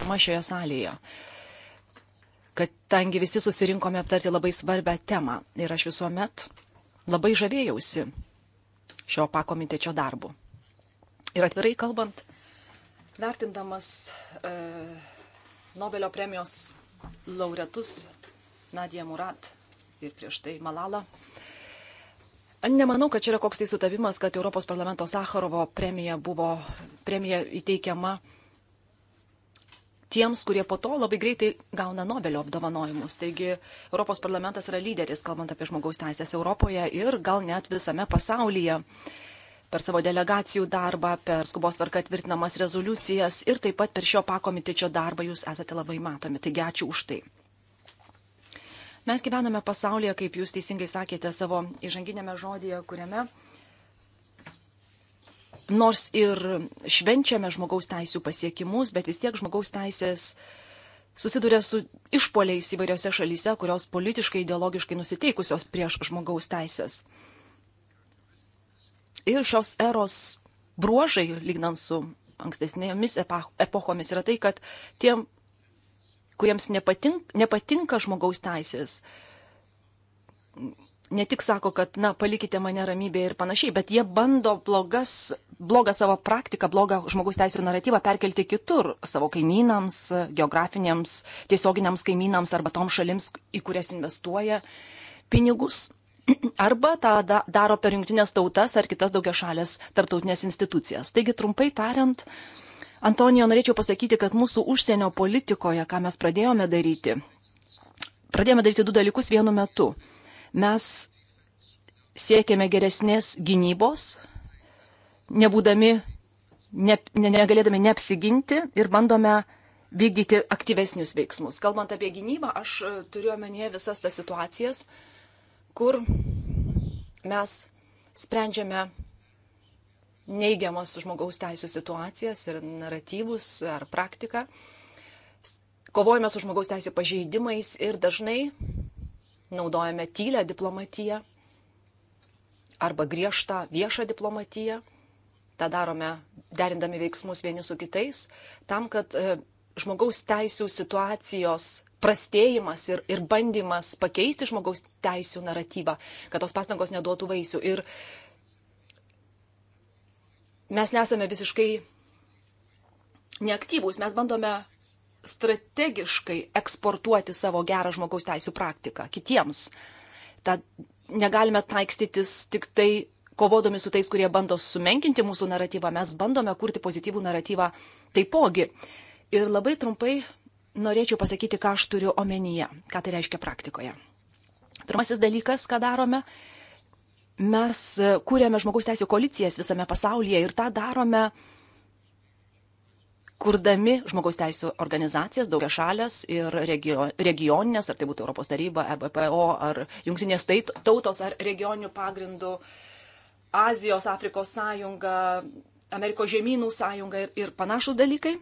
aptariama šioje salėje. Kad tangi visi susirinkome aptarti labai svarbę temą ir aš visuomet labai žavėjausi šio pakomitečio darbu. Ir atvirai kalbant, vertindamas e, Nobelio premijos laureatus Nadia Murat ir prieš tai Malala, Nemanau, kad čia yra koks tai sutavimas, kad Europos parlamento Sakharovo premija buvo premija įteikiama tiems, kurie po to labai greitai gauna Nobelio apdovanojimus. Taigi Europos parlamentas yra lyderis, kalbant apie žmogaus teisės Europoje ir gal net visame pasaulyje. Per savo delegacijų darbą, per skubos tvarką tvirtinamas rezoliucijas ir taip pat per šio pakomitečio darbą jūs esate labai matomi. Taigi ačiū už tai. Mes gyvename pasaulyje, kaip jūs teisingai sakėte savo įžanginėme žodėje, kuriame nors ir švenčiame žmogaus teisų pasiekimus, bet vis tiek žmogaus teisės susiduria su išpoliais įvairiose šalyse, kurios politiškai, ideologiškai nusiteikusios prieš žmogaus teisės. Ir šios eros bruožai, lygnant su ankstesnėmis epochomis, yra tai, kad tiem, kuriems nepatinka, nepatinka žmogaus teisės, ne tik sako, kad, na, palikite mane ramybėje ir panašiai, bet jie bando blogas, blogą savo praktiką, blogą žmogus teisų naratyvą perkelti kitur savo kaimynams, geografiniams, tiesioginiams kaimynams arba toms šalims, į kurias investuoja pinigus. Arba tą daro per jungtinės tautas ar kitas daugia šalės tarptautinės institucijas. Taigi, trumpai tariant, Antonijo, norėčiau pasakyti, kad mūsų užsienio politikoje, ką mes pradėjome daryti, pradėjome daryti du dalykus vienu metu. Mes siekiame geresnės gynybos, nebūdami, ne, ne, negalėdami neapsiginti ir bandome vykdyti aktyvesnius veiksmus. Kalbant apie gynybą, aš e, turiu omenyje visas tas situacijas, kur mes sprendžiame neigiamas žmogaus teisų situacijas ir naratyvus ar praktiką. Kovojame su žmogaus teisų pažeidimais ir dažnai naudojame tylę diplomatiją arba griežtą viešą diplomatiją. Ta darome derindami veiksmus vieni su kitais, tam, kad e, žmogaus teisų situacijos prastėjimas ir, ir bandymas pakeisti žmogaus teisų naratyvą, kad tos pastangos neduotų vaisių. Ir mes nesame visiškai neaktyvūs, mes bandome strategiškai eksportuoti savo gerą žmogaus teisų praktiką kitiems. Tad negalime taikstytis tik tai kovodami su tais, kurie bando sumenkinti mūsų naratyvą, mes bandome kurti pozityvų naratyvą taipogi. Ir labai trumpai norėčiau pasakyti, ką aš turiu omenyje, ką tai reiškia praktikoje. Pirmasis dalykas, ką darome, mes kūrėme žmogaus teisų koalicijas visame pasaulyje ir tą darome uh, kurdami žmogaus teisų organizacijas, daugia šalės ir regio, regioninės, ar tai būtų Europos taryba, EBPO, ar jungtinės tautos, ar regioninių pagrindų, Azijos, Afrikos sąjunga, Amerikos žemynų sąjunga ir, ir panašus dalykai.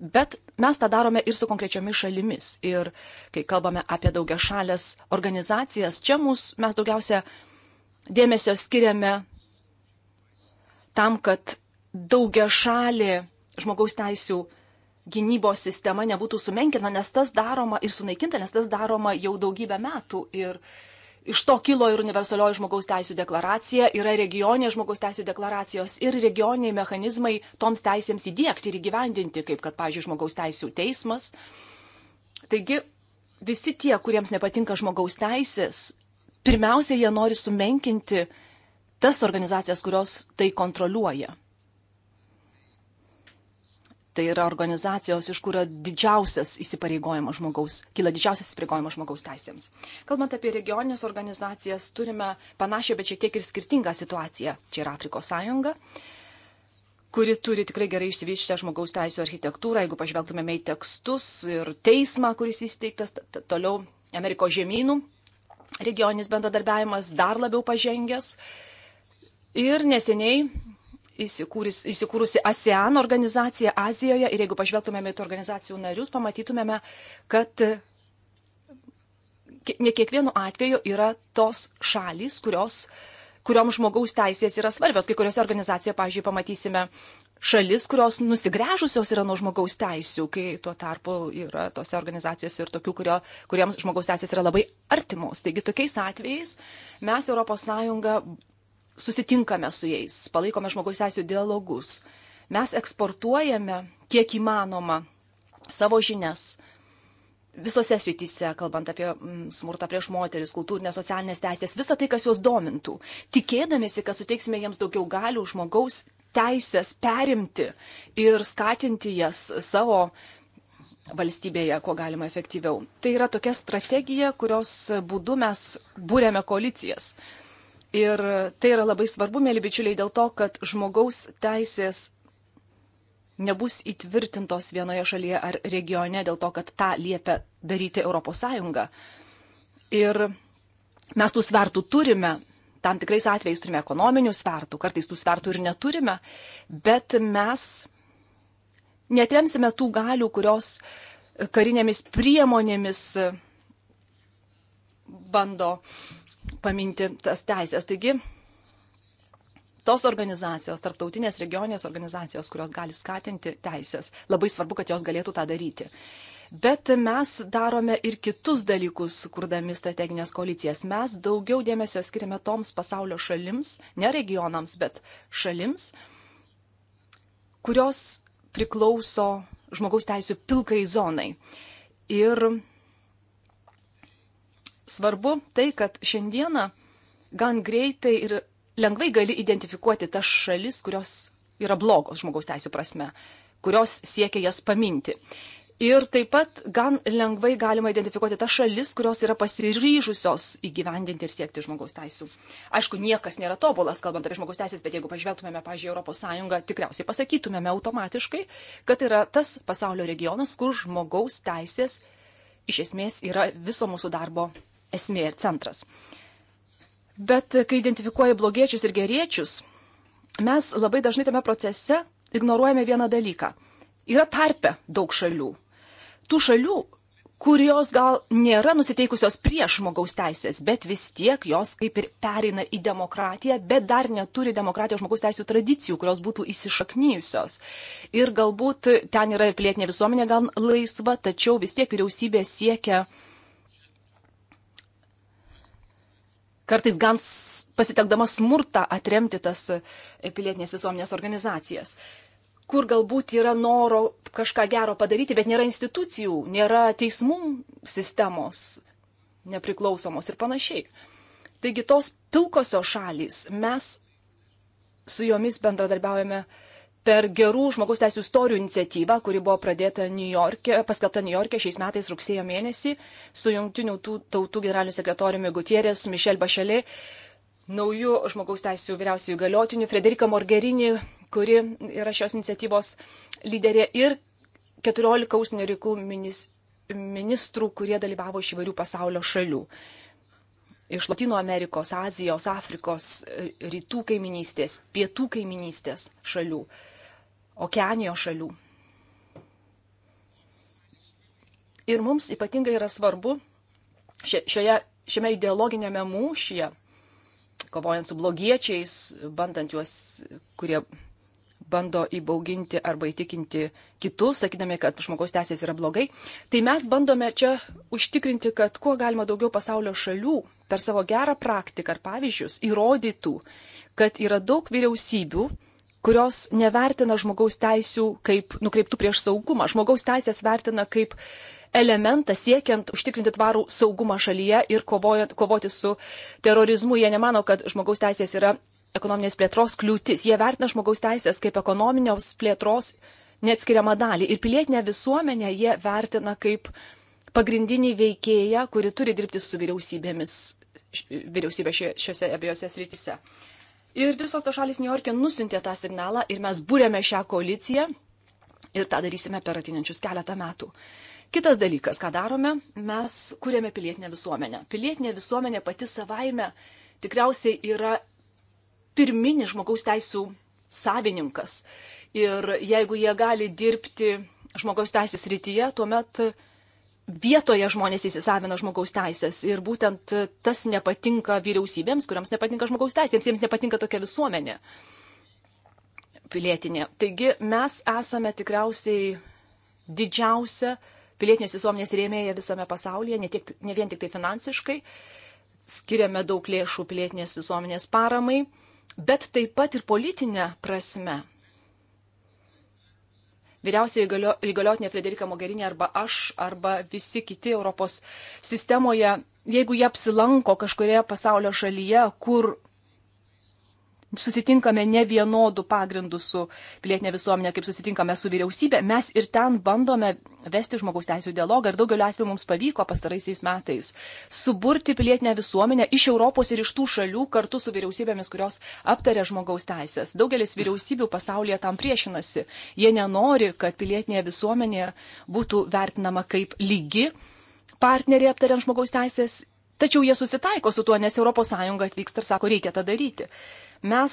Bet mes tą darome ir su konkrečiomis šalimis. Ir kai kalbame apie daugia šalės organizacijas, čia mūs, mes daugiausia dėmesio skiriame tam, kad daugia šalė žmogaus teisų gynybos sistema nebūtų sumenkina, nes tas daroma ir sunaikinta, nes tas daroma jau daugybę metų. Ir iš to kilo ir universalioji žmogaus teisų deklaracija, yra regioninė žmogaus teisų deklaracijos ir regioniniai mechanizmai toms teisėms įdėkti ir įgyvendinti, kaip kad, pavyzdžiui, žmogaus teisų teismas. Taigi visi tie, kuriems nepatinka žmogaus teisės, pirmiausia, jie nori sumenkinti tas organizacijas, kurios tai kontroliuoja. Tai yra organizacijos, iš kurio didžiausias įsipareigojimas žmogaus, kyla didžiausias įsipareigojimas žmogaus teisėms. Kalbant apie regioninės organizacijas, turime panašią, bet šiek tiek ir skirtingą situaciją. Čia yra Afrikos sąjunga, kuri turi tikrai gerai išsivyščią žmogaus teisų architektūrą, jeigu pažvelgtumėme į tekstus ir teismą, kuris įsteigtas toliau Amerikos žemynų regioninis bendradarbiavimas dar labiau pažengęs. Ir neseniai įsikūrusi ASEAN organizacija Azijoje ir jeigu pažvelgtumėme į tų organizacijų narius, pamatytumėme, kad ne kiekvienu atveju yra tos šalys, kurios, kuriom žmogaus teisės yra svarbios. Kai kuriuose organizacijoje, pavyzdžiui, pamatysime šalis, kurios nusigręžusios yra nuo žmogaus teisų, kai tuo tarpu yra tose organizacijose ir tokių, kurio, kuriems žmogaus teisės yra labai artimos. Taigi tokiais atvejais mes ES susitinkame su jais, palaikome žmogaus teisų dialogus. Mes eksportuojame, kiek įmanoma, savo žinias visose srityse, kalbant apie mm, smurtą prieš moteris, kultūrinės, socialinės teisės, visą tai, kas juos domintų, tikėdamėsi, kad suteiksime jiems daugiau galių žmogaus teisės perimti ir skatinti jas savo valstybėje, kuo galima efektyviau. Tai yra tokia strategija, kurios būdu mes būrėme koalicijas. Ir tai yra labai svarbu, mėly bičiuliai, dėl to, kad žmogaus teisės nebus įtvirtintos vienoje šalyje ar regione dėl to, kad tą liepia daryti ES. Ir mes tų svertų turime, tam tikrais atvejais turime ekonominių svertų, kartais tų svertų ir neturime, bet mes netremsime tų galių, kurios karinėmis priemonėmis bando uh, paminti tas teisės. Taigi, tos organizacijos, tarptautinės regioninės organizacijos, kurios gali skatinti teisės, labai svarbu, kad jos galėtų tą daryti. Bet mes darome ir kitus dalykus, kurdami strateginės koalicijas. Mes daugiau dėmesio skiriame toms pasaulio šalims, ne regionams, bet šalims, kurios priklauso žmogaus teisų pilkai zonai. Ir svarbu tai, kad šiandieną gan greitai ir lengvai gali identifikuoti tas šalis, kurios yra blogos žmogaus teisų prasme, kurios siekia jas paminti. Ir taip pat gan lengvai galima identifikuoti tas šalis, kurios yra pasiryžusios įgyvendinti ir siekti žmogaus teisų. Aišku, niekas nėra tobulas, kalbant apie žmogaus teisės, bet jeigu pažvelgtumėme, pažiūrėjau, Europos Sąjungą, tikriausiai pasakytumėme automatiškai, kad yra tas pasaulio regionas, kur žmogaus teisės iš esmės yra viso mūsų darbo esmė ir centras. Bet kai identifikuoji blogiečius ir geriečius, mes labai dažnai tame procese ignoruojame vieną dalyką. Yra tarpe daug šalių. Tų šalių, kurios gal nėra nusiteikusios prieš žmogaus teisės, bet vis tiek jos kaip ir pereina į demokratiją, bet dar neturi demokratijos žmogaus teisų tradicijų, kurios būtų įsišaknyjusios. Ir galbūt ten yra ir plėtinė visuomenė gal laisva, tačiau vis tiek vyriausybė siekia uh, kartais gan pasitelkdama smurtą atremti tas e, pilietinės visuomenės organizacijas, kur galbūt yra noro kažką gero padaryti, bet nėra institucijų, nėra teismų sistemos nepriklausomos ir panašiai. Taigi tos pilkosios šalys, mes su jomis bendradarbiaujame uh, per gerų žmogaus teisų istorijų iniciatyvą, kuri buvo pradėta New York'e, paskelbta New York'e šiais metais rugsėjo mėnesį su jungtinių tautų generaliniu sekretoriumi Gutierės Mišel Bašelė, naujų žmogaus teisų vyriausiųjų galiotinių Frederika Morgerini, kuri yra šios iniciatyvos lyderė ir 14 užsienio reikalų ministrų, kurie dalyvavo iš įvairių pasaulio šalių. Iš Latino Amerikos, Azijos, Afrikos, e, rytų kaiminystės, pietų kaiminystės šalių. Uh, Okeanijos šalių. Ir mums ypatingai yra svarbu šioje, šiame ideologinėme mūšyje, kovojant su blogiečiais, bandant juos, kurie bando įbauginti arba įtikinti kitus, sakydami, kad žmogaus teisės yra blogai, tai mes bandome čia užtikrinti, kad kuo galima daugiau pasaulio šalių per savo gerą praktiką ar pavyzdžius įrodytų, kad yra daug vyriausybių, kurios nevertina žmogaus teisių kaip nukreiptų prieš saugumą. Žmogaus teisės vertina kaip elementą siekiant užtikrinti tvarų saugumą šalyje ir kovojant, kovoti su terorizmu. Jie nemano, kad žmogaus teisės yra ekonominės plėtros kliūtis. Jie vertina žmogaus teisės kaip ekonominios plėtros neatskiriamą dalį. Ir pilietinę visuomenę jie vertina kaip pagrindinį veikėją, kuri turi dirbti su vyriausybėmis, vyriausybė šiuose abiejose srityse. Ir visos to šalis New York'e nusintė tą signalą ir mes būrėme šią koaliciją ir tą darysime per atinančius keletą metų. Kitas dalykas, ką darome, mes kūrėme pilietinę visuomenę. Pilietinė visuomenė pati savaime tikriausiai yra pirminis žmogaus teisų savininkas. Ir jeigu jie gali dirbti žmogaus teisų srityje, tuomet vietoje žmonės įsisavina žmogaus teisės. Ir būtent tas nepatinka vyriausybėms, kuriams nepatinka žmogaus teisėms, jiems nepatinka tokia visuomenė pilietinė. Taigi mes esame tikriausiai didžiausia pilietinės visuomenės rėmėja visame pasaulyje, ne, tiek, ne vien tik tai finansiškai, skiriame daug lėšų pilietinės visuomenės paramai, bet taip pat ir politinė prasme vyriausiai įgaliotinė Frederika Mogherini arba aš, arba visi kiti Europos sistemoje, jeigu jie apsilanko kažkurioje pasaulio šalyje, kur susitinkame ne vienodų pagrindų su pilietinė visuomenė, kaip susitinkame su vyriausybė, mes ir ten bandome vesti žmogaus teisų dialogą ir daugeliu atveju mums pavyko pastaraisiais metais suburti pilietinę visuomenę iš Europos ir iš tų šalių kartu su vyriausybėmis, kurios aptarė žmogaus teisės. Daugelis vyriausybių pasaulyje tam priešinasi. Jie nenori, kad pilietinė visuomenė būtų vertinama kaip lygi partneriai aptariant žmogaus teisės Tačiau jie susitaiko su tuo, nes ES atvyksta ir sako, reikia tą daryti. Mes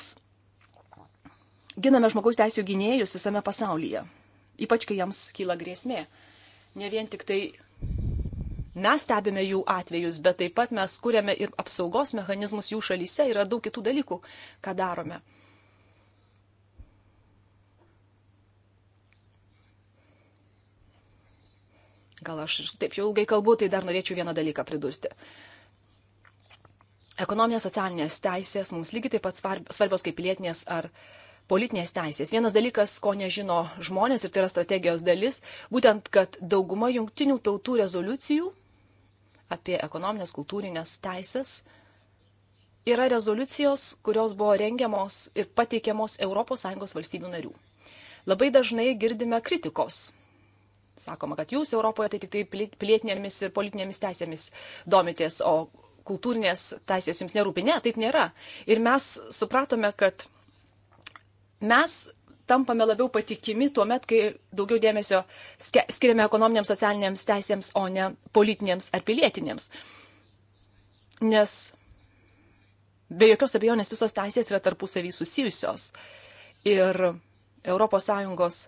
giname žmogaus teisų gynėjus visame pasaulyje, ypač kai jiems kyla grėsmė. Ne vien tik tai mes stebime jų atvejus, bet taip pat mes kūrėme ir apsaugos mechanizmus jų šalyse, yra daug kitų dalykų, ką darome. Gal aš taip jau ilgai kalbu, tai dar norėčiau vieną dalyką pridurti. Ekonominės socialinės teisės mums lygiai taip pat svarbios kaip pilietinės ar politinės teisės. Vienas dalykas, ko nežino žmonės ir tai yra strategijos dalis, būtent, kad dauguma jungtinių tautų rezoliucijų apie ekonominės kultūrinės teisės yra rezoliucijos, kurios buvo rengiamos ir pateikiamos ES valstybių narių. Labai dažnai girdime kritikos. Sakoma, kad jūs Europoje tai tik tai pilietinėmis ir politinėmis teisėmis domitės, o kultūrinės teisės jums nerūpi. Ne, taip nėra. Ir mes supratome, kad mes tampame labiau patikimi tuo met, kai daugiau dėmesio skiriame ekonominiams, socialiniams teisėms, o ne politinėms ar pilietinėms. Nes be jokios abejonės visos teisės yra tarpusavį susijusios. Ir ES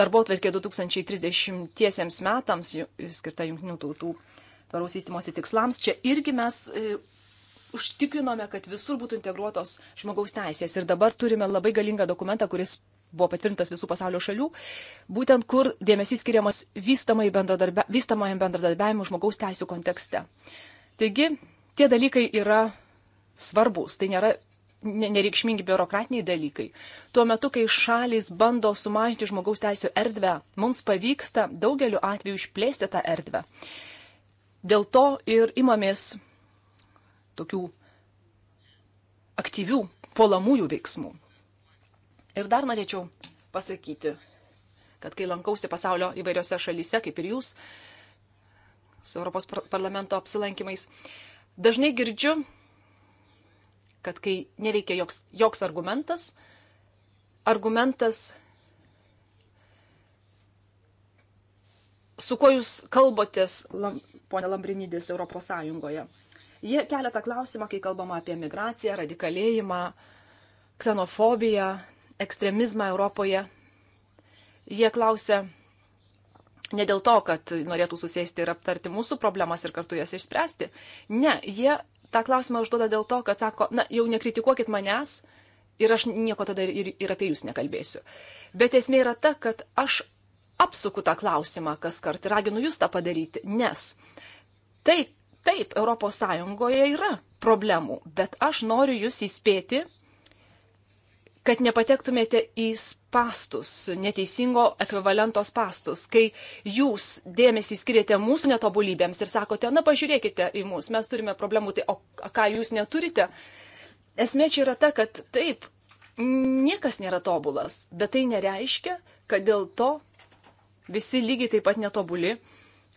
darbo atverkė 2030 metams skirta jungtinių tautų tvaraus vystimosi tikslams, čia irgi mes e, užtikrinome, kad visur būtų integruotos žmogaus teisės. Ir dabar turime labai galingą dokumentą, kuris buvo patvirtintas visų pasaulio šalių, būtent kur dėmesys skiriamas vystamajam bendradarbia, bendradarbiavimui žmogaus teisų kontekste. Taigi, tie dalykai yra svarbus, tai nėra nereikšmingi biurokratiniai dalykai. Tuo metu, kai šalis bando sumažinti žmogaus teisų erdvę, mums pavyksta daugeliu atveju išplėsti tą erdvę. Dėl to ir imamės tokių aktyvių puolamųjų veiksmų. Ir dar norėčiau pasakyti, kad kai lankausi pasaulio įvairiose šalyse, kaip ir jūs, su Europos parlamento apsilankimais, dažnai girdžiu, kad kai neveikia joks, joks argumentas, argumentas su kuo jūs kalbotės, ponė Lambrinydis, Europos Sąjungoje. Jie kelia tą klausimą, kai kalbama apie migraciją, radikalėjimą, ksenofobiją, ekstremizmą Europoje. Jie klausia ne dėl to, kad norėtų susėsti ir aptarti mūsų problemas ir kartu jas išspręsti. Ne, jie tą klausimą užduoda dėl to, kad sako, na, jau nekritikuokit manęs, ir aš nieko tada ir, ir apie jūs nekalbėsiu. Bet esmė yra ta, kad aš apsuku tą klausimą kas kart ir raginu jūs tą padaryti, nes tai, taip, ES yra problemų, bet aš noriu jūs įspėti, kad nepatektumėte į pastus, neteisingo ekvivalento pastus, kai jūs dėmesį skiriate mūsų netobulybėms ir sakote, na pažiūrėkite į mus, mes turime problemų, tai o ką jūs neturite? Esmė čia yra ta, kad taip, niekas nėra tobulas, bet tai nereiškia, kad dėl to visi lygiai taip pat netobuli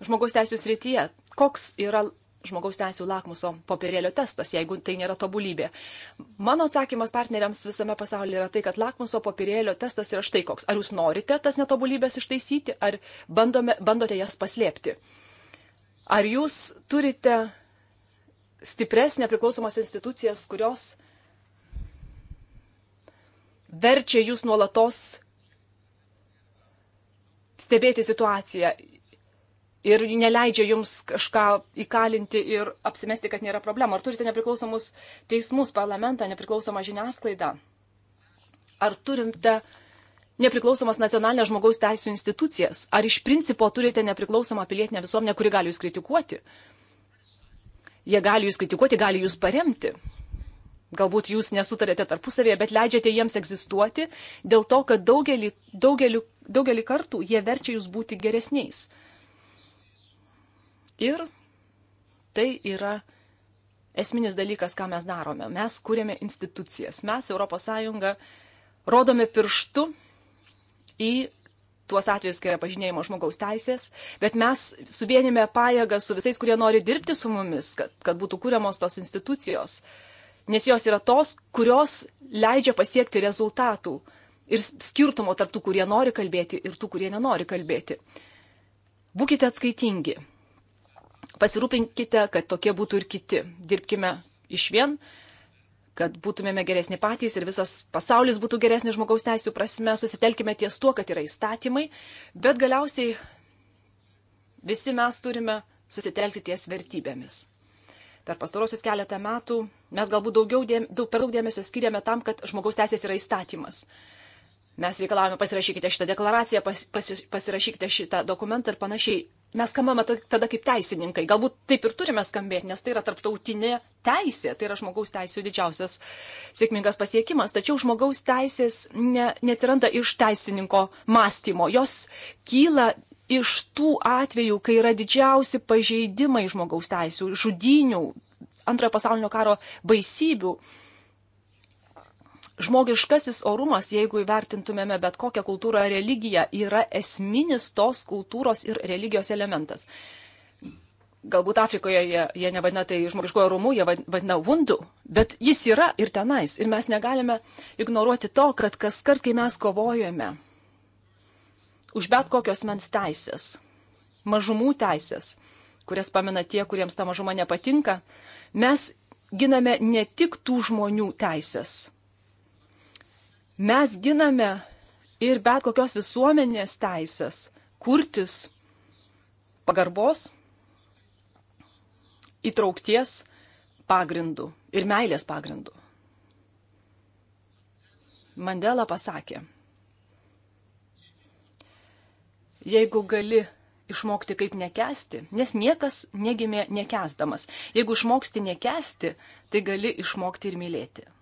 žmogaus teisų srityje. Koks yra žmogaus teisų lakmuso popierėlio testas, jeigu tai nėra tobulybė. Mano atsakymas partneriams visame pasaulyje yra tai, kad lakmuso popierėlio testas yra štai koks. Ar jūs norite tas netobulybės ištaisyti, ar bandome, bandote jas paslėpti? Ar jūs turite stipres nepriklausomas institucijas, kurios verčia jūs nuolatos stebėti situaciją ir neleidžia jums kažką įkalinti ir apsimesti, kad nėra problemų. Ar turite nepriklausomus teismus, parlamentą, nepriklausomą žiniasklaidą? Ar turite nepriklausomas nacionalinės žmogaus teisų institucijas? Ar iš principo turite nepriklausomą pilietinę visuomenę, kuri gali jūs kritikuoti? Jie gali jūs kritikuoti, gali jūs paremti. Galbūt jūs nesutarėte tarpusavėje, bet leidžiate jiems egzistuoti dėl to, kad daugelį, daugeliu daugelį kartų jie verčia jūs būti geresniais. Ir tai yra esminis dalykas, ką mes darome. Mes kūrėme institucijas. Mes, ES, rodome pirštu į tuos atvejus, kai yra pažinėjimo žmogaus teisės, bet mes suvienime pajėgą su visais, kurie nori dirbti su mumis, kad, kad būtų kūriamos tos institucijos, nes jos yra tos, kurios leidžia pasiekti rezultatų ir skirtumo tarp tų, kurie nori kalbėti ir tų, kurie nenori kalbėti. Būkite atskaitingi. Pasirūpinkite, kad tokie būtų ir kiti. Dirbkime iš vien, kad būtumėme geresni patys ir visas pasaulis būtų geresnis žmogaus teisų prasme. Susitelkime ties tuo, kad yra įstatymai, bet galiausiai visi mes turime susitelkti ties vertybėmis. Per pastarosius keletą metų mes galbūt daugiau dėm, daug, per daug dėmesio skiriame tam, kad žmogaus teisės yra įstatymas. Mes reikalavome pasirašykite šitą deklaraciją, pas, pas, pasirašykite šitą dokumentą ir panašiai. Mes skambame tada kaip teisininkai. Galbūt taip ir turime skambėti, nes tai yra tarptautinė teisė, tai yra žmogaus teisų didžiausias sėkmingas pasiekimas. Tačiau žmogaus teisės ne, neatsiranda iš teisininko mąstymo. Jos kyla iš tų atvejų, kai yra didžiausi pažeidimai žmogaus teisų, žudinių, antrojo pasaulinio karo baisybių žmogiškasis orumas, jeigu įvertintumėme bet kokią kultūrą ar religiją, yra esminis tos kultūros ir religijos elementas. Galbūt Afrikoje jie, jie nevadina tai žmogiškojo rūmų, jie vadina vundu, bet jis yra ir tenais. Ir mes negalime ignoruoti to, kad kas kart, kai mes kovojame už bet kokios mens teisės, mažumų teisės, kurias pamina tie, kuriems ta mažuma nepatinka, mes giname ne tik tų žmonių teisės, Mes giname ir bet kokios visuomenės teisės kurtis pagarbos, įtraukties pagrindų ir meilės pagrindų. Mandela pasakė, jeigu gali išmokti kaip nekesti, nes niekas negimė nekesdamas. Jeigu išmoksti nekesti, tai gali išmokti ir mylėti.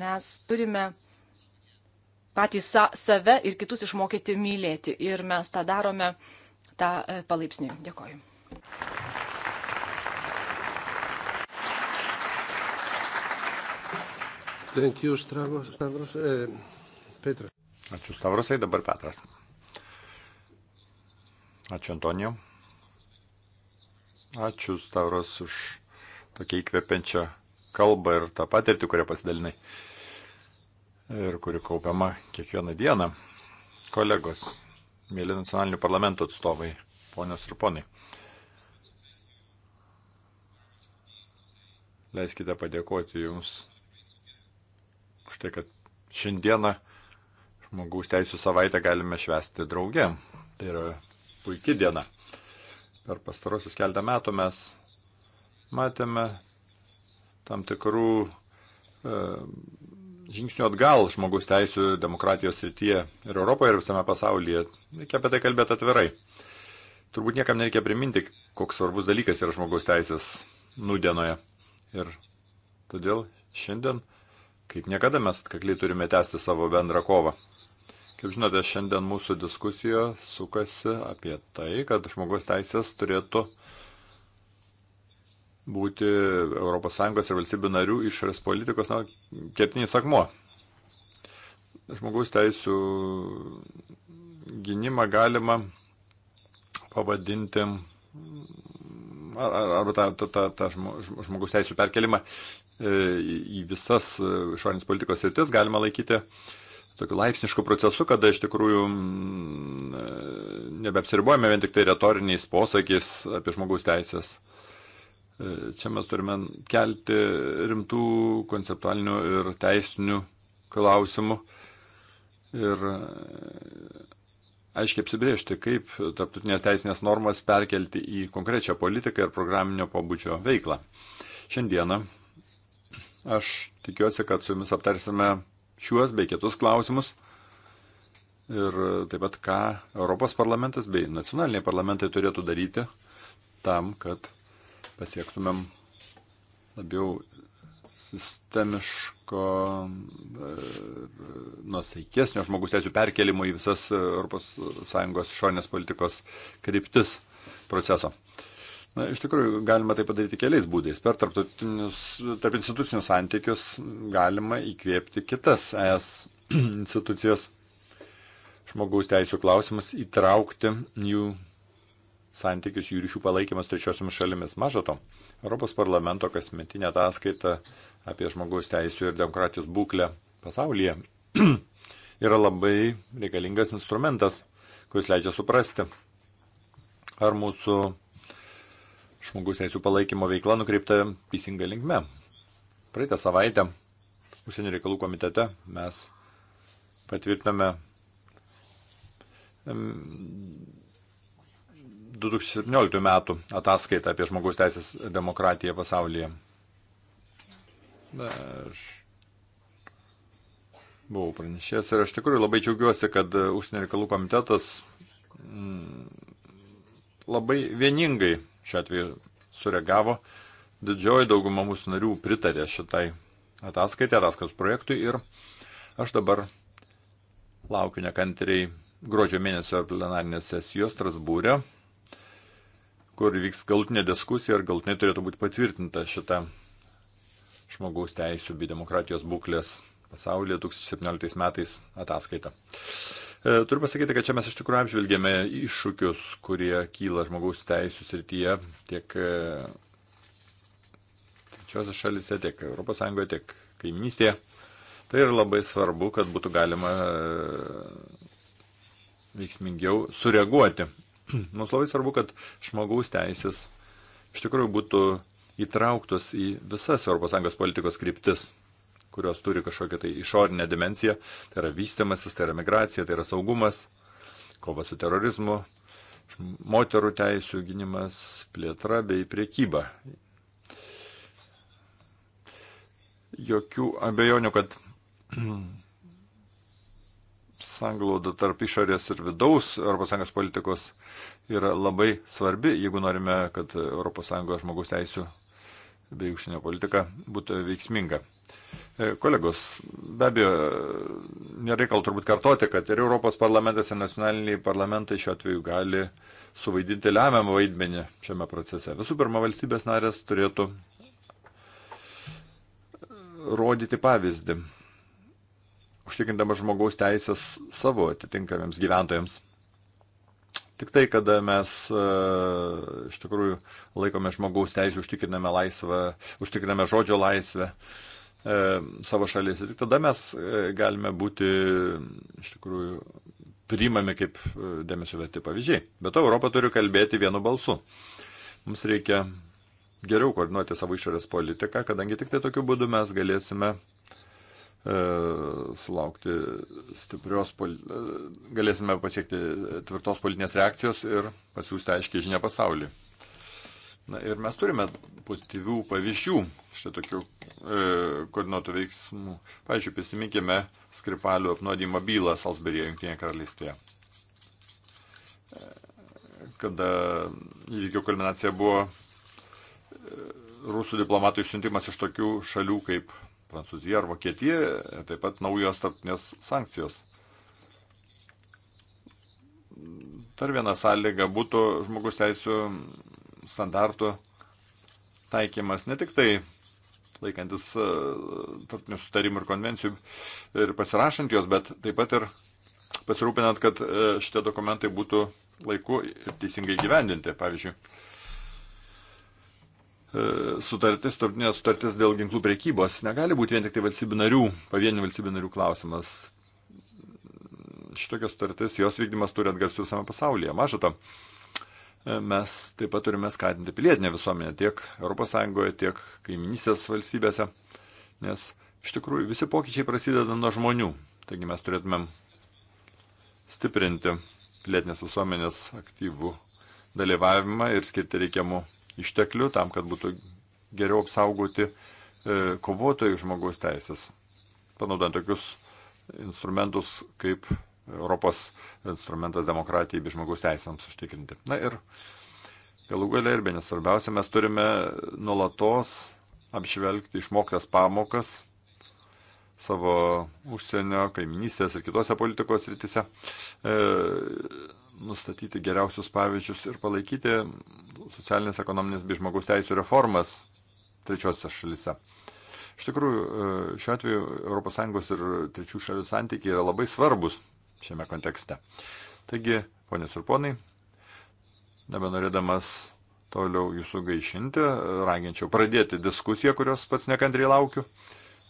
Mes turime patys sa save ir kitus išmokyti mylėti ir mes tą darome tą e, palaipsniui. Dėkoju. Thank you, Stavros. Stavros eh, Petra. Ačiū Stavrosai, dabar Petras. Ačiū Antonijo. Ačiū Stavros už tokia įkvepiančia kalbą ir tą patirtį, kurią pasidalinai ir kuri kaupiama kiekvieną dieną. Kolegos, mėly nacionalinių parlamentų atstovai, ponios ir ponai, leiskite padėkoti Jums už tai, kad šiandieną žmogaus teisų savaitę galime švesti drauge. Tai yra puikia diena. Per pastarosius keltą metų mes matėme tam tikrų e, žingsnių atgal žmogus teisų demokratijos srityje ir Europoje, ir visame pasaulyje. Reikia apie tai kalbėti atvirai. Turbūt niekam nereikia priminti, koks svarbus dalykas yra žmogaus teisės nudienoje. Ir todėl šiandien, kaip niekada, mes atkakliai turime tęsti savo bendrą kovą. Kaip žinote, šiandien mūsų diskusija sukasi apie tai, kad žmogaus teisės turėtų būti ES ir valstybių narių išorės politikos na, kertinis akmuo. Žmogaus teisų gynimą galima pavadinti arba ar, tą, ar, tą, tą, tą žmogaus teisų perkelimą e, į visas išorinės politikos sritis galima laikyti tokiu laipsnišku procesu, kada iš tikrųjų e, nebeapsiribuojame vien tik tai retoriniais posakiais apie žmogaus teisės E, čia mes turime kelti rimtų konceptualinių ir teisinių klausimų ir e, aiškiai apsibriežti, kaip tarptautinės teisinės normas perkelti į konkrečią politiką ir programinio pobūdžio veiklą. Šiandieną aš tikiuosi, kad su jumis aptarsime šiuos bei kitus klausimus ir taip pat ką Europos parlamentas bei nacionaliniai parlamentai turėtų daryti tam, kad pasiektumėm labiau sistemiško ir e, nusaikesnio žmogus teisų perkelimo į visas ES šonės politikos kryptis proceso. Na, iš tikrųjų, galima tai padaryti keliais būdais. Per tarp institucinius santykius galima įkvėpti kitas ES institucijas žmogaus teisų klausimus, įtraukti jų santykius, jų ryšių palaikymas trečiosiomis šalimis. Maža to, Europos parlamento kasmetinė ataskaita apie žmogaus teisų ir demokratijos būklę pasaulyje yra labai reikalingas instrumentas, kuris leidžia suprasti, ar mūsų žmogus teisų palaikymo veikla nukreipta teisinga linkme. Praeitą savaitę Užsienio reikalų komitete mes patvirtiname 2017 metų ataskaitą apie žmogaus teisės demokratiją pasaulyje. Aš buvau pranešęs ir aš tikrųjų labai džiaugiuosi, kad Užsienio reikalų komitetas mm, labai vieningai šiuo atveju sureagavo. Didžioji dauguma mūsų narių pritarė šitai ataskaitai, ataskaitos projektui ir aš dabar laukiu nekantriai gruodžio mėnesio plenarinės sesijos Strasbūrė. E kur vyks galutinė diskusija ir galutinai turėtų būti patvirtinta šita žmogaus teisų bei demokratijos būklės pasaulyje 2017 metais ataskaita. E, turiu pasakyti, kad čia mes iš tikrųjų apžvelgėme iššūkius, kurie kyla žmogaus teisų srityje tiek e, trečiosios šalise, tiek ES, tiek kaiminystėje. Tai yra labai svarbu, kad būtų galima e, veiksmingiau sureaguoti Mums labai svarbu, kad žmogaus teisės iš tikrųjų būtų įtrauktos į visas ES politikos kryptis kurios turi kažkokią tai išorinę dimenciją, tai yra vystimasis, tai yra migracija, tai yra saugumas, kova su terorizmu, moterų teisų gynimas, plėtra bei priekyba. Jokių abejonių, kad sanglauda tarp išorės ir vidaus ES politikos yra labai svarbi, jeigu norime, kad ES žmogaus teisų bei užsienio politika būtų veiksminga. E, kolegos, be abejo, nereikal turbūt kartoti, kad ir Europos parlamentas, ir nacionaliniai parlamentai šiuo atveju gali suvaidinti lemiamą vaidmenį šiame procese. Visų pirma, valstybės narės turėtų rodyti pavyzdį užtikrindamas žmogaus teisės savo atitinkamiems gyventojams. Tik tai, kada mes e, iš tikrųjų laikome žmogaus teisų, užtikriname laisvę, užtikriname žodžio laisvę e, savo šalyse, tik tada mes e, galime būti iš tikrųjų priimami kaip dėmesio verti pavyzdžiai. Bet to Europa turi kalbėti vienu balsu. Mums reikia geriau koordinuoti savo išorės politiką, kadangi tik tai tokiu būdu mes galėsime E, sulaukti stiprios, e, galėsime pasiekti tvirtos politinės reakcijos ir pasiūsti aiškiai žinia pasaulį. Na ir mes turime pozityvių pavyzdžių šitokių e, koordinuotų veiksmų. Pavyzdžiui, prisiminkime Skripalių apnuodimo bylą Salzburgėje, Junktinėje karalystėje. E, kada įvykio kulminacija buvo e, rusų diplomatų išsiuntimas iš tokių šalių kaip Prancūzija ar Vokietija, taip pat naujos tarptinės sankcijos. Dar viena sąlyga būtų žmogus teisų standartų taikymas ne tik tai laikantis e, tarptinių sutarimų ir konvencijų ir pasirašant jos, bet taip pat ir pasirūpinant, kad e, šitie dokumentai būtų laiku ir teisingai gyvendinti. Pavyzdžiui, sutartis, tarptautinės sutartis dėl ginklų priekybos negali būti vien tik tai valstybių narių, pavienių valstybių narių klausimas. Šitokios sutartis, jos vykdymas turi atgarsių visame pasaulyje. Maža to, mes taip pat turime skatinti pilietinę visuomenę tiek ES, tiek kaiminysės valstybėse, nes iš tikrųjų visi pokyčiai prasideda nuo žmonių. Taigi mes turėtumėm stiprinti pilietinės visuomenės aktyvų dalyvavimą ir skirti reikiamų išteklių tam, kad būtų geriau apsaugoti e, kovotojų žmogaus teisės, panaudant tokius instrumentus kaip Europos instrumentas demokratijai bei žmogaus teisėms užtikrinti. Na ir galų galia ir benes svarbiausia, mes turime nulatos apžvelgti išmoktas pamokas savo užsienio, kaiminystės ir kitose politikos rytise. E, nustatyti geriausius pavyzdžius ir palaikyti socialinės, ekonominės bei žmogaus teisų reformas trečiosiose šalise. Iš tikrųjų, e, šiuo atveju ES ir trečių šalių santykiai yra labai svarbus šiame kontekste. Taigi, ponės ir ponai, nebenorėdamas toliau jūsų gaišinti, raginčiau pradėti diskusiją, kurios pats nekantriai laukiu.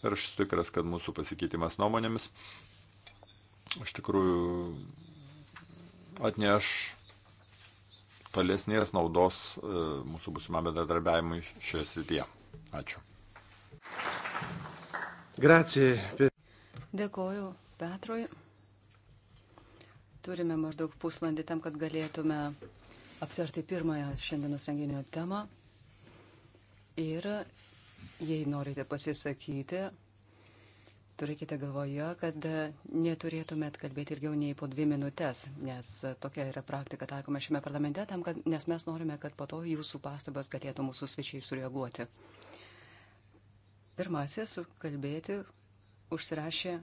Ir aš tikras, kad mūsų pasikeitimas nuomonėmis iš tikrųjų atneš tolesnės naudos e, mūsų būsimam bendradarbiavimui šioje srityje. Ačiū. Gracija. Dėkoju Petrui. Turime maždaug pusvalandį tam, kad galėtume aptarti pirmąją šiandienos renginio temą. Ir jei norite pasisakyti, turėkite galvoje, kad e, neturėtumėt kalbėti ilgiau nei po dvi minutės, nes e, tokia yra praktika taikoma šiame parlamente, tam, kad, nes mes norime, kad po to jūsų pastabas galėtų mūsų svečiai sureaguoti. Pirmasis kalbėti užsirašė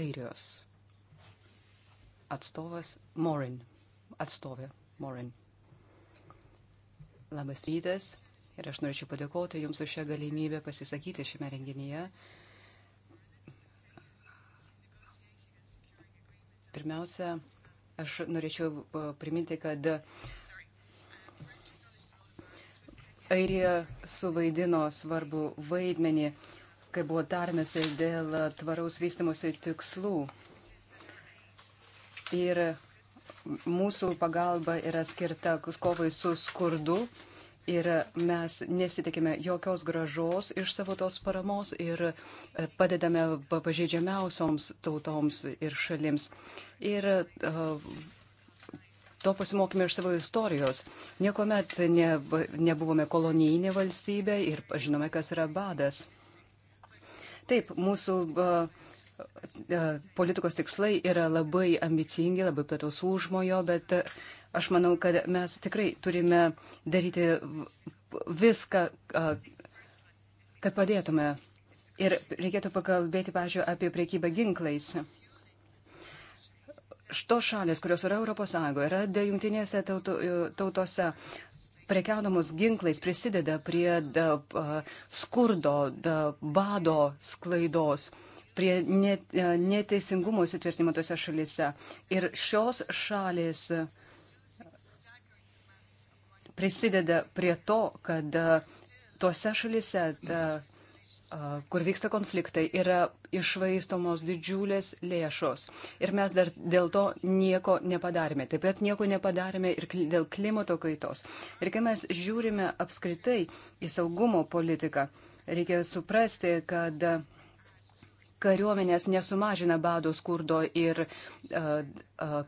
Airijos atstovas Morin. Atstovė Morin. Labas rytas. Ir aš norėčiau padėkoti Jums už šią galimybę pasisakyti šiame renginyje. Pirmiausia, aš norėčiau e, priminti, kad Airija suvaidino svarbu vaidmenį, kai buvo tarmėsi dėl tvaraus vystimosi tikslų. Ir mūsų pagalba yra skirta kovai su skurdu Ir mes nesitikime jokios gražos iš savo tos paramos ir e, padedame pažeidžiamiausioms tautoms ir šalims. Ir e, to pasimokime iš savo istorijos. Niekuomet ne, nebuvome kolonijinė valstybė ir žinome, kas yra badas. Taip, mūsų uh, E, politikos tikslai yra labai ambicingi, labai plataus užmojo, bet aš manau, kad mes tikrai turime daryti viską, e, kad padėtume. Ir reikėtų pakalbėti, pažiūrėjau, apie priekybą ginklais. Što šalės, kurios yra Europos Sąjungoje, yra de jungtinėse tauto, e, tautose, prekiaudamos ginklais prisideda prie da, skurdo, da, bado sklaidos prie e, neteisingumo įsitvirtinimo tose šalise. Ir šios šalis e, prisideda prie to, kad e, tose šalise, kur vyksta konfliktai, yra išvaistomos didžiulės lėšos. Ir mes dar dėl to nieko nepadarėme. Taip pat nieko nepadarėme ir dėl klimato kaitos. Ir kai mes žiūrime apskritai į saugumo politiką, reikia suprasti, kad kariuomenės nesumažina bado skurdo ir uh, uh,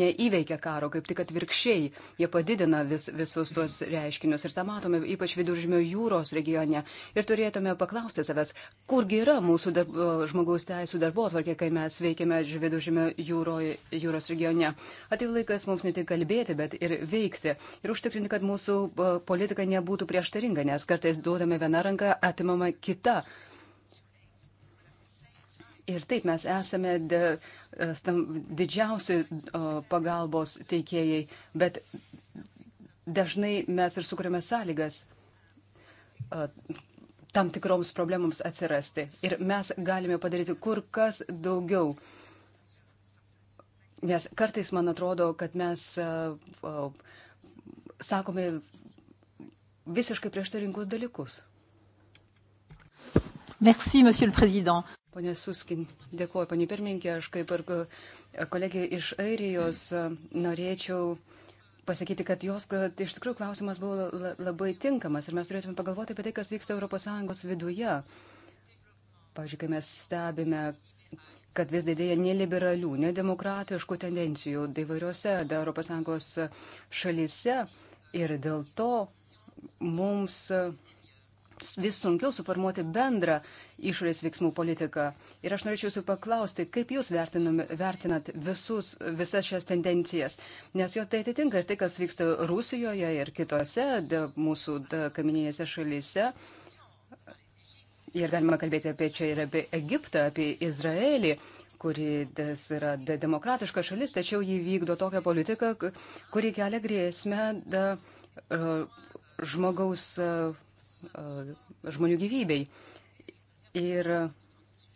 neįveikia karo, kaip tik atvirkščiai, jie padidina vis, visus tuos reiškinius. Ir tą matome ypač viduržmio jūros regione. Ir turėtume paklausti savęs, kurgi yra mūsų darb, žmogaus teisų darbo atvarkė, kai mes veikiame viduržmio jūro, jūros regione. Atėjo laikas mums ne tik kalbėti, bet ir veikti. Ir užtikrinti, kad mūsų politika nebūtų prieštaringa, nes kartais duodame vieną ranką, atimama kita. Ir taip mes esame de, didžiausi pagalbos teikėjai, bet dažnai mes ir sukūrėme sąlygas tam tikroms problemams atsirasti. Ir mes galime padaryti kur kas daugiau. Nes kartais man atrodo, kad mes sakome visiškai prieštaringus dalykus. Merci, monsieur le président. Pone Suskin, dėkuoju, panie pirmininkė, aš kaip ir e, kolegė iš Airijos e, norėčiau pasakyti, kad jos, kad e, iš tikrųjų klausimas buvo labai tinkamas ir mes turėtume pagalvoti apie tai, kas vyksta ES viduje. Pavyzdžiui, kai mes stebime, kad vis didėja neliberalių, nedemokratiškų tendencijų įvairiose ES šalyse ir dėl to mums vis sunkiau suformuoti bendrą išorės veiksmų politiką. Ir aš norėčiau jūsų paklausti, kaip jūs vertinat visus, visas šias tendencijas, nes jo tai atitinka ir tai, kas vyksta Rusijoje ir kitose de, mūsų kamininėse šalyse. Ir galima kalbėti apie čia ir apie Egiptą, apie Izraelį kuri des, yra de, demokratiška šalis, tačiau jį vykdo tokią politiką, kuri kelia grėsmę de, uh, žmogaus uh, E, žmonių gyvybei. Ir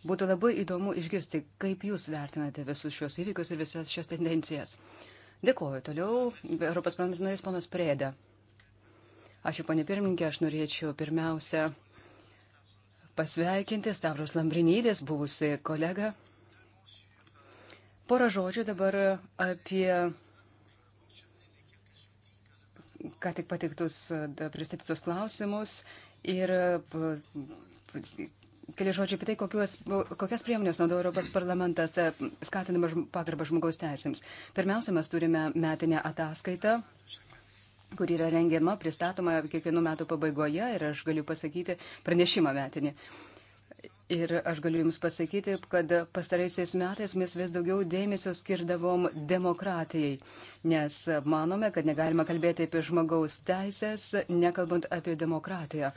būtų labai įdomu išgirsti, kaip jūs vertinate visus šios įvykius ir visas šias tendencijas. Dėkuoju. Toliau Europos parlamento narys ponas Prėda. Ačiū, ponė pirmininkė, aš norėčiau pirmiausia pasveikinti Stavros Lambrinydės, buvusi kolega. Porą žodžių dabar apie ką tik pateiktus pristatytus klausimus ir keli žodžiai apie tai, kokios, kokias priemonės naudoja Europos parlamentas e, skatinama pagarbą žmogaus teisėms. Pirmiausia, mes turime metinę ataskaitą kur yra rengiama, pristatoma kiekvienų metų pabaigoje ir aš galiu pasakyti pranešimą metinį. Uh, Ir aš galiu Jums pasakyti, kad pastaraisiais metais mes vis daugiau dėmesio skirdavom demokratijai, nes manome, kad negalima kalbėti apie žmogaus teisės, nekalbant apie demokratiją.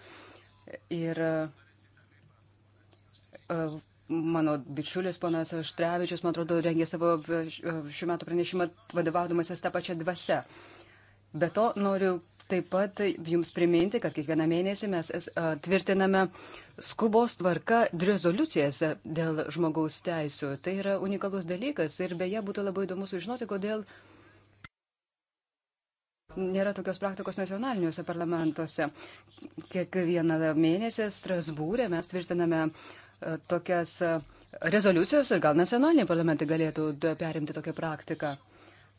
Ir e, mano bičiulis ponas Štrevičius, man atrodo, rengė savo šių metų pranešimą vadovaudamasis tą pačią dvasę. Be to noriu taip pat jums priminti, kad kiekvieną mėnesį mes tvirtiname skubos tvarka rezoliucijas dėl žmogaus teisų. Tai yra unikalus dalykas ir beje būtų labai įdomu sužinoti, kodėl nėra tokios praktikos nacionaliniuose parlamentuose. Kiekvieną mėnesį Strasbūrė mes tvirtiname tokias rezoliucijos ir gal nacionaliniai parlamentai galėtų perimti tokią praktiką.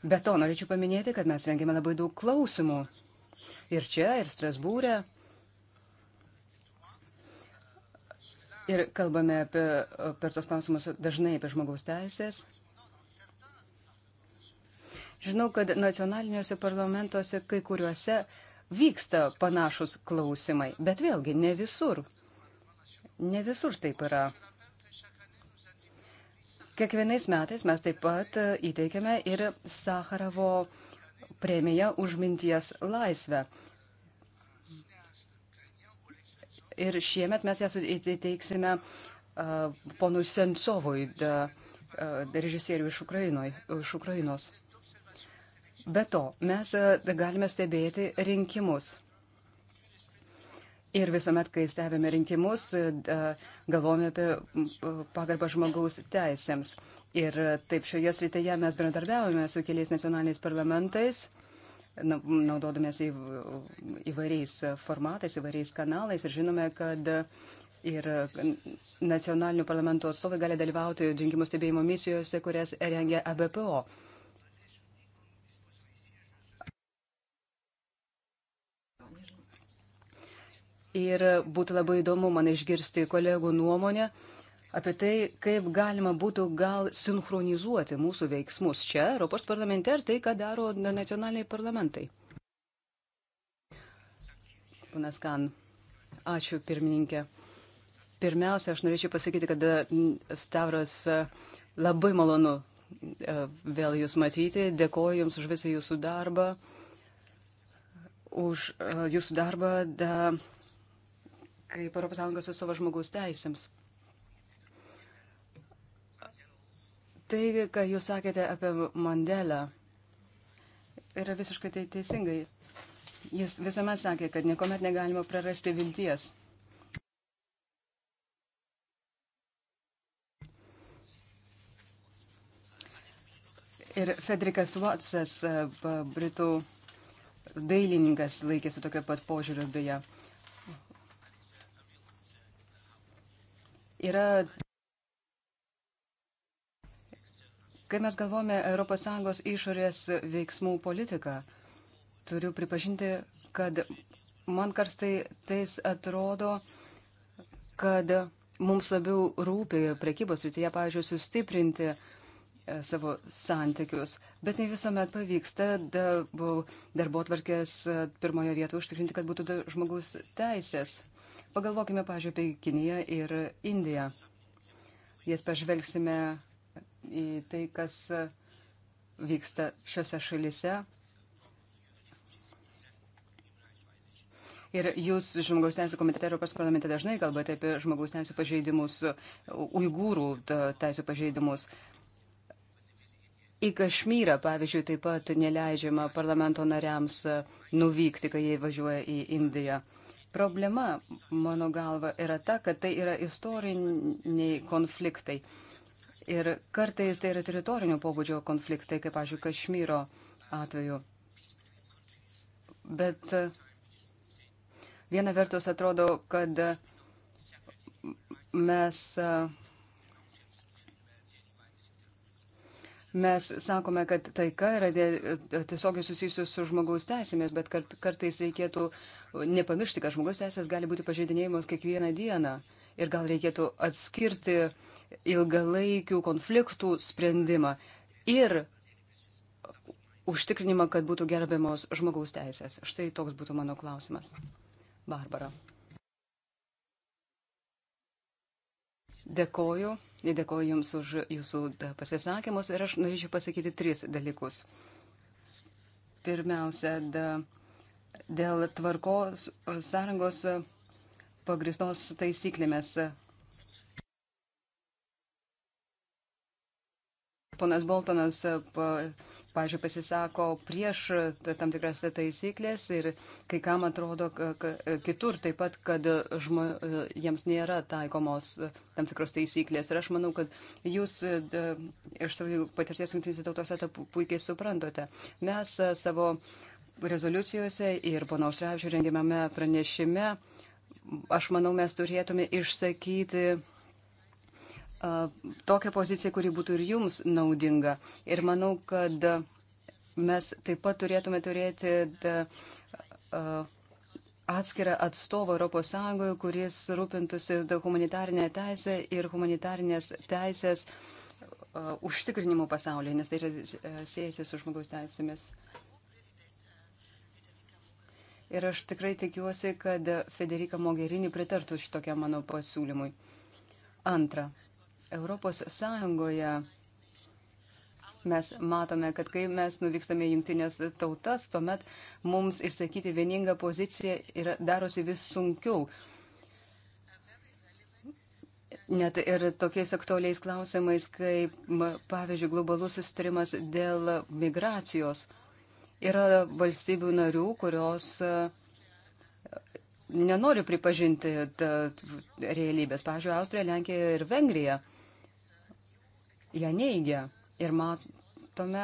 Be to, norėčiau paminėti, kad mes rengėme labai daug klausimų Ir čia, ir Strasbūrė. Ir kalbame apie, per tos klausimus dažnai apie žmogaus teisės. Žinau, kad nacionaliniuose parlamentuose kai kuriuose vyksta panašus klausimai, bet vėlgi ne visur. Ne visur taip yra. Kiekvienais metais mes taip pat įteikiame ir Sakarovo premiją už minties laisvę. Ir šiemet mes ją įteiksime ponui Sensovui, režisieriui iš, Ukrainoj, iš Ukrainos. Be to, mes galime stebėti rinkimus. Ir visuomet, kai stebime rinkimus, galvojame apie pagarbą žmogaus teisėms. Ir taip šioje srityje mes bendradarbiavome su keliais nacionaliniais parlamentais, naudodomės į, įvairiais formatais, įvairiais kanalais ir žinome, kad ir nacionalinių parlamento atstovai gali dalyvauti rinkimų stebėjimo misijose, kurias rengia ABPO. Ir būtų labai įdomu man išgirsti kolegų nuomonę apie tai, kaip galima būtų gal sinchronizuoti mūsų veiksmus čia, Europos parlamente, ir tai, ką daro nacionaliniai parlamentai. Panas Kan, ačiū pirmininkė. Pirmiausia, aš norėčiau pasakyti, kad Stavras labai malonu e, vėl jūs matyti. Dėkoju Jums už visą Jūsų darbą. Už e, Jūsų darbą da, kaip Europos Sąjungos atstovo žmogaus teisėms. tai, ką jūs sakėte apie Mandelą, yra visiškai tai teisingai. Jis visuomet sakė, kad niekuomet negalima prarasti vilties. Ir Federikas Watsas, britų dailininkas, laikėsi tokio pat požiūrio beje. Yra Kai mes galvome ES išorės veiksmų politiką, turiu pripažinti, kad man karstai tais atrodo, kad mums labiau rūpi prekybos rytyje, pavyzdžiui, sustiprinti e, savo santykius, bet ne visuomet pavyksta darbo atvarkės e, pirmoje vietoje užtikrinti, kad būtų žmogus teisės. Pagalvokime, pažiūrėjau, apie Kiniją ir Indiją. Jas pažvelgsime į tai, kas vyksta šiuose šalise. Ir jūs žmogaus teisų komitete Europos parlamente dažnai kalbate apie žmogaus teisų pažeidimus, uigūrų teisų pažeidimus. Į Kašmyrą, pavyzdžiui, taip pat neleidžiama parlamento nariams nuvykti, kai jie važiuoja į Indiją. Problema, mano galva, yra ta, kad tai yra istoriniai konfliktai. Ir kartais tai yra teritorinio pobūdžio konfliktai, kaip, pažiūrėjau, Kašmyro atveju. Bet e, viena vertus atrodo, kad mes, e, mes sakome, kad taika yra e, tiesiogiai susijusi su žmogaus teisėmis, bet kart, kartais reikėtų nepamiršti, kad žmogaus teisės gali būti pažeidinėjimas kiekvieną dieną. Ir gal reikėtų atskirti uh, ilgalaikių konfliktų sprendimą ir užtikrinimą, kad būtų gerbiamos žmogaus teisės. Štai toks būtų mano klausimas. Barbara. Dėkoju, dėkoju Jums už Jūsų pasisakymus ir aš norėčiau pasakyti tris dalykus. Pirmiausia, da, dėl tvarkos sąrangos pagristos taisyklėmis Ponas Boltonas, e, pažiūrėjau, pasisako prieš tam tikras taisyklės ir kai kam atrodo e, kitur taip pat, kad žmo, e, jiems nėra taikomos tam tikros taisyklės. Ir aš manau, kad jūs iš savo patirties jungtinėse tautose tą puikiai suprantate. Mes savo rezoliucijose ir ponaus revžių rengiamame pranešime, aš manau, mes turėtume išsakyti tokią poziciją, kuri būtų ir jums naudinga. Ir manau, kad mes taip pat turėtume turėti atskirą atstovą ES, kuris rūpintųsi humanitarinę teisę ir humanitarinės teisės užtikrinimu pasaulyje, nes tai yra siejasi su žmogaus teisėmis. Ir aš tikrai tikiuosi, kad Federika Mogherini pritartų šitokiam mano pasiūlymui. Antra, Europos Sąjungoje mes matome, kad kai mes nuvykstame jungtinės tautas, tuomet mums išsakyti vieningą poziciją yra, darosi vis sunkiau. Net ir tokiais aktualiais klausimais, kaip, pavyzdžiui, globalus sustarimas dėl migracijos. Yra valstybių narių, kurios e, nenori pripažinti realybės. Pavyzdžiui, Austrija, Lenkija ir Vengrija ją neigia. Ir matome,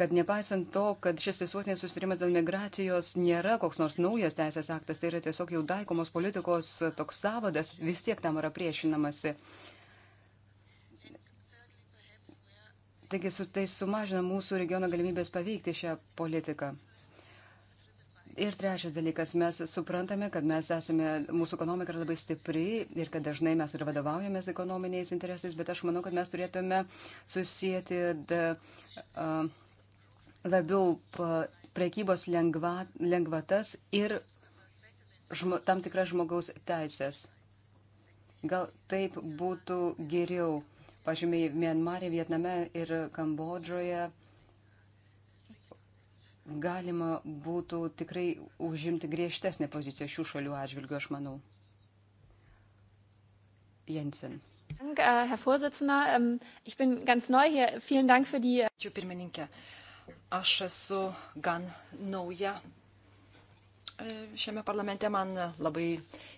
kad nepaisant to, kad šis visuotinės susitarimas dėl migracijos nėra koks nors naujas teisės aktas, tai yra tiesiog jau taikomos politikos toks savadas, vis tiek tam yra priešinamasi. Taigi su tai sumažina mūsų regiono galimybės paveikti šią politiką. Ir trečias dalykas, mes suprantame, kad mes esame, mūsų ekonomika yra labai stipri ir kad dažnai mes ir vadovaujamės ekonominiais interesais, bet aš manau, kad mes turėtume susijęti uh, labiau prekybos lengva, lengvatas ir žmo, tam tikras žmogaus teisės. Gal taip būtų geriau. Pažymiai, Mianmarė, Vietname ir Kambodžoje. Uh, galima būtų tikrai užimti griežtesnę poziciją šių šalių atžvilgių, aš manau. Jensen. Äh, ähm, äh, Ačiū pirmininkė. Aš esu gan nauja e, šiame parlamente man labai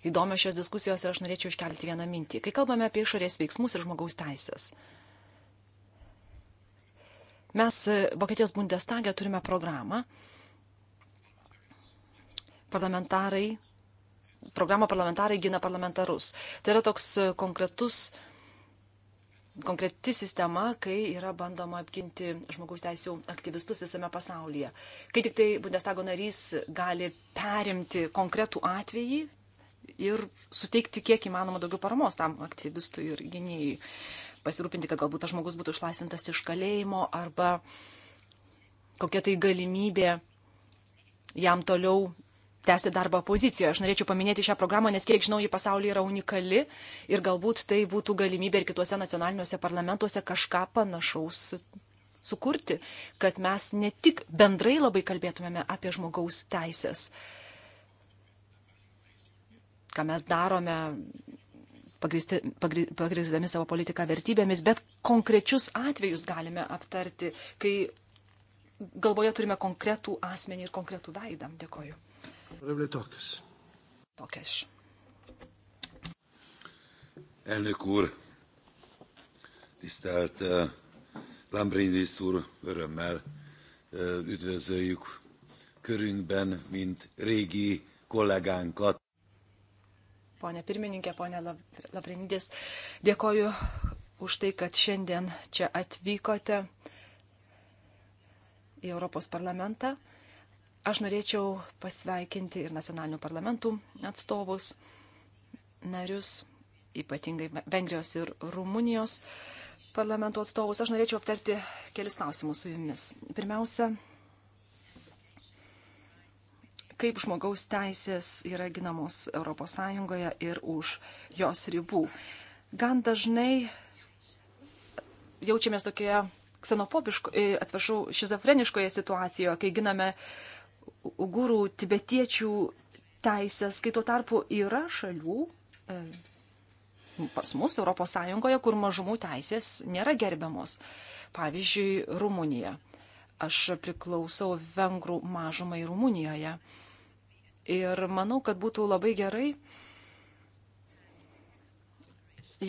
įdomios šios diskusijos ir aš norėčiau iškelti vieną mintį. Kai kalbame apie išorės veiksmus ir žmogaus teisės, Mes e, Vokietijos Bundestage turime programą. Parlamentarai, programą parlamentarai gina parlamentarus. Tai yra toks e, konkretus konkreti sistema, kai yra bandoma apginti žmogaus teisų aktyvistus visame pasaulyje. Kai tik tai Bundestago narys gali perimti konkretų atvejį ir suteikti kiek įmanoma daugiau paramos tam aktyvistui ir gynėjui pasirūpinti, kad galbūt tas žmogus būtų išlaisvintas iš kalėjimo arba kokia tai galimybė jam toliau tęsti darbą pozicijoje. Aš norėčiau paminėti šią programą, nes kiek žinau, ji pasaulyje yra unikali ir galbūt tai būtų galimybė ir kituose nacionaliniuose parlamentuose kažką panašaus sukurti, kad mes ne tik bendrai labai kalbėtumėme apie žmogaus teisės, ką mes darome pagrįsdami savo politiką vertybėmis, bet konkrečius atvejus galime aptarti, kai galvoje turime konkretų asmenį ir konkretų veidą. Dėkoju. Tokias. Tokias. Elnök úr, tisztelt eh, Lambrindis úr, örömmel eh, üdvözöljük körünkben, mint régi kollégánkat ponė pirmininkė, ponė Labrindis. Dėkoju už tai, kad šiandien čia atvykote į Europos parlamentą. Aš norėčiau pasveikinti ir nacionalinių parlamentų atstovus, narius, ypatingai Vengrijos ir Rumunijos parlamento atstovus. Aš norėčiau aptarti kelis klausimus su jumis. Pirmiausia, kaip žmogaus teisės yra ginamos ES ir už jos ribų. Gan dažnai jaučiamės tokioje ksenofobiškoje, atsiprašau, šizofreniškoje situacijoje, kai giname ugurų, tibetiečių teisės, kai tuo tarpu yra šalių e, pas mus ES, kur mažumų teisės nėra gerbiamos. Pavyzdžiui, Rumunija. Aš priklausau vengrų mažumai Rumunijoje. Ir manau, kad būtų labai gerai,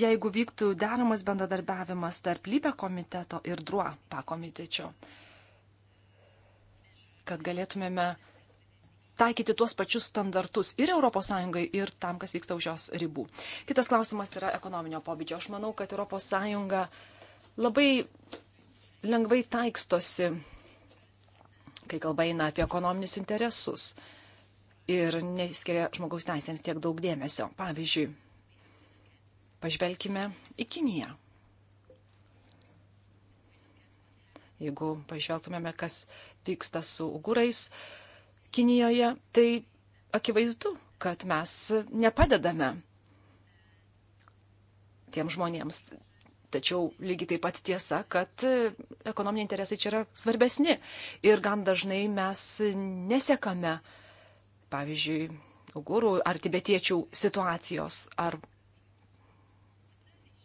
jeigu vyktų deramas bendradarbiavimas tarp Lybė komiteto ir Druo pakomitečio, kad galėtumėme taikyti tuos pačius standartus ir ES, ir tam, kas vyksta už jos ribų. Kitas klausimas yra ekonominio pobūdžio. Aš manau, kad ES labai lengvai taikstosi, kai kalba eina apie ekonominius interesus. Uh, ir neskiria žmogaus teisėms tiek daug dėmesio. Pavyzdžiui, pažvelkime į Kiniją. Jeigu pažvelgtumėme, kas vyksta su ugurais Kinijoje, tai akivaizdu, kad mes nepadedame tiem žmonėms. Tačiau lygiai taip pat tiesa, kad ekonominiai interesai čia yra svarbesni. Ir gan dažnai mes nesekame uh, pavyzdžiui, ugurų ar tibetiečių situacijos ar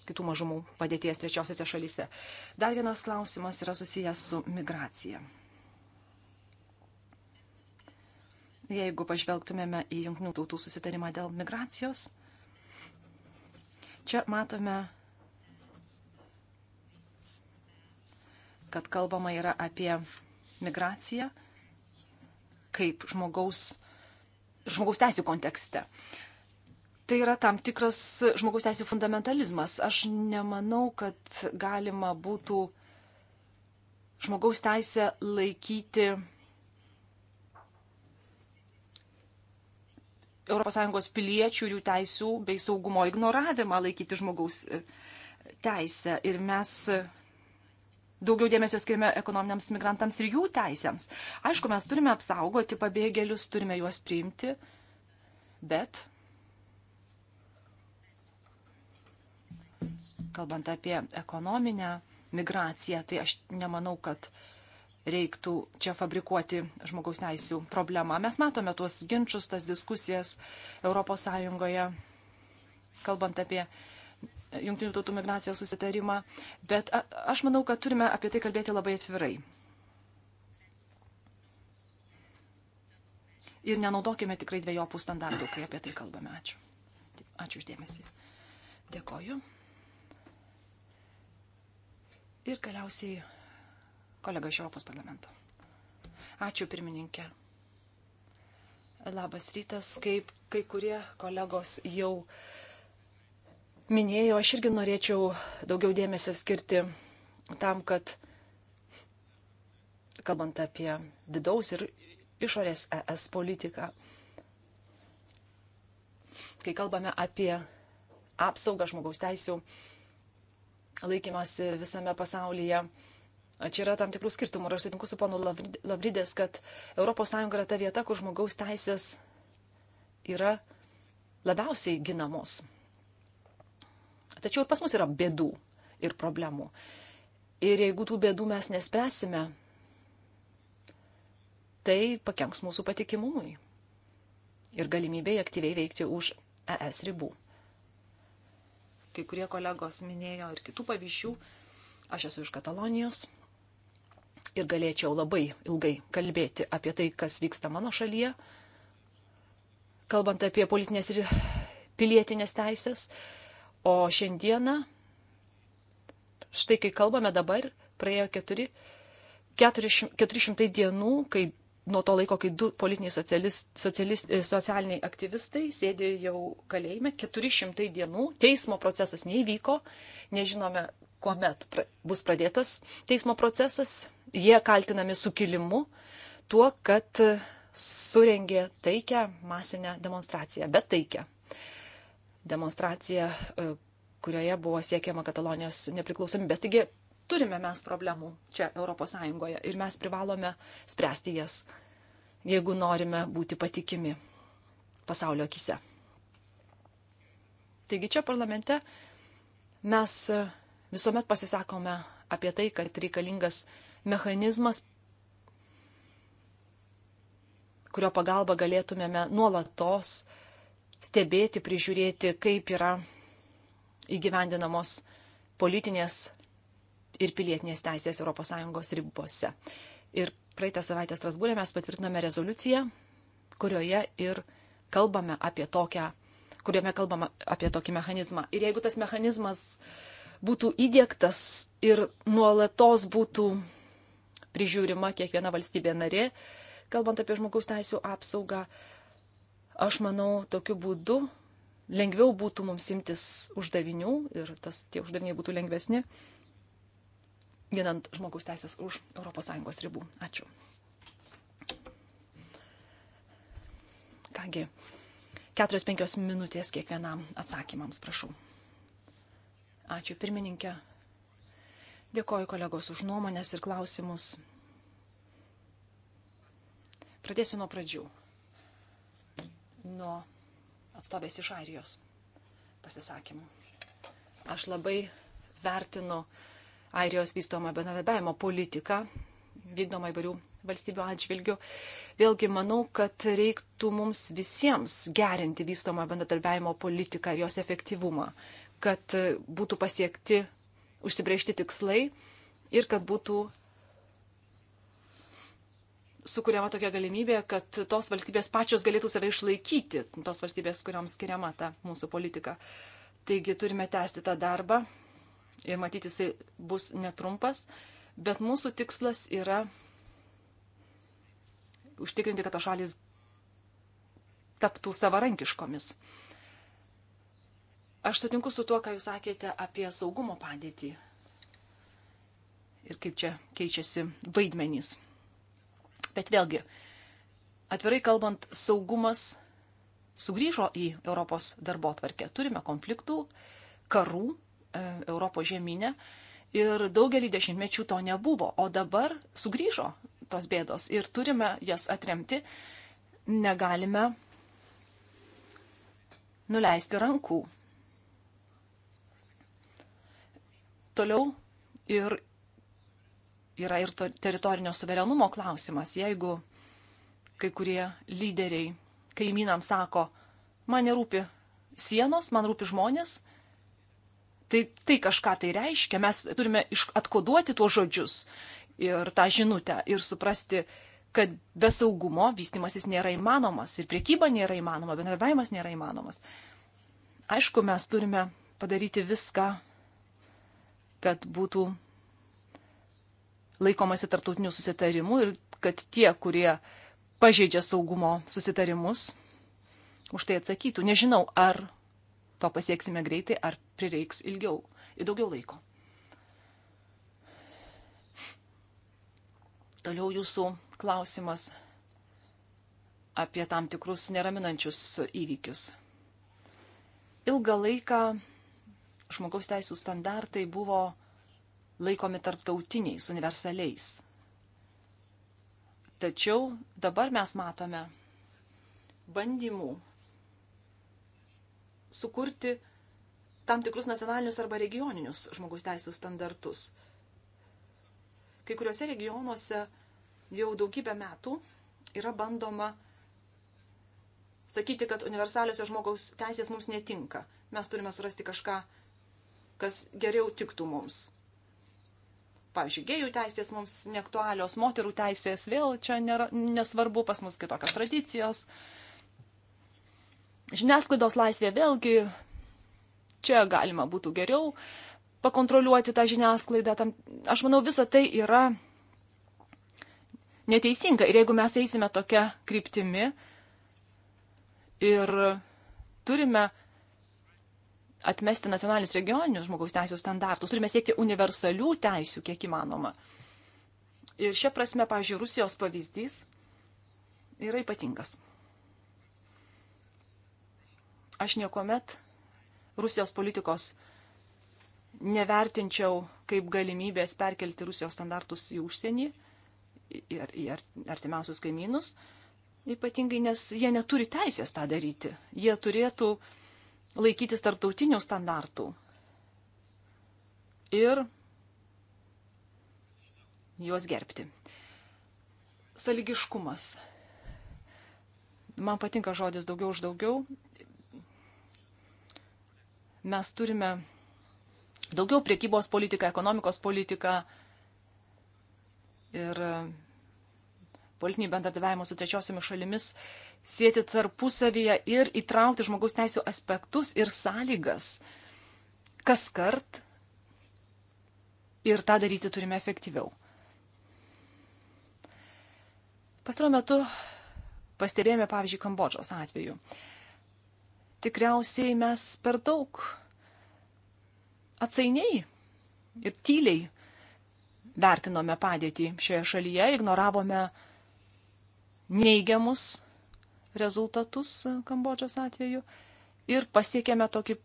kitų mažumų padėties trečiosiose šalyse. Dar vienas klausimas yra susijęs su migracija. Jeigu pažvelgtumėme į Junktinių tautų susitarimą dėl migracijos, čia matome, kad kalbama yra apie migraciją kaip žmogaus žmogaus teisų kontekste. Tai yra tam tikras žmogaus teisų fundamentalizmas. Aš nemanau, kad galima būtų žmogaus teisę laikyti ES piliečių ir jų teisų bei saugumo ignoravimą laikyti žmogaus teisę. Ir mes daugiau dėmesio skirime ekonominiams migrantams ir jų teisėms. Aišku, mes turime apsaugoti pabėgėlius, turime juos priimti, bet kalbant apie ekonominę migraciją, tai aš nemanau, kad reiktų čia fabrikuoti žmogaus teisų problemą. Mes matome tuos ginčius, tas diskusijas ES, kalbant apie Junktinių tautų migracijos susitarimą, bet a, aš manau, kad turime apie tai kalbėti labai atvirai. Ir nenaudokime tikrai dviejopų standartų, kai apie tai kalbame. Ačiū. Ačiū uždėmesį. Dėkoju. Ir galiausiai kolega iš Europos parlamento. Ačiū pirmininkė. Labas rytas, kaip kai kurie kolegos jau uh, minėjo, aš irgi norėčiau daugiau dėmesio skirti tam, kad kalbant apie vidaus ir išorės ES politiką, kai kalbame apie apsaugą žmogaus teisų laikymasi visame pasaulyje, Čia yra tam tikrų skirtumų ir aš sutinku su ponu Lavridės, kad ES yra ta vieta, kur žmogaus teisės yra labiausiai ginamos. Tačiau ir pas mus yra bėdų ir problemų. Ir jeigu tų bėdų mes nespręsime, tai pakenks mūsų patikimumui ir galimybėj aktyviai veikti už ES ribų. Kai kurie kolegos minėjo ir kitų pavyzdžių. Aš esu iš Katalonijos ir galėčiau labai ilgai kalbėti apie tai, kas vyksta mano šalyje, kalbant apie politinės ir pilietinės teisės, O šiandieną, štai kai kalbame dabar, praėjo 4, 400 dienų, kai nuo to laiko, kai du politiniai socialist, socialist, e, socialiniai aktyvistai sėdė jau kalėjime, 400 dienų, teismo procesas neįvyko, nežinome, kuomet pra, bus pradėtas teismo procesas, jie kaltinami sukilimu, tuo, kad surengė taikę masinę demonstraciją, bet taikę demonstracija, e, kurioje buvo siekiama Katalonijos nepriklausomybės. Taigi turime mes problemų čia ES ir mes privalome spręsti jas, jeigu norime būti patikimi pasaulio akise. Taigi čia parlamente mes e, visuomet pasisakome apie tai, kad reikalingas mechanizmas, kurio pagalba galėtumėme nuolatos uh, stebėti, prižiūrėti, kaip yra įgyvendinamos politinės ir pilietinės teisės ES ribose. Ir praeitą savaitę Strasbūrė mes patvirtinome rezoliuciją, kurioje ir kalbame apie tokią, kuriame kalbame apie tokį mechanizmą. Ir jeigu tas mechanizmas būtų įdėktas ir nuolatos būtų prižiūrima kiekviena valstybė narė, kalbant apie žmogaus teisų apsaugą, Aš manau, tokiu būdu lengviau būtų mums imtis uždavinių ir tas, tie uždaviniai būtų lengvesni, ginant žmogaus teisės už ES ribų. Ačiū. Kągi, 4-5 minutės kiekvienam atsakymams, prašau. Ačiū pirmininkė. Dėkoju kolegos už nuomonės ir klausimus. Pradėsiu nuo pradžių nuo atstovės iš Airijos pasisakymų. Aš labai vertinu Airijos vystomą bendradarbiavimo politiką, vykdomą įvairių valstybių atžvilgių. Vėlgi manau, kad reiktų mums visiems gerinti vystomą bendradarbiavimo politiką ir jos efektyvumą, kad būtų pasiekti užsibriežti tikslai ir kad būtų sukūriama tokia galimybė, kad tos valstybės pačios galėtų save išlaikyti, tos valstybės, kuriams skiriama ta mūsų politika. Taigi turime tęsti tą darbą ir matyti, jisai bus netrumpas, bet mūsų tikslas yra užtikrinti, kad tos šalis taptų savarankiškomis. Aš sutinku su tuo, ką jūs sakėte apie saugumo padėtį ir kaip čia keičiasi vaidmenys Bet vėlgi, atvirai kalbant, saugumas sugrįžo į Europos darbo tvarkę. Turime konfliktų, karų e, Europos žemynę ir daugelį dešimtmečių to nebuvo, o dabar sugrįžo tos bėdos ir turime jas atremti, negalime nuleisti rankų. Toliau ir yra ir teritorinio suverenumo klausimas. Jeigu kai kurie lyderiai kaimynams sako, man nerūpi sienos, man rūpi žmonės, tai, tai kažką tai reiškia. Mes turime atkoduoti tuos žodžius ir tą žinutę ir suprasti, kad be saugumo vystimasis nėra įmanomas ir priekyba nėra įmanoma, bendradarbiavimas nėra įmanomas. Aišku, mes turime padaryti viską, kad būtų laikomasi tarptautinių susitarimų ir kad tie, kurie pažeidžia saugumo susitarimus, už tai atsakytų. Nežinau, ar to pasieksime greitai, ar prireiks ilgiau ir daugiau laiko. Toliau jūsų klausimas apie tam tikrus neraminančius įvykius. Ilgą laiką žmogaus teisų standartai buvo laikomi tarptautiniais, universaliais. Tačiau dabar mes matome bandymų sukurti tam tikrus nacionalinius arba regioninius žmogaus teisų standartus. Kai kuriuose regionuose jau daugybę metų yra bandoma sakyti, kad universaliosios žmogaus teisės mums netinka. Mes turime surasti kažką, kas geriau tiktų mums pavyzdžiui, gėjų teisės mums neaktualios, moterų teisės vėl čia nėra, nesvarbu, pas mus kitokios tradicijos. Žiniasklaidos laisvė vėlgi čia galima būtų geriau pakontroliuoti tą žiniasklaidą. Tam, aš manau, visa tai yra neteisinga. Ir jeigu mes eisime tokia kryptimi ir turime atmesti nacionalinius regioninius žmogaus teisų standartus, turime siekti universalių teisių, kiek įmanoma. Ir šia prasme, pažiūrėjau, Rusijos pavyzdys yra ypatingas. Aš niekuomet Rusijos politikos nevertinčiau kaip galimybės perkelti Rusijos standartus į užsienį ir į artimiausius kaimynus, ypatingai nes jie neturi teisės tą daryti. Jie turėtų uh, laikytis tarptautinių standartų ir juos gerbti. Saligiškumas. Man patinka žodis daugiau už daugiau. Mes turime daugiau priekybos politiką, ekonomikos politiką ir politinį bendradarbiavimą su trečiosiomis šalimis sėti tarpusavyje ir įtraukti žmogaus teisų aspektus ir sąlygas kas kart ir tą daryti turime efektyviau. Pastaruoju metu pastebėjome, pavyzdžiui, Kambodžos atveju. Tikriausiai mes per daug atsainiai ir tyliai vertinome padėtį šioje šalyje, ignoravome neigiamus rezultatus Kambodžos atveju ir pasiekėme tokį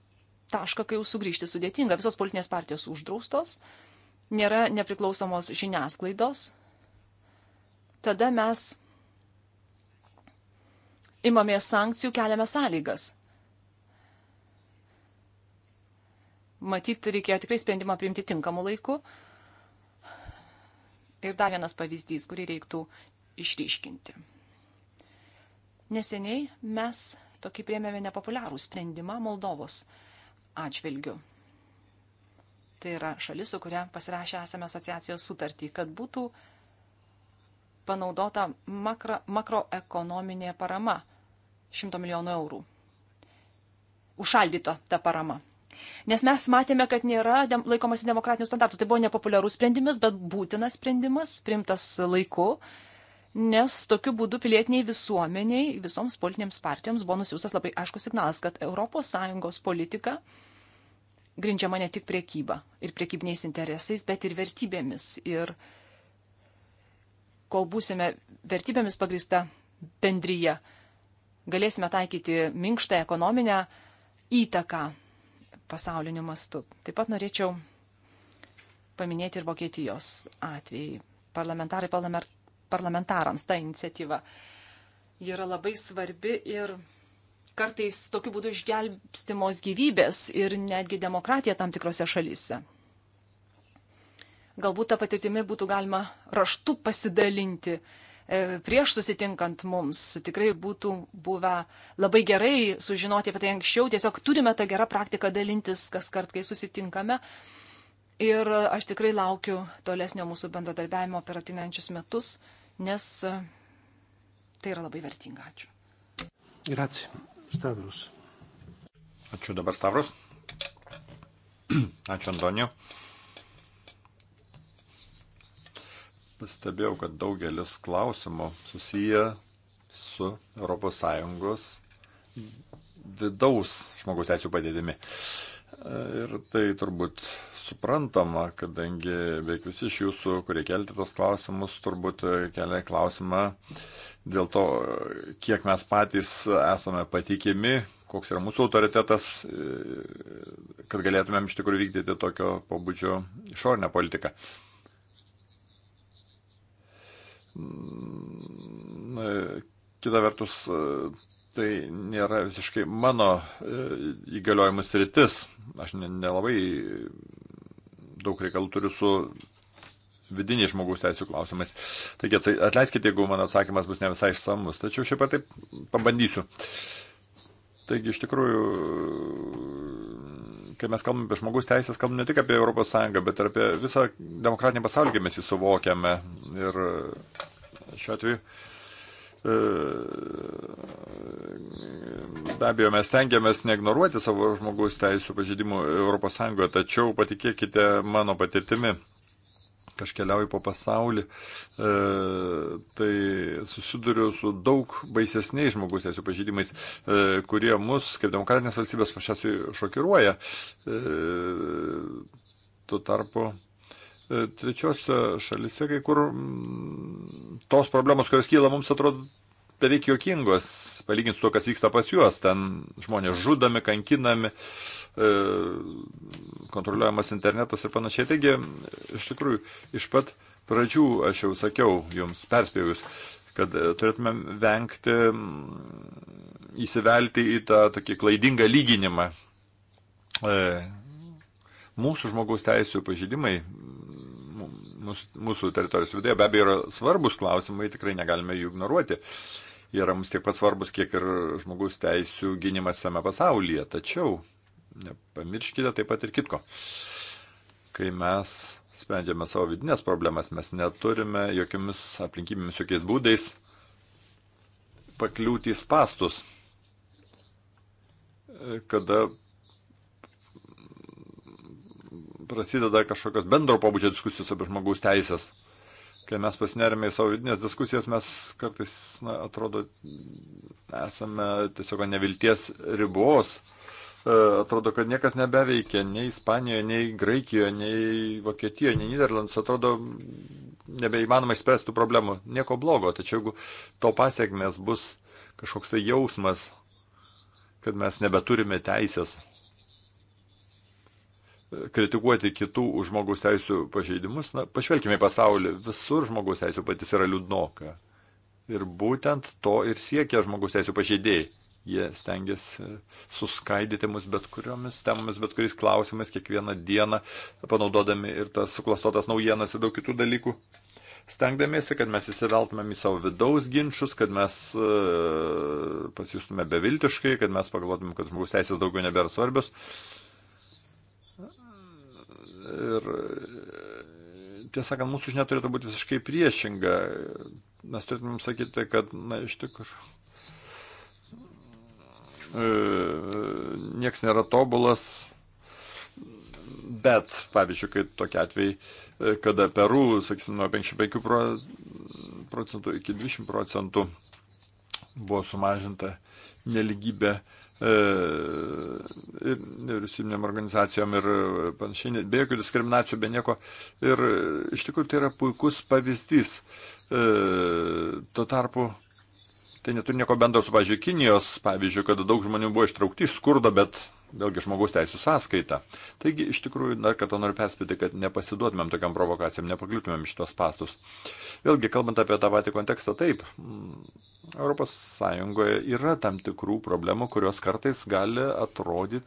tašką, kai jau sugrįžti sudėtinga. Visos politinės partijos uždraustos, nėra nepriklausomos žiniasklaidos. Tada mes imamės sankcijų, keliame sąlygas. Matyt, reikėjo tikrai sprendimą priimti tinkamu laiku. Ir dar vienas pavyzdys, kurį reiktų išryškinti. Neseniai mes tokį priemėme nepopuliarų sprendimą Moldovos atžvilgiu. Tai yra šalis, su kuria pasirašę esame asociacijos sutartį, kad būtų panaudota makro, makroekonominė parama 100 milijonų eurų. Užšaldyta ta parama. Nes mes matėme, kad nėra dem, laikomasi demokratinių standartų. Tai buvo nepopuliarus sprendimas, bet būtinas sprendimas, primtas laiku. Uh, nes tokiu būdu pilietiniai visuomeniai, visoms politinėms partijoms buvo nusiūstas labai aiškus signalas, kad ES politika grindžiama ne tik priekyba ir priekybiniais interesais, bet ir vertybėmis. Ir kol būsime vertybėmis pagrįsta bendryje, galėsime taikyti minkštą ekonominę įtaką pasauliniu mastu. Taip pat norėčiau paminėti ir Vokietijos atvejį. Parlamentarai parlamentarai parlamentarams ta iniciatyva. Ji yra labai svarbi ir kartais tokiu būdu išgelbstimos gyvybės ir netgi demokratija tam tikrose šalyse. Galbūt tą patirtimį būtų galima raštu pasidalinti e, prieš susitinkant mums. Tikrai būtų buvę labai gerai sužinoti apie tai anksčiau. Tiesiog turime tą gerą praktiką dalintis kas kart, kai susitinkame. Ir aš tikrai laukiu tolesnio mūsų bendradarbiavimo per atinančius metus nes e, tai yra labai vertinga. Ačiū. Grazie. Stavros. Ačiū dabar Stavros. Ačiū Antonio. Pastebėjau, kad daugelis klausimų susiję su ES vidaus žmogaus teisų padėdimi. E, ir tai turbūt suprantama, kadangi beveik visi iš jūsų, kurie kelti tos klausimus, turbūt kelia klausimą dėl to, kiek mes patys esame patikimi, koks yra mūsų autoritetas, kad galėtumėm iš tikrųjų vykdyti tokio pobūdžio išorinę politiką. Kita vertus, tai nėra visiškai mano e, įgaliojimus rytis. Aš nelabai daug reikalų turiu su vidiniai žmogaus teisų klausimais. Taigi atleiskite, jeigu mano atsakymas bus ne visai išsamus, tačiau šiaip ar taip pabandysiu. Taigi iš tikrųjų, kai mes kalbame apie žmogaus teisės, kalbame ne tik apie ES, bet ir apie visą demokratinį pasaulį, kai mes jį suvokiame. Ir šiuo atveju e, Be abejo, mes tengiamės neignoruoti savo žmogaus teisų pažydimų ES, tačiau patikėkite mano patirtimi, kažkeliauju po pasaulį, e, tai susiduriu su daug baisesniais žmogus teisų pažydimais, e, kurie mus, kaip demokratinės valstybės, pašiausiai šokiruoja. E, tuo tarpu e, trečiose šalise, kai kur tos problemos, kurios kyla, mums atrodo beveik juokingos, palyginti su to, kas vyksta pas juos. Ten žmonės žudami, kankinami, e, kontroliuojamas internetas ir panašiai. Taigi, iš tikrųjų, iš pat pradžių aš jau sakiau jums, perspėjus, kad e, turėtumėm vengti mm, įsivelti į tą tokį klaidingą lyginimą. E, mūsų žmogaus teisų pažydimai mm, mūsų teritorijos viduje be abejo yra svarbus klausimai, tikrai negalime jų ignoruoti yra mums tiek pat svarbus, kiek ir žmogus teisų gynimas visame pasaulyje. Tačiau nepamirškite taip pat ir kitko. Kai mes sprendžiame savo vidinės problemas, mes neturime jokiamis aplinkybėmis, jokiais būdais pakliūti į pastus, kada prasideda kažkokios bendro pobūdžio diskusijos apie žmogaus teisės kai mes pasinerime į savo vidinės diskusijas, mes kartais, na, atrodo, esame tiesiog nevilties ribos. E, atrodo, kad niekas nebeveikia nei Ispanijoje, nei Graikijoje, nei Vokietijoje, nei Niderlandus. Atrodo, nebeįmanoma išspręsti problemų. Nieko blogo. Tačiau jeigu to pasiekmes bus kažkoks tai jausmas, kad mes nebeturime teisės kritikuoti kitų už žmogaus teisų pažeidimus, na, pažvelkime į pasaulį, visur žmogaus teisų patys yra liūdnoka. Ir būtent to ir siekia žmogaus teisų pažeidėjai. Jie stengiasi suskaidyti mus bet kuriomis temomis, bet kuriais klausimais, kiekvieną dieną, panaudodami ir tas suklastotas naujienas ir daug kitų dalykų. Stengdamiesi, kad mes įsiveltumėm į savo vidaus ginčius, kad mes uh, e, pasijustume beviltiškai, kad mes pagalvotumėm, kad žmogus teisės daugiau nebėra svarbios. Uh, Ir tiesą sakant, mūsų žinia turėtų būti visiškai priešinga. Mes turėtumėm sakyti, kad, na, iš tikrųjų, e, nieks nėra tobulas, bet, pavyzdžiui, kai tokie atvejai, e, kada Peru, sakysime, nuo 55 procentų iki 20 procentų buvo sumažinta neligybė E, ir nevyriausybinėm organizacijom ir e, panašiai, be jokių diskriminacijų, be nieko. Ir e, iš tikrųjų tai yra puikus pavyzdys. Tuo tarpu tai neturi nieko bendro su, pavyzdžiui, Kinijos, pavyzdžiui, kada daug žmonių buvo ištraukti iš skurdo, bet vėlgi žmogaus teisų sąskaita. Taigi, iš tikrųjų, dar kartą noriu perspėti, kad nepasiduotumėm tokiam provokacijam, nepakliūtumėm šitos pastus. Vėlgi, kalbant apie tą patį kontekstą, taip, ES yra tam tikrų problemų, kurios kartais gali atrodyti,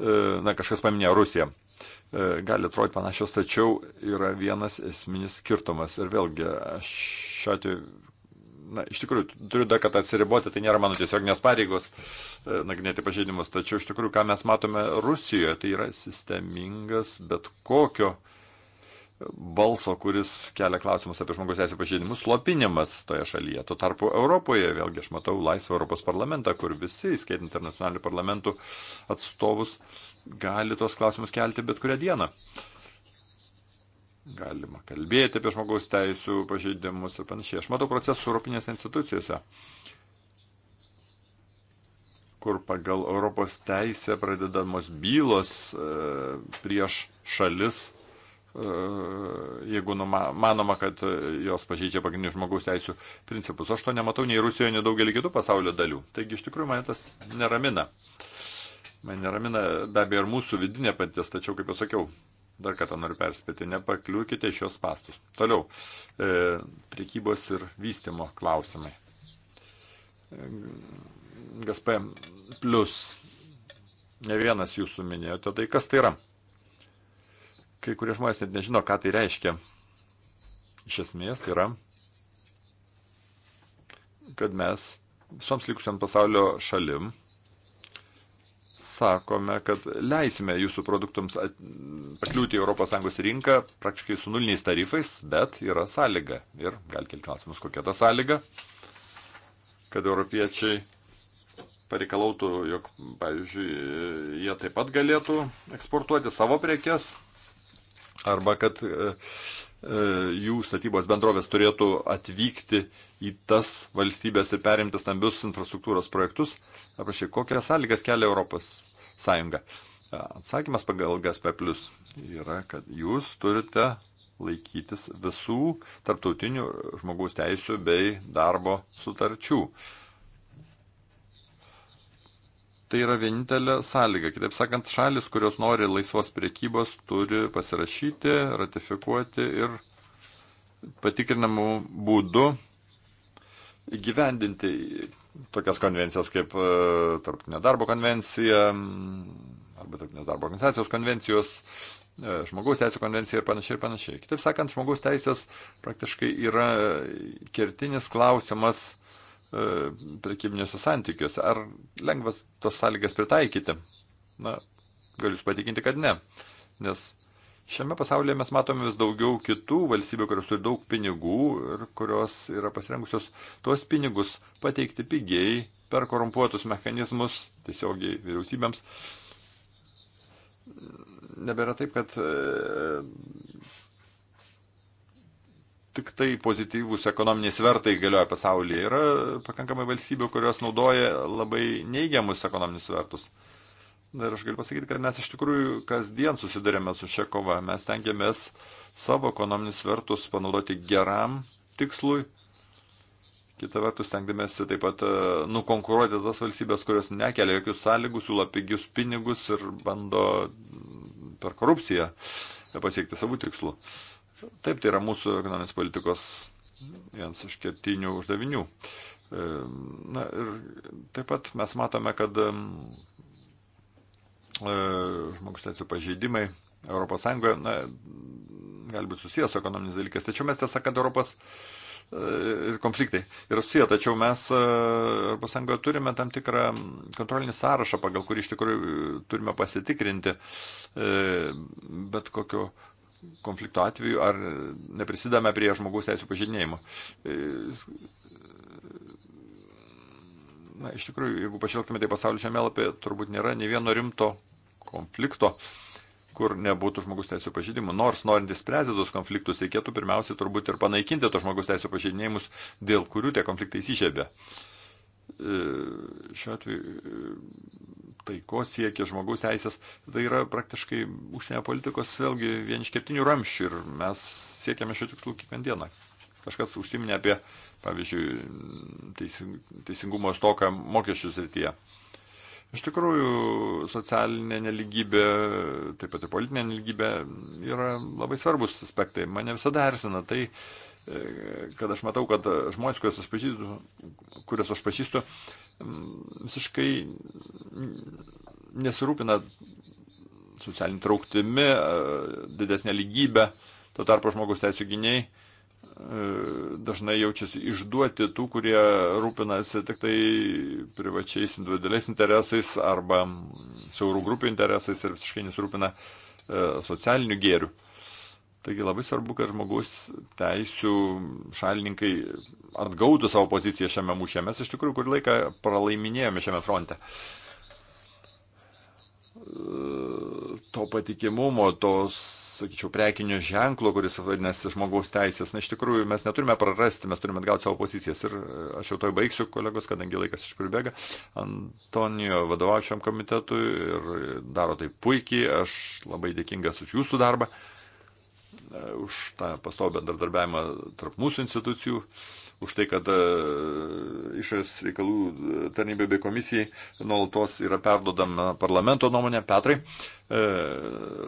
e, na, kažkas paminėjo Rusiją. E, gali atrodyti panašios, tačiau yra vienas esminis skirtumas. Ir vėlgi, aš šiuo atveju na, iš tikrųjų, turiu dar kartą atsiriboti, tai nėra mano tiesioginės pareigos e, nagrinėti pažeidimus, tačiau iš tikrųjų, ką mes matome Rusijoje, tai yra sistemingas bet kokio balso, kuris kelia klausimus apie žmogus teisų pažeidimus, slopinimas toje šalyje. Tuo tarpu Europoje, vėlgi aš matau laisvą Europos parlamentą, kur visi, įskaitant internacionalinių parlamentų atstovus, gali tos klausimus kelti bet kurią dieną. Uh, galima kalbėti apie žmogaus teisų pažeidimus ir panašiai. Aš matau procesus Europinėse institucijose, kur pagal Europos teisę pradedamos bylos e, prieš šalis, e, jeigu numa, manoma, kad e, jos pažeidžia pagrindinius žmogaus teisų principus. Aš to nematau nei Rusijoje, nei daugelį kitų pasaulio dalių. Taigi iš tikrųjų mane tas neramina. Mane neramina be abejo ir mūsų vidinė patirtis, tačiau, kaip jau sakiau, Dar kartą noriu perspėti, nepakliūkite iš šios pastus. Toliau, e, priekybos ir vystimo klausimai. GSP plus, ne vienas jūsų minėjote, tai kas tai yra? Kai kurie žmonės net nežino, ką tai reiškia. Iš esmės tai yra, kad mes visoms likusiam pasaulio šalim sakome, kad leisime jūsų produktams pakliūti į ES rinką praktiškai su nuliniais tarifais, bet yra sąlyga. Ir gal kelti klausimus, kokia ta sąlyga, kad europiečiai pareikalautų, jog, pavyzdžiui, jie taip pat galėtų eksportuoti savo prekes arba kad e, E, jų statybos bendrovės turėtų atvykti į tas valstybės ir perimti stambius infrastruktūros projektus. Aprašy, kokias sąlygas kelia Europos Sąjunga. E, atsakymas pagal GSP plus yra, kad jūs turite laikytis visų tarptautinių žmogaus teisų bei darbo sutarčių. Uh, Tai yra vienintelė sąlyga. Kitaip sakant, šalis, kurios nori laisvos priekybos, turi pasirašyti, ratifikuoti ir patikrinamų būdų įgyvendinti tokias konvencijas kaip e, Tarptautinė darbo konvencija mm, arba Tarptautinės darbo organizacijos konvencijos, e, žmogaus teisų konvencija ir panašiai ir panašiai. Kitaip sakant, žmogaus teisės praktiškai yra kertinis klausimas E, prekybiniuose santykiuose. Ar lengvas tos sąlygas pritaikyti? Na, galiu jūs patikinti, kad ne. Nes šiame pasaulyje mes matome vis daugiau kitų valstybių, kurios turi daug pinigų ir kurios yra pasirengusios tuos pinigus pateikti pigiai per korumpuotus mechanizmus tiesiogiai vyriausybėms. Nebėra taip, kad e, tik tai pozityvūs ekonominiai svertai galioja pasaulyje. Yra pakankamai valstybių, kurios naudoja labai neigiamus ekonominius svertus. Ir aš galiu pasakyti, kad mes iš tikrųjų kasdien susidurėme su šia kova. Mes tengiamės savo ekonominius svertus panaudoti geram tikslui. Kita vertus, tengiamėsi taip pat e, nukonkuruoti tas valstybės, kurios nekelia jokių sąlygų, siūlo pigius pinigus ir bando per korupciją pasiekti savų tikslų. Uh, Taip, tai yra mūsų ekonominės politikos vienas iš kertinių uždavinių. E, na ir taip pat mes matome, kad e, žmogus teisų pažeidimai ES na, gali būti susijęs su ekonominiais dalykais. Tačiau mes tiesą, kad Europos ir e, konfliktai yra susiję, tačiau mes ES turime tam tikrą kontrolinį sąrašą, pagal kurį iš tikrųjų turime pasitikrinti bet kokio konflikto atveju, ar neprisidame prie žmogaus teisų pažinėjimo. Na, iš tikrųjų, jeigu pažvelgtume tai pasaulio žemėlapį, turbūt nėra ne vieno rimto konflikto, kur nebūtų žmogus teisų pažydimų. Nors norint įspręsti tos konfliktus, reikėtų pirmiausiai turbūt ir panaikinti tos žmogus teisų pažydinėjimus, dėl kurių tie konfliktai įsižiebė. E, šiuo atveju tai, ko siekia žmogaus teisės, tai yra praktiškai užsienio politikos vėlgi vien iš kertinių ramščių ir mes siekiame šio tikslų kiekvieną dieną. Kažkas užsiminė apie, pavyzdžiui, teisingumo stoką mokesčių srityje. Iš tikrųjų, socialinė neligybė, taip pat ir politinė neligybė yra labai svarbus aspektai. Mane visada erzina tai, e, kad aš matau, kad žmonės, kuriuos aš pažįstu, kuriuos aš pažįstu visiškai nesirūpina socialinį trauktimi, didesnę lygybę. Tuo tarpu žmogus teisų gyniai e, dažnai jaučiasi išduoti tų, kurie rūpinasi tik tai privačiais individualiais interesais arba siaurų grupių interesais ir visiškai nesirūpina e, socialiniu gėriu. Taigi labai svarbu, kad žmogus teisų šalininkai atgautų savo poziciją šiame mūšyje. Mes iš tikrųjų kurį laiką pralaiminėjome šiame fronte. To patikimumo, tos, sakyčiau, prekinio ženklo, kuris vadinasi žmogaus teisės. Na, iš tikrųjų, mes neturime prarasti, mes turime atgauti savo pozicijas. Ir aš jau toj baigsiu, kolegos, kadangi laikas iš tikrųjų bėga. Antonijo vadovauja šiam komitetui ir daro tai puikiai. Aš labai dėkingas už jūsų darbą. Uh, E, už tą pastovų bendradarbiavimą tarp mūsų institucijų, už tai, kad e, išorės reikalų tarnybė bei komisijai nuolatos yra perdodama parlamento nuomonė. Petrai, e,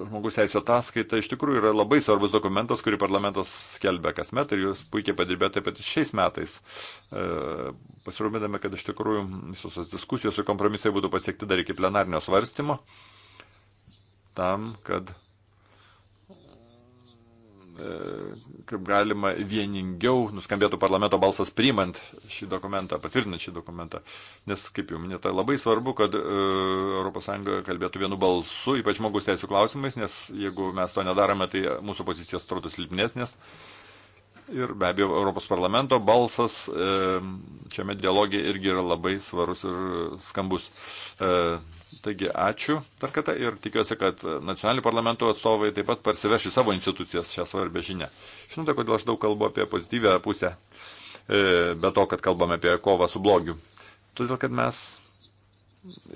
žmogus teisų ataskaita iš tikrųjų yra labai svarbus dokumentas, kurį parlamentas skelbia kasmet ir jūs puikiai padirbėjote taip pat šiais metais, pasirūmėdami, kad iš tikrųjų visos diskusijos ir kompromisai būtų pasiekti dar iki plenarnio svarstymo tam, kad E, kaip galima vieningiau nuskambėtų parlamento balsas priimant šį dokumentą, patvirtinant šį dokumentą. Nes, kaip jau minėta, labai svarbu, kad ES kalbėtų vienu balsu, ypač žmogus teisų klausimais, nes jeigu mes to nedarome, tai mūsų pozicijos atrodo silpnesnės. Ir be abejo, Europos parlamento balsas e, šiame dialogė irgi yra labai svarus ir skambus. E, Taigi ačiū dar kartą ir tikiuosi, kad nacionalinių parlamentų atstovai taip pat parsiveš į savo institucijas šią svarbę žinę. Žinote, kodėl aš daug kalbu apie pozityvę pusę, e, be to, kad kalbame apie kovą su blogiu. Todėl, kad mes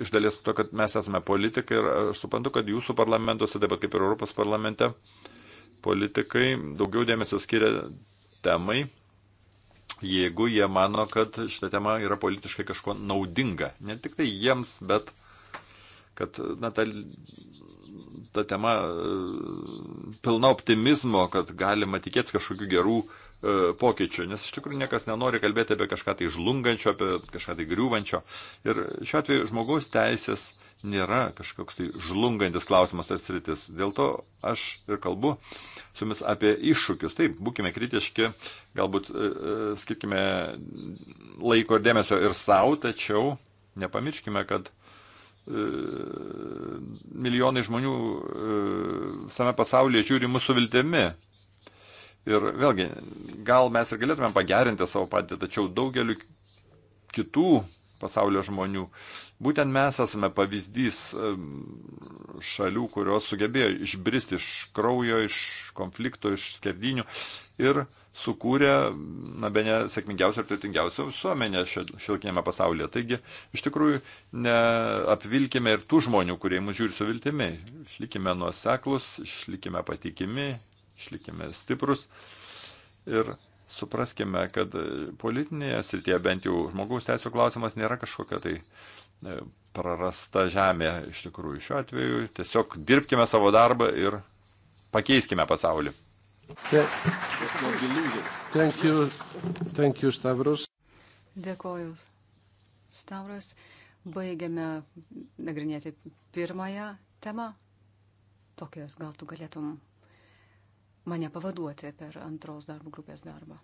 iš dalies to, kad mes esame politikai ir aš suprantu, kad jūsų parlamentuose, taip pat kaip ir Europos parlamente, politikai daugiau dėmesio skiria temai, jeigu jie mano, kad šita tema yra politiškai kažko naudinga. Ne tik tai jiems, bet ir kad na, ta, ta tema e, pilna optimizmo, kad galima tikėtis kažkokių gerų e, pokyčių, nes iš tikrųjų niekas nenori kalbėti apie kažką tai žlungančio, apie kažką tai griūvančio. Ir šiuo atveju žmogaus teisės nėra kažkoks tai žlungantis klausimas ar sritis. Dėl to aš ir kalbu su jumis apie iššūkius. Taip, būkime kritiški, galbūt e, e skirkime laiko ir dėmesio ir savo, tačiau nepamirškime, kad E, milijonai žmonių e, visame pasaulyje žiūri mūsų viltimi. Ir vėlgi, gal mes ir galėtume pagerinti savo padėtį, tačiau daugeliu kitų pasaulio žmonių Būtent mes esame pavyzdys šalių, kurios sugebėjo išbristi iš kraujo, iš konflikto, iš skerdinių ir sukūrė, na, be ne sėkmingiausią ir turtingiausią visuomenę šiolkinėme pasaulyje. Taigi, iš tikrųjų, neapvilkime ir tų žmonių, kurie mūsų žiūri su viltimi. Išlikime nuoseklus, išlikime patikimi, išlikime stiprus. Ir supraskime, kad politinėje srityje bent jau žmogaus teisų klausimas nėra kažkokia tai uh, E, prarasta žemė iš tikrųjų šiuo atveju. Tiesiog dirbkime savo darbą ir pakeiskime pasaulį. Thank you. Thank you, Stavros. Dėkoju. Stavros, baigiame nagrinėti pirmąją temą. Tokijos, gal tu galėtum mane pavaduoti per antros darbo grupės darbą.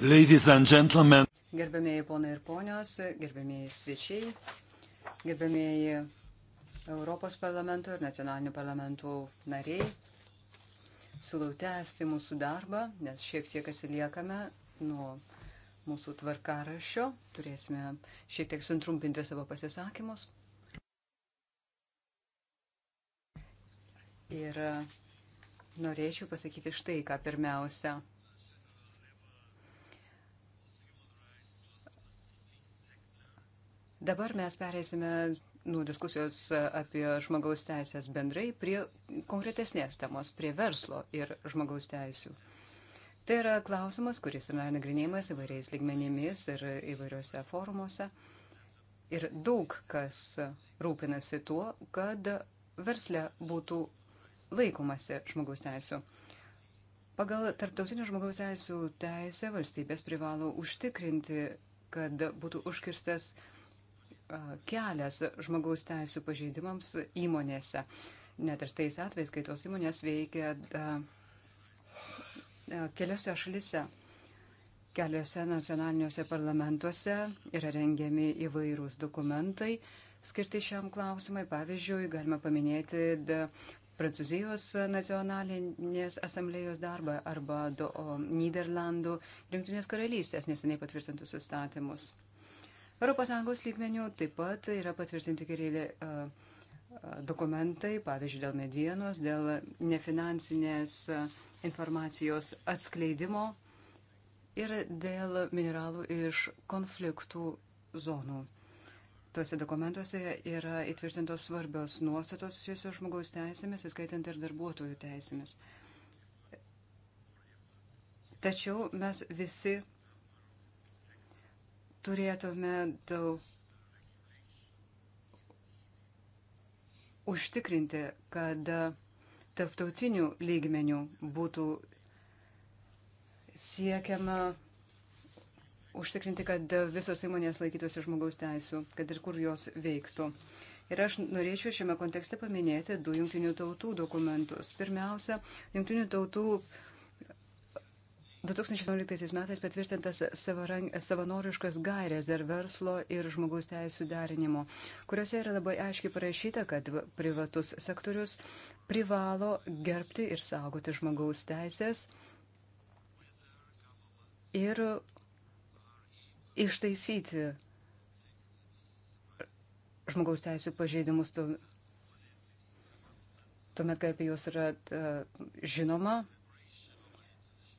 Ladies and gentlemen. Gerbėmėjai ponai ir ponios, gerbėmėjai svečiai, gerbėmėjai Europos parlamento ir nacionalinių parlamentų nariai. Siūlau tęsti mūsų darbą, nes šiek tiek atsiliekame nuo mūsų tvarkarašio. Turėsime šiek tiek sutrumpinti savo pasisakymus. Ir norėčiau pasakyti štai ką pirmiausia. Dabar mes pereisime nuo diskusijos apie žmogaus teisės bendrai prie konkretesnės temos, prie verslo ir žmogaus teisų. Tai yra klausimas, kuris yra nagrinėjimas įvairiais lygmenimis ir įvairiuose forumuose. Ir daug kas rūpinasi tuo, kad versle būtų laikomasi žmogaus teisų. Pagal tarptautinio žmogaus teisų teisę valstybės privalo užtikrinti, kad būtų užkirstas uh, kelias žmogaus teisų pažeidimams įmonėse. Net ir tais atvejais, kai tos įmonės veikia keliose šalise. Keliose nacionaliniuose parlamentuose yra rengiami įvairūs dokumentai skirti šiam klausimai. Pavyzdžiui, galima paminėti Prancūzijos nacionalinės asamblėjos darbą arba do, o, Niderlandų rinktinės karalystės neseniai patvirtintus įstatymus. ES lygmenių taip pat yra patvirtinti gerėlė dokumentai, pavyzdžiui, dėl medienos, dėl nefinansinės informacijos atskleidimo ir dėl mineralų iš konfliktų zonų. Tuose dokumentuose yra įtvirtintos svarbios nuostatos susijusios žmogaus teisėmis, įskaitant ir darbuotojų teisėmis. Tačiau mes visi turėtume daug užtikrinti, kad tarptautinių lygmenių būtų siekiama užtikrinti, kad visos įmonės laikytųsi žmogaus teisų, kad ir kur jos veiktų. Ir aš norėčiau šiame kontekste paminėti du jungtinių tautų dokumentus. Pirmiausia, jungtinių tautų 2011 metais patvirtintas savanoriškas gairės dar verslo ir žmogaus teisų derinimo, kuriuose yra labai aiškiai parašyta, kad privatus sektorius privalo gerbti ir saugoti žmogaus teisės ir ištaisyti žmogaus teisų pažeidimus tuomet, kai apie juos yra žinoma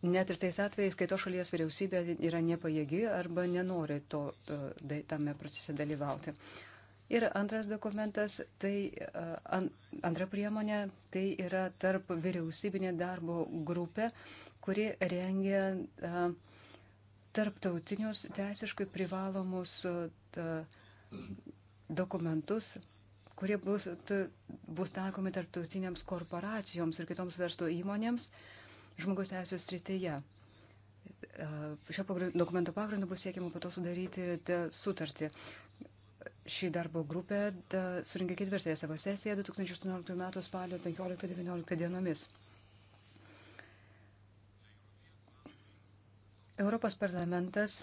Net ir tais atvejais, kai to šalies vyriausybė yra nepajėgi arba nenori to, e, tame procese dalyvauti. Ir antras dokumentas, tai e, antra priemonė, tai yra tarp vyriausybinė darbo grupė, kuri rengia e, tarptautinius teisiškai privalomus dokumentus, kurie bus, bus taikomi tarptautiniams korporacijoms ir kitoms verslo įmonėms, uh, žmogaus teisų srityje. Šio dokumento pagrindu bus siekiama po to sudaryti sutartį. Šį darbo grupę surinkė ketvirtąją savo sesiją 2018 m. spalio 15-19 dienomis. Europos parlamentas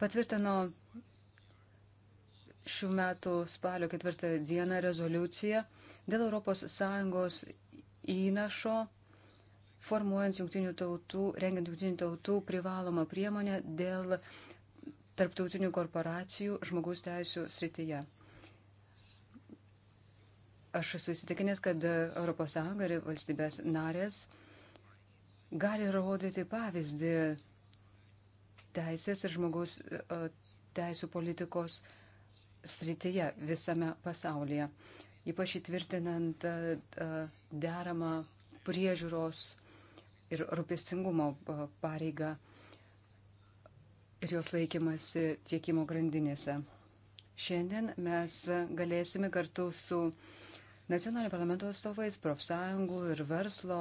patvirtino šių metų spalio ketvirtą dieną rezoliuciją dėl ES įnašo formuojant jungtinių tautų, rengiant jungtinių tautų privalomą priemonę dėl tarptautinių korporacijų žmogaus teisų srityje. Aš esu įsitikinęs, kad ES ir valstybės narės gali rodyti pavyzdį teisės ir žmogaus e, teisų politikos srityje visame pasaulyje, ypač įtvirtinant uh, deramą priežiūros ir rūpestingumo pareigą ir jos laikymasi tiekimo grandinėse. Šiandien mes galėsime kartu su nacionalinio parlamento atstovais, profsąjungų ir verslo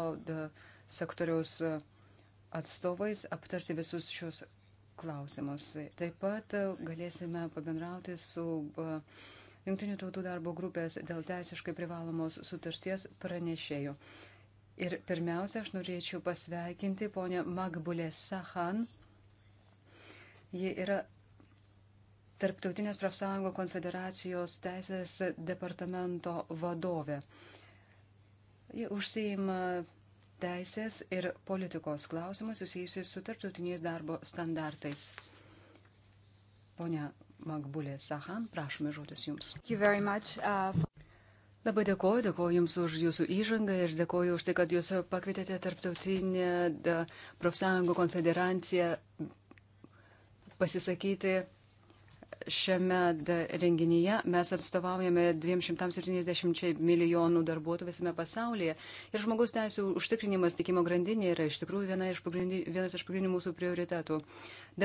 sektoriaus atstovais aptarti visus šios klausimus. Taip pat galėsime pabendrauti su uh, Junktinių tautų darbo grupės dėl teisiškai privalomos sutarties pranešėjų. Ir pirmiausia, aš norėčiau pasveikinti ponę Magbulę Sahan. Ji yra Tarptautinės profsąjungo konfederacijos teisės departamento vadovė. Ji užsieima teisės ir politikos klausimus susijusius su tarptautiniais darbo standartais. Pone Magbulė Sahan, prašome žodis Jums. Much, uh, Labai dėkoju, dėkoju Jums už Jūsų įžangą ir dėkoju už tai, kad Jūs pakvietėte tarptautinę profsąjungų konfederaciją pasisakyti šiame renginyje. Mes atstovaujame 270 milijonų darbuotojų visame pasaulyje ir žmogaus teisų užtikrinimas tikimo grandinė yra iš tikrųjų viena iš vienas iš pagrindinių mūsų prioritetų.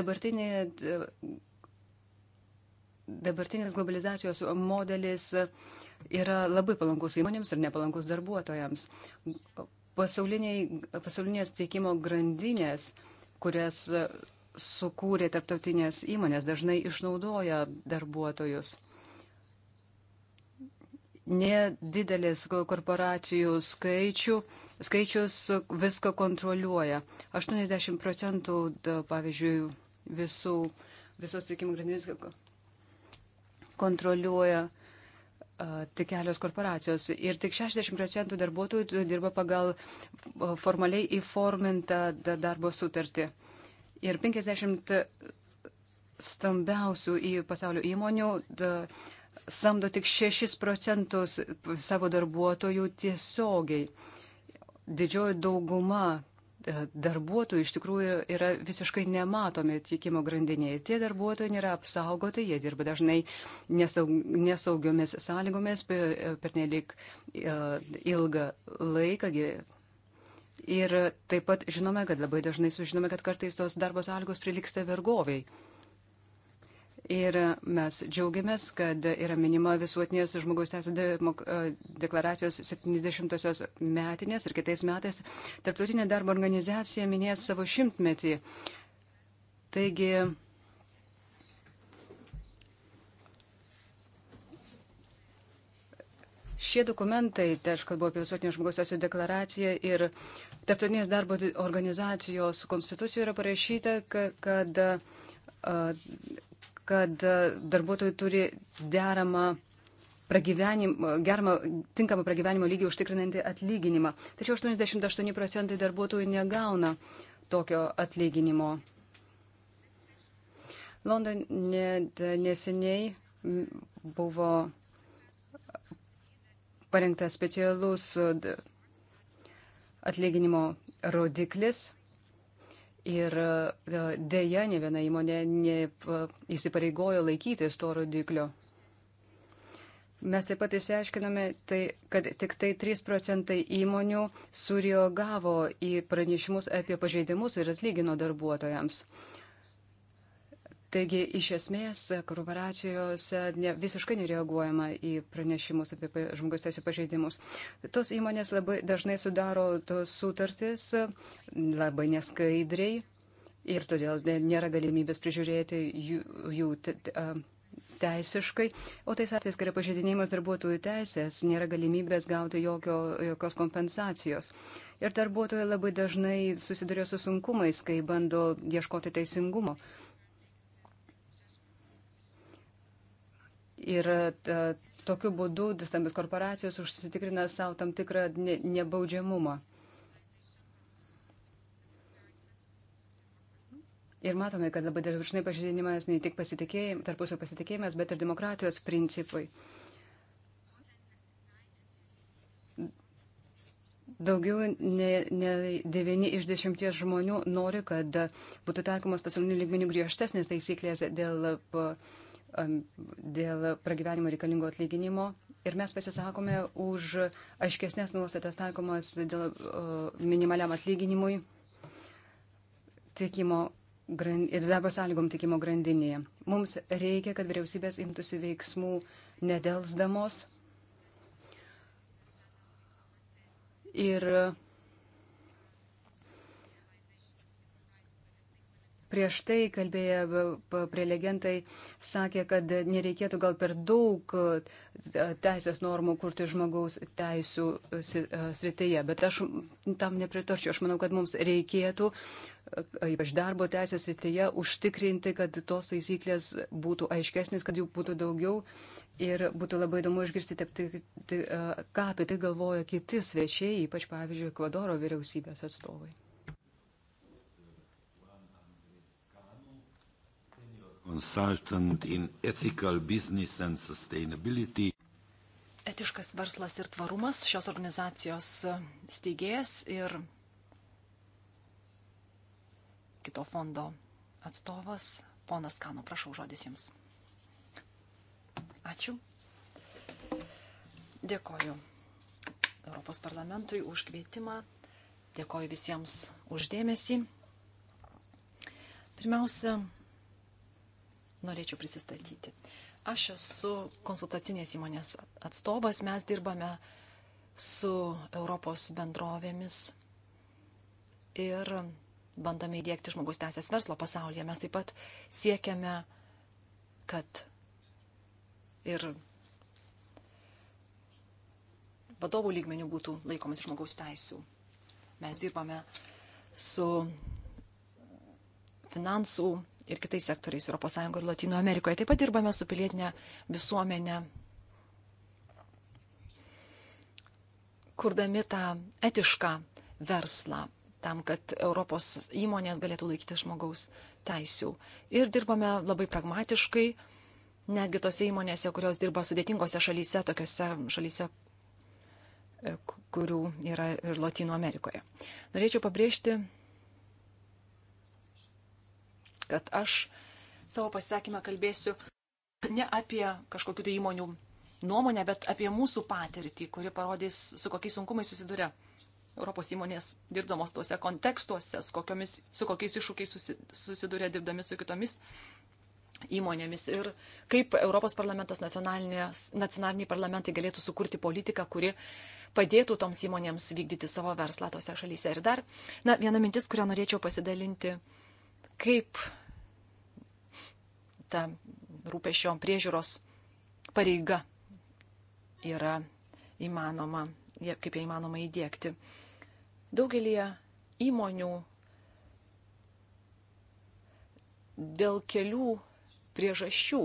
Dabartinė dabartinis globalizacijos modelis yra labai palankus įmonėms ir nepalankus darbuotojams. Pasaulinės tiekimo grandinės, kurias sukūrė tarptautinės įmonės, dažnai išnaudoja darbuotojus. Nedidelis korporacijų skaičių, skaičius viską kontroliuoja. 80 procentų, pavyzdžiui, visų, visos tiekimo grandinės kontroliuoja tik kelios korporacijos ir tik 60 procentų darbuotojų dirba pagal formaliai įformintą darbo sutartį. Ir 50 stambiausių į pasaulio įmonių da, samdo tik 6 procentus savo darbuotojų tiesiogiai. Didžioji dauguma darbuotojų iš tikrųjų yra visiškai nematomi tiekimo grandinėje. Tie darbuotojai nėra apsaugoti, jie dirba dažnai nesaug, nesaugiomis sąlygomis per nelik e, ilgą laiką. Ir taip pat žinome, kad labai dažnai sužinome, kad kartais tos darbo sąlygos priliksta vergoviai. Ir mes džiaugiamės, kad yra minima visuotinės žmogaus teisų deklaracijos 70-osios metinės ir kitais metais Tarptautinė darbo organizacija minės savo šimtmetį. Taigi, šie dokumentai, tai aš kalbu apie visuotinės žmogaus teisų deklaraciją ir Tarptautinės darbo organizacijos konstitucijoje yra parašyta, kad. kad kad e, darbuotojai turi deramą germą, tinkamą pragyvenimo lygį užtikrinantį atlyginimą. Tačiau 88 procentai darbuotojų negauna tokio atlyginimo. Londone neseniai buvo parengtas specialus atlyginimo rodiklis Ir e, dėja, ne viena įmonė neįsipareigojo laikytis to rodiklio. Mes taip pat išsiaiškinome, tai, kad tik tai 3 procentai įmonių suriogavo į pranešimus apie pažeidimus ir atlygino darbuotojams. Taigi, iš esmės, korporacijose ne, visiškai nereaguojama į pranešimus apie žmogus teisų pažeidimus. Tos įmonės labai dažnai sudaro sutartis labai neskaidriai ir todėl nėra galimybės prižiūrėti jų, jų te, teisiškai, o tais atvejais, kai yra pažeidinėjimas darbuotojų teisės, nėra galimybės gauti jokio, jokios kompensacijos. Ir darbuotojai labai dažnai susiduria su sunkumais, kai bando ieškoti teisingumo. Ir e, tokiu būdu stambios korporacijos užsitikrina savo tam tikrą ne, nebaudžiamumą. Ir matome, kad labai dažnai pažydinimas ne tik pasitikėjim, tarpusio pasitikėjimas, bet ir demokratijos principai. Daugiau nei ne 9 iš 10 žmonių nori, kad būtų taikomas pasaulinių lygmenių griežtesnės taisyklės dėl uh, dėl pragyvenimo reikalingo atlyginimo ir mes pasisakome už aiškesnės nuostatas taikomas dėl minimaliam atlyginimui tikimo ir darbo sąlygom tikimo grandinėje. Mums reikia, kad vyriausybės imtųsi veiksmų nedelsdamos ir prieš tai kalbėję prelegentai sakė, kad nereikėtų gal per daug e, teisės normų kurti žmogaus teisų e, e, srityje, bet aš tam nepritarčiau. Aš manau, kad mums reikėtų, ypač darbo teisės srityje, užtikrinti, kad tos taisyklės būtų aiškesnės, kad jų būtų daugiau. Ir būtų labai įdomu išgirsti, tai, tai, ką apie tai galvoja kiti svečiai, ypač, pavyzdžiui, Ekvadoro vyriausybės atstovai. consultant in ethical business and sustainability. Etiškas verslas ir tvarumas šios organizacijos steigėjas ir kito fondo atstovas, ponas Kano, prašau žodis jums. Ačiū. Dėkoju Europos parlamentui už kvietimą. Dėkoju visiems uždėmesį. Pirmiausia, norėčiau prisistatyti. Aš esu konsultacinės įmonės atstovas, mes dirbame su Europos bendrovėmis ir bandome įdėkti žmogus teisės verslo pasaulyje. Mes taip pat siekiame, kad ir vadovų lygmenių būtų laikomas žmogaus teisų. Mes dirbame su finansų ir kitais sektoriais ES ir Latino Amerikoje. Taip pat dirbame su pilietinė visuomenė, kurdami tą etišką verslą tam, kad Europos įmonės galėtų laikyti žmogaus teisių. Ir dirbame labai pragmatiškai, netgi tose įmonėse, kurios dirba sudėtingose šalyse, tokiose šalyse, e, kurių yra ir Latino Amerikoje. Norėčiau pabrėžti kad aš savo pasisakymą kalbėsiu ne apie kažkokių tai įmonių nuomonę, bet apie mūsų patirtį, kuri parodys, su kokiais sunkumais susiduria Europos įmonės dirbdamos tuose kontekstuose, su, kokiomis, su kokiais iššūkiais susiduria dirbdami su kitomis įmonėmis ir kaip Europos parlamentas, nacionaliniai parlamentai galėtų sukurti politiką, kuri padėtų toms įmonėms vykdyti savo verslą tose šalyse. Ir dar, na, viena mintis, kurią norėčiau pasidalinti kaip ta rūpešio priežiūros pareiga yra įmanoma, kaip ją įmanoma įdėkti. Daugelį įmonių dėl kelių priežasčių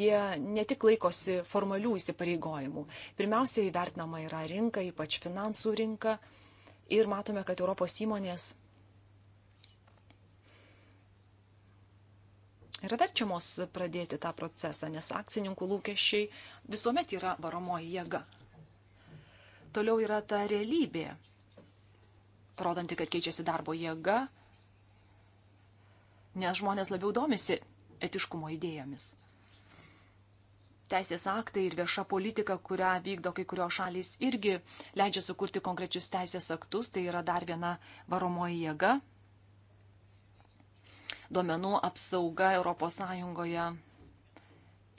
jie ne tik laikosi formalių įsipareigojimų. Pirmiausia, įvertinama yra rinka, ypač finansų rinka. Ir matome, kad Europos įmonės yra verčiamos pradėti tą procesą, nes akcininkų lūkesčiai visuomet yra varomoji jėga. Toliau yra ta realybė, rodanti, kad keičiasi darbo jėga, nes žmonės labiau domisi etiškumo idėjomis. Teisės aktai ir vieša politika, kurią vykdo kai kurios šalys, irgi leidžia sukurti konkrečius teisės aktus, tai yra dar viena varomoji jėga duomenų apsauga ES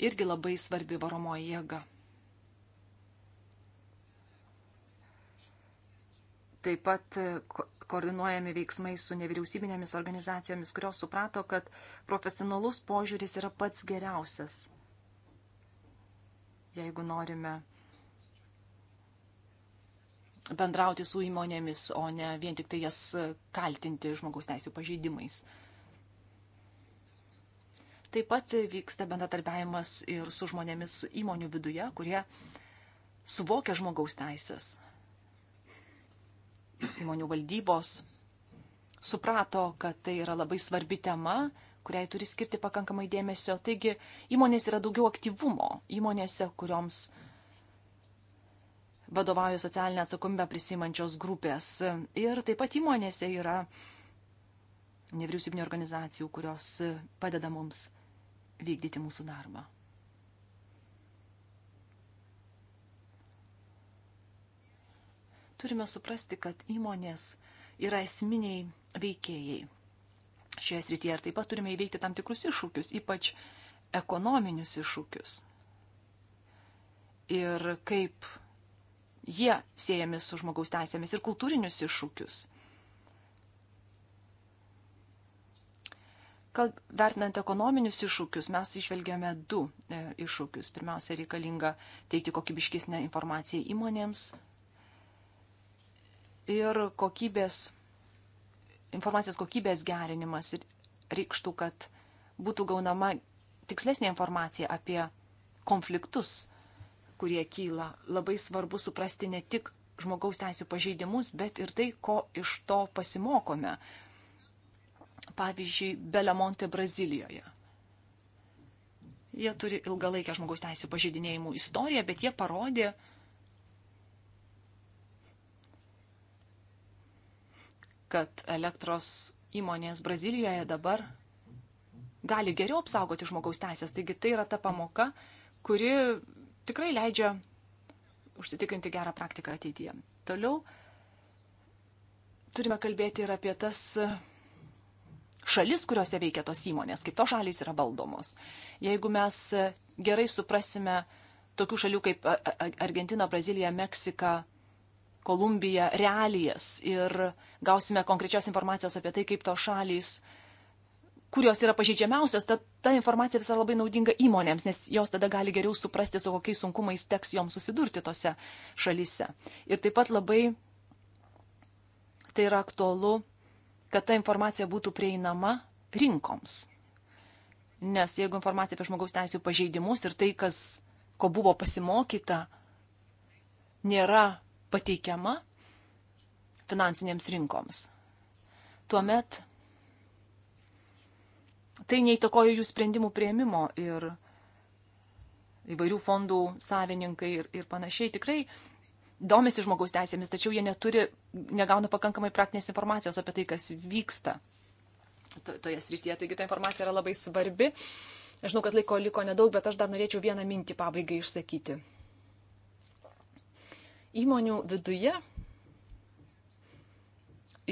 irgi labai svarbi varomoji jėga. Taip pat e, koordinuojami veiksmai su nevyriausybinėmis organizacijomis, kurios suprato, kad profesionalus požiūris yra pats geriausias, jeigu norime bendrauti su įmonėmis, o ne vien tik tai jas kaltinti žmogaus teisų pažeidimais. Taip pat vyksta bendradarbiavimas ir su žmonėmis įmonių viduje, kurie suvokia žmogaus teisės. Įmonių valdybos suprato, kad tai yra labai svarbi tema, kuriai turi skirti pakankamai dėmesio. Taigi įmonės yra daugiau aktyvumo, įmonėse, kurioms vadovauja socialinę atsakomybę prisimančios grupės. Ir taip pat įmonėse yra nevyriausybinio organizacijų, kurios padeda mums vykdyti mūsų darbą. Turime suprasti, kad įmonės yra esminiai veikėjai. Šioje srityje ir taip pat turime įveikti tam tikrus iššūkius, ypač ekonominius iššūkius. Ir kaip jie siejami su žmogaus teisėmis ir kultūrinius iššūkius. Kalb, vertinant ekonominius iššūkius, mes išvelgėme du e, iššūkius. Pirmiausia, reikalinga teikti kokybiškesnę informaciją įmonėms ir kokybės, informacijos kokybės gerinimas reikštų, kad būtų gaunama tikslesnė informacija apie konfliktus, kurie kyla. Labai svarbu suprasti ne tik žmogaus teisų pažeidimus, bet ir tai, ko iš to pasimokome, pavyzdžiui, Belemonte Brazilijoje. Jie turi ilgalaikę žmogaus teisų pažeidinėjimų istoriją, bet jie parodė, kad elektros įmonės Brazilijoje dabar gali geriau apsaugoti žmogaus teisės. Taigi tai yra ta pamoka, kuri tikrai leidžia užsitikrinti gerą praktiką ateityje. Toliau turime kalbėti ir apie tas šalis, kuriuose veikia tos įmonės, kaip to šalys yra valdomos. Jeigu mes e, gerai suprasime tokių šalių kaip Argentina, Brazilija, Meksika, Kolumbija, realijas ir gausime konkrečios informacijos apie tai, kaip tos šalys kurios yra pažeidžiamiausios, tad ta informacija visą labai naudinga įmonėms, nes jos tada gali geriau suprasti, su kokiais sunkumais teks joms susidurti tose šalyse. Ir taip pat labai tai yra aktualu kad ta informacija būtų prieinama rinkoms. Nes jeigu informacija apie žmogaus teisų pažeidimus ir tai, kas, ko buvo pasimokyta, nėra pateikiama finansinėms rinkoms, tuomet tai neįtakoja jų sprendimų prieimimo ir įvairių fondų savininkai ir, ir panašiai tikrai domisi žmogaus teisėmis, tačiau jie neturi, negauna pakankamai praktinės informacijos apie tai, kas vyksta toje srityje. Taigi ta informacija yra labai svarbi. Aš žinau, kad laiko liko nedaug, bet aš dar norėčiau vieną mintį pabaigai išsakyti. Įmonių viduje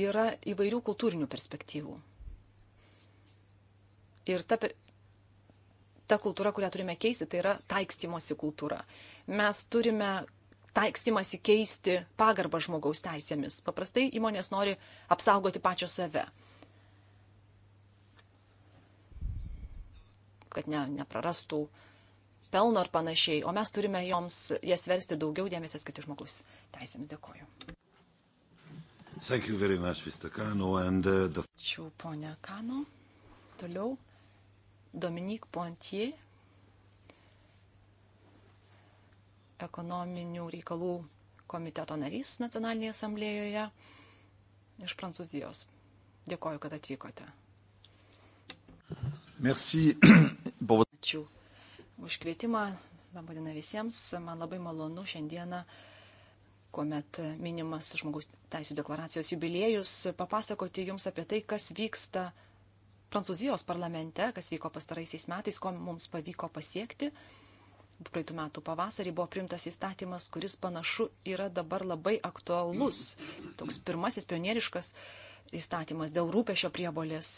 yra įvairių kultūrinių perspektyvų. Ir ta, per, ta kultūra, kurią turime keisti, tai yra taikstymosi kultūra. Mes turime taikstimasi keisti pagarbą žmogaus teisėmis. Paprastai įmonės nori apsaugoti pačią save, kad ne, neprarastų pelno ar panašiai, o mes turime joms jas versti daugiau dėmesio skirti žmogus teisėms. Dėkoju. Uh, Ačiū, ponia Kano. Toliau Dominik Pointier ekonominių reikalų komiteto narys Nacionalinėje asamblėjoje iš Prancūzijos. Dėkoju, kad atvykote. Merci. Ačiū už kvietimą. Labadiena visiems. Man labai malonu šiandieną, kuomet minimas žmogaus teisų deklaracijos jubiliejus, papasakoti jums apie tai, kas vyksta Prancūzijos parlamente, kas vyko pastaraisiais metais, ko mums pavyko pasiekti praeitų metų pavasarį buvo primtas įstatymas, kuris panašu yra dabar labai aktualus. Toks pirmasis pionieriškas įstatymas dėl rūpešio priebolės,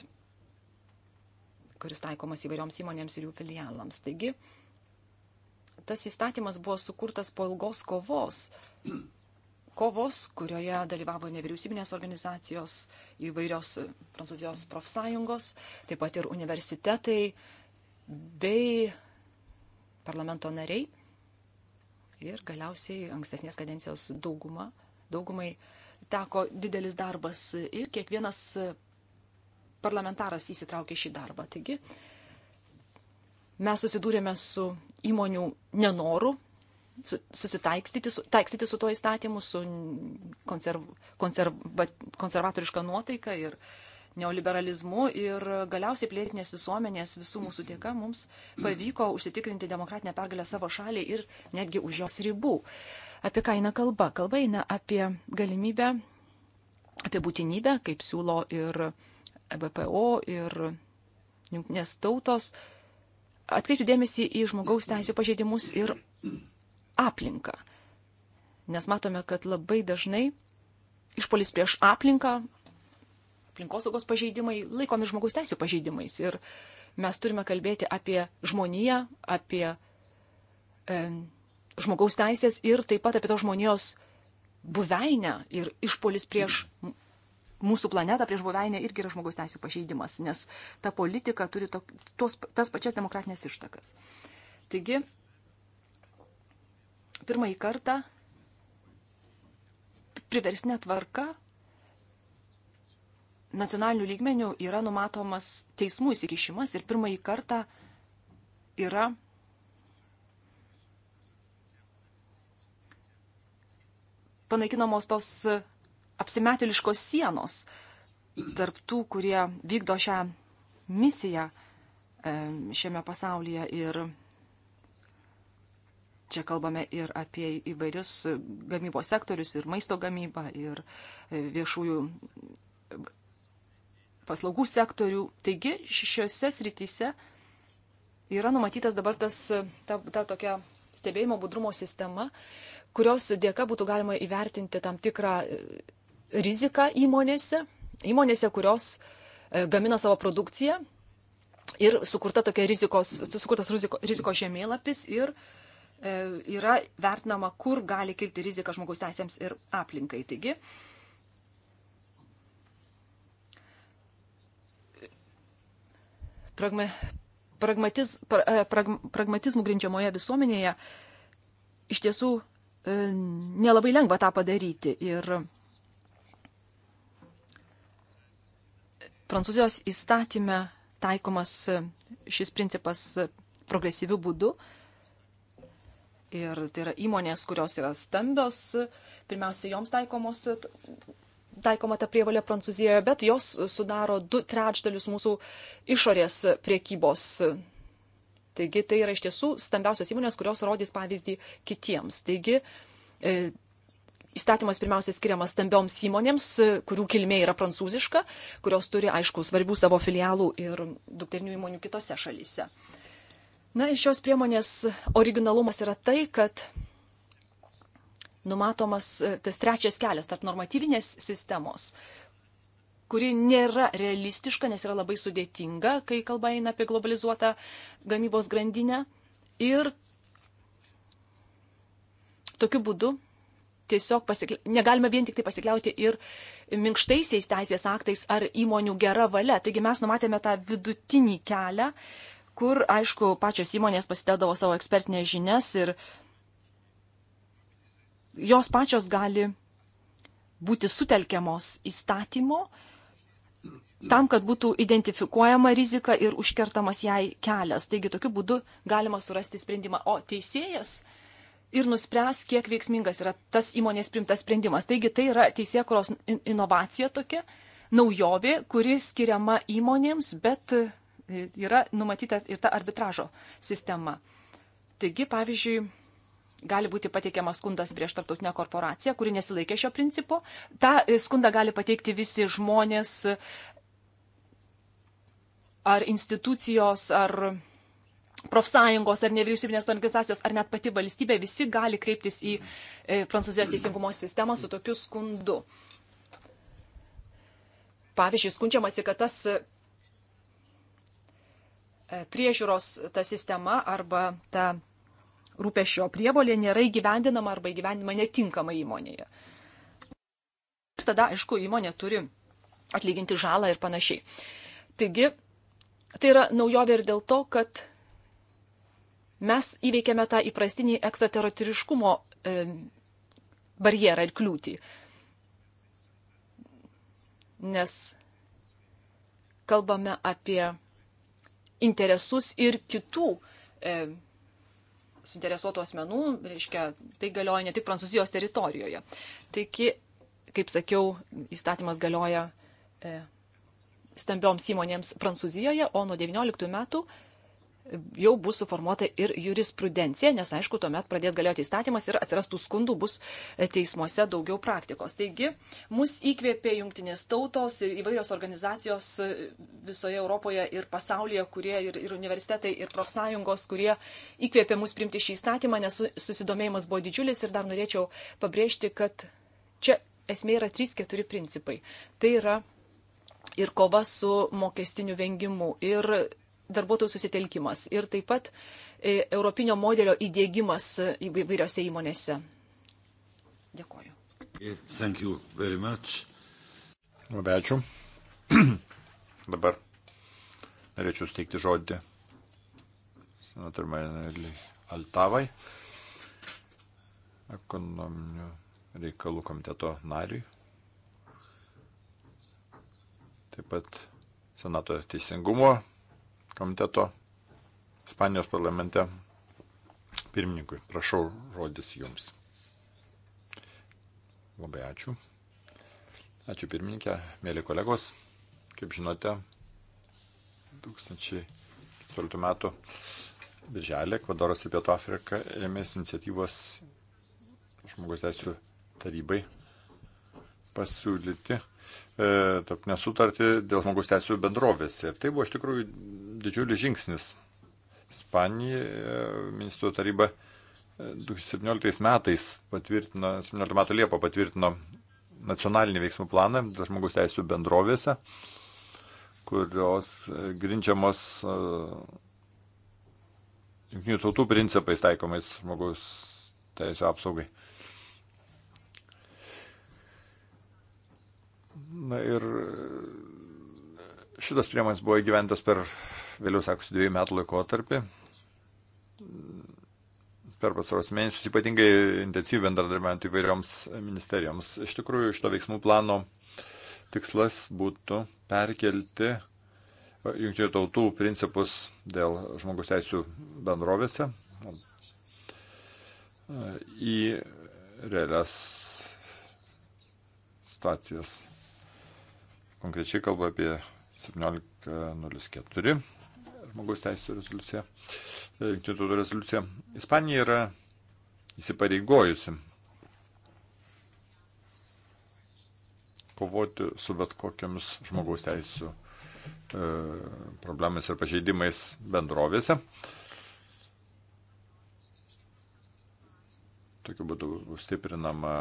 kuris taikomas įvairioms įmonėms ir jų filialams. Taigi, tas įstatymas buvo sukurtas po ilgos kovos. Kovos, kurioje dalyvavo nevyriausybinės organizacijos, įvairios prancūzijos profsąjungos, taip pat ir universitetai bei parlamento nariai ir galiausiai ankstesnės kadencijos dauguma, daugumai teko didelis darbas ir kiekvienas parlamentaras įsitraukė šį darbą. Taigi mes susidūrėme su įmonių nenoru susitaikstyti su, su tuo įstatymu, su konserv, konserva, konservatoriška nuotaika ir uh, neoliberalizmu ir galiausiai plėtinės visuomenės visų mūsų dėka mums pavyko užsitikrinti demokratinę pergalę savo šaliai ir netgi už jos ribų. Apie ką eina kalba? Kalba eina apie galimybę, apie būtinybę, kaip siūlo ir e BPO, ir jungtinės tautos, atkreipti dėmesį į žmogaus teisų pažeidimus ir aplinką. Nes matome, kad labai dažnai išpolis prieš aplinką, aplinkosaugos pažeidimai laikomi žmogus teisų pažeidimais. Ir mes turime kalbėti apie žmoniją, apie e, žmogaus teisės ir taip pat apie to žmonijos buveinę ir išpolis prieš mūsų planetą, prieš buveinę irgi yra žmogaus teisų pažeidimas, nes ta politika turi to, tos, tas pačias demokratinės ištakas. Taigi, pirmąjį kartą priversinė tvarka nacionalinių lygmenių yra numatomas teismų įsikišimas ir pirmąjį kartą yra panaikinamos tos apsimetėliškos sienos tarp tų, kurie vykdo šią misiją e, šiame pasaulyje. Ir čia kalbame ir apie įvairius gamybos sektorius, ir maisto gamybą, ir e, viešųjų paslaugų sektorių. Taigi šiuose srityse yra numatytas dabar tas, ta, ta tokia stebėjimo budrumo sistema, kurios dėka būtų galima įvertinti tam tikrą e, riziką įmonėse, įmonėse, kurios e, gamina savo produkciją ir sukurta tokia rizikos, sukurtas riziko, rizikos žemėlapis ir e, yra vertinama, kur gali kilti rizika žmogaus teisėms ir aplinkai. Taigi, pragma, pragmatiz, pra, e, prag, pragmatizmų grindžiamoje visuomenėje iš tiesų e, nelabai lengva tą padaryti. Ir Prancūzijos įstatymę taikomas šis principas progresyvių būdų. Ir tai yra įmonės, kurios yra stambios, pirmiausia, joms taikomos taikoma ta prievalė Prancūzijoje, bet jos sudaro du trečdalius mūsų išorės priekybos. Taigi tai yra iš tiesų stambiausios įmonės, kurios rodys pavyzdį kitiems. Taigi e, įstatymas pirmiausia skiriamas stambioms įmonėms, kurių kilmė yra prancūziška, kurios turi, aišku, svarbių savo filialų ir dukterinių įmonių kitose šalyse. Na ir šios priemonės originalumas yra tai, kad numatomas e, tas trečias kelias tarp normatyvinės sistemos, kuri nėra realistiška, nes yra labai sudėtinga, kai kalba eina apie globalizuotą gamybos grandinę. Ir tokiu būdu tiesiog pasikli... negalime vien tik tai pasikliauti ir minkštaisiais teisės aktais ar įmonių gera valia. Taigi mes numatėme tą vidutinį kelią, kur, aišku, pačios įmonės pasiteldavo savo ekspertinės žinias ir uh, jos pačios gali būti sutelkiamos įstatymo tam, kad būtų identifikuojama rizika ir užkertamas jai kelias. Taigi tokiu būdu galima surasti sprendimą. O teisėjas ir nuspręs, kiek veiksmingas yra tas įmonės primtas sprendimas. Taigi tai yra teisėkuros inovacija tokia, naujovė, kuri skiriama įmonėms, bet e, yra numatyta ir ta arbitražo sistema. Taigi, pavyzdžiui, gali būti pateikiamas skundas prieš tarptautinę korporaciją, kuri nesilaikė šio principo. Ta e, skunda gali pateikti visi žmonės ar institucijos, ar profsąjungos, ar nevyriausybinės organizacijos, ar net pati valstybė, visi gali kreiptis į e, Prancūzijos teisingumo sistemą su tokiu skundu. Pavyzdžiui, skundžiamasi, kad tas e, priežiūros ta sistema arba ta rūpešio prievolė nėra įgyvendinama arba įgyvendinama netinkama įmonėje. Ir tada, aišku, įmonė turi atlyginti žalą ir panašiai. Taigi, tai yra naujovė ir dėl to, kad mes įveikėme tą įprastinį ekstrateritoriškumo e, barjerą ir kliūtį. Nes kalbame apie interesus ir kitų e, suinteresuotų asmenų, reiškia, tai galioja ne tik Prancūzijos teritorijoje. Taigi, kaip sakiau, įstatymas galioja e, stambioms įmonėms Prancūzijoje, o nuo 19 metų jau bus suformuota ir jurisprudencija, nes aišku, tuomet pradės galioti įstatymas ir atsirastų skundų bus e, teismuose daugiau praktikos. Taigi, mus įkvėpė jungtinės tautos ir įvairios organizacijos e, visoje Europoje ir pasaulyje, kurie ir, ir universitetai, ir profsąjungos, kurie įkvėpė mus priimti šį įstatymą, nes susidomėjimas buvo didžiulis ir dar norėčiau pabrėžti, kad čia esmė yra 3-4 principai. Tai yra ir kova su mokestiniu vengimu, ir darbuotojų susitelkimas ir taip pat e, europinio modelio įdėgymas e, įvairiose įmonėse. Dėkoju. Thank you very much. Labai ačiū. Dabar norėčiau steigti žodį senatoriui Marinelį Altavai, ekonominių reikalų komiteto nariui, taip pat senato teisingumo komiteto Ispanijos parlamente pirmininkui. Prašau, žodis jums. Labai ačiū. Ačiū pirmininkė, mėly kolegos. Kaip žinote, 2014 m. Birželį Ekvadoras ir Pietų Afrika ėmėsi iniciatyvos žmogus teisų tarybai pasiūlyti E, tarp nesutartį dėl žmogus teisų bendrovėse. Ir tai buvo iš tikrųjų didžiulis žingsnis. Ispanija ministrų taryba 2017 e, metais patvirtino, 17 metų Liepa patvirtino nacionalinį veiksmų planą dėl žmogus teisų bendrovėse, kurios e, grindžiamos jungtinių tautų principais taikomais žmogus teisų apsaugai. Na ir šitas priemonės buvo įgyventas per vėliau sakusi dviejų metų laikotarpį. Per pasaros mėnesius ypatingai intensyviai bendradarbiaujant įvairioms ministerijoms. Iš tikrųjų, šito veiksmų plano tikslas būtų perkelti jungtinių tautų principus dėl žmogus teisų bendrovėse į realias situacijas konkrečiai kalba apie 1704 žmogaus teisų rezoliuciją, jungtinių tautų rezoliuciją. Ispanija yra įsipareigojusi kovoti su bet kokiamis žmogaus teisų e, problemais ir pažeidimais bendrovėse. Tokiu būdu stiprinama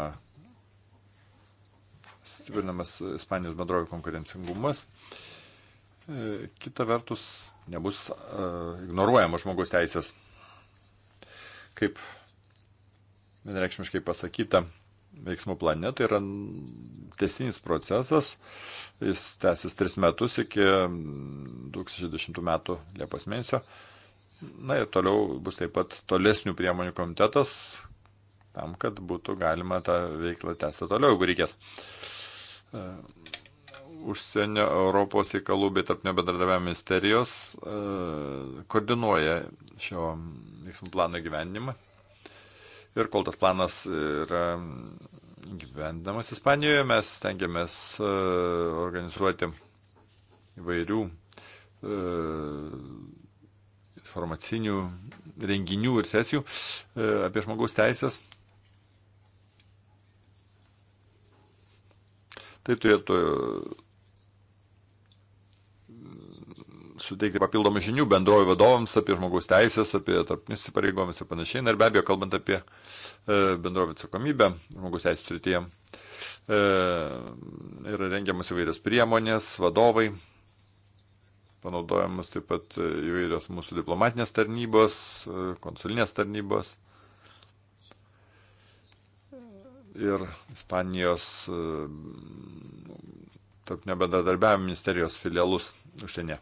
stiprinamas Ispanijos bendrovių konkurencingumas. E, kita vertus, nebus e, ignoruojama žmogaus teisės. Kaip vienreikšmiškai pasakyta, veiksmų plane tai yra tiesinis procesas, jis tęsis tris metus iki 2010 metų Liepos mėnesio. Na ir toliau bus taip pat tolesnių priemonių komitetas, tam, kad būtų galima tą veiklą tęsti toliau, jeigu reikės. Uh, užsienio Europos reikalų bei tarpinio bendradarbiavimo ministerijos uh, koordinuoja šio veiksmų plano gyvenimą. Ir kol tas planas yra gyvendamas Ispanijoje, mes stengiamės uh, organizuoti įvairių informacinių renginių ir sesijų apie žmogaus teisės Tai turėtų mm, suteikti papildomų žinių bendrovių vadovams apie žmogaus teisės, apie tarpinius įsipareigojimus ir panašiai. Na ir be abejo, kalbant apie e, bendrovių atsakomybę žmogaus teisės srityje, e, yra rengiamas įvairios priemonės, vadovai, panaudojamos taip pat įvairios mūsų diplomatinės tarnybos, e, konsulinės tarnybos. ir Ispanijos e, tarpinio bendradarbiavimo ministerijos filialus užsienė.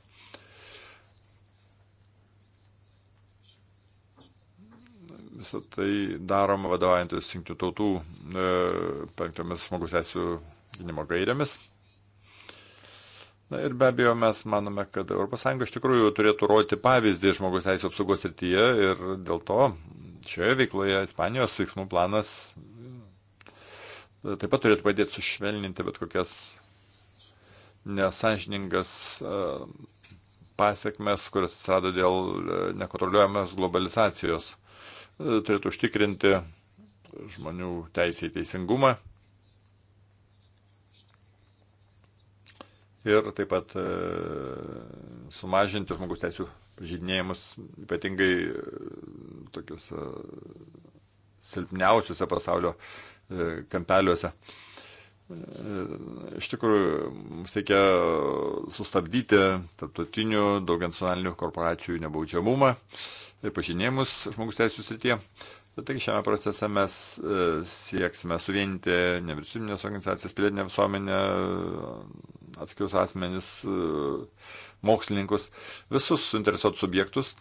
Visą tai daroma vadovaujantis Junktinių tautų e, penktomis žmogus esių gynimo gairėmis. Na ir be abejo, mes manome, kad ES iš tikrųjų turėtų rodyti pavyzdį žmogus teisų apsaugos srityje ir dėl to šioje veikloje Ispanijos veiksmų planas taip pat turėtų padėti sušvelninti bet kokias nesažiningas e, pasiekmes, kurios atsirado dėl e, nekontroliuojamos globalizacijos. E, turėtų užtikrinti žmonių teisę į teisingumą. Ir taip pat sumažinti žmogus teisų pažydinėjimus, ypatingai tokiuose silpniausiuose pasaulio E, kampeliuose. E, iš tikrųjų, mums reikia sustabdyti tarptautinių daugiancionalinių korporacijų nebaudžiamumą ir pažinėjimus žmogus teisų srityje. Tai šiame procese mes e, sieksime suvienyti nevyriausybinės organizacijas, pilietinę visuomenę, atskirius asmenis, mokslininkus, visus suinteresuotus subjektus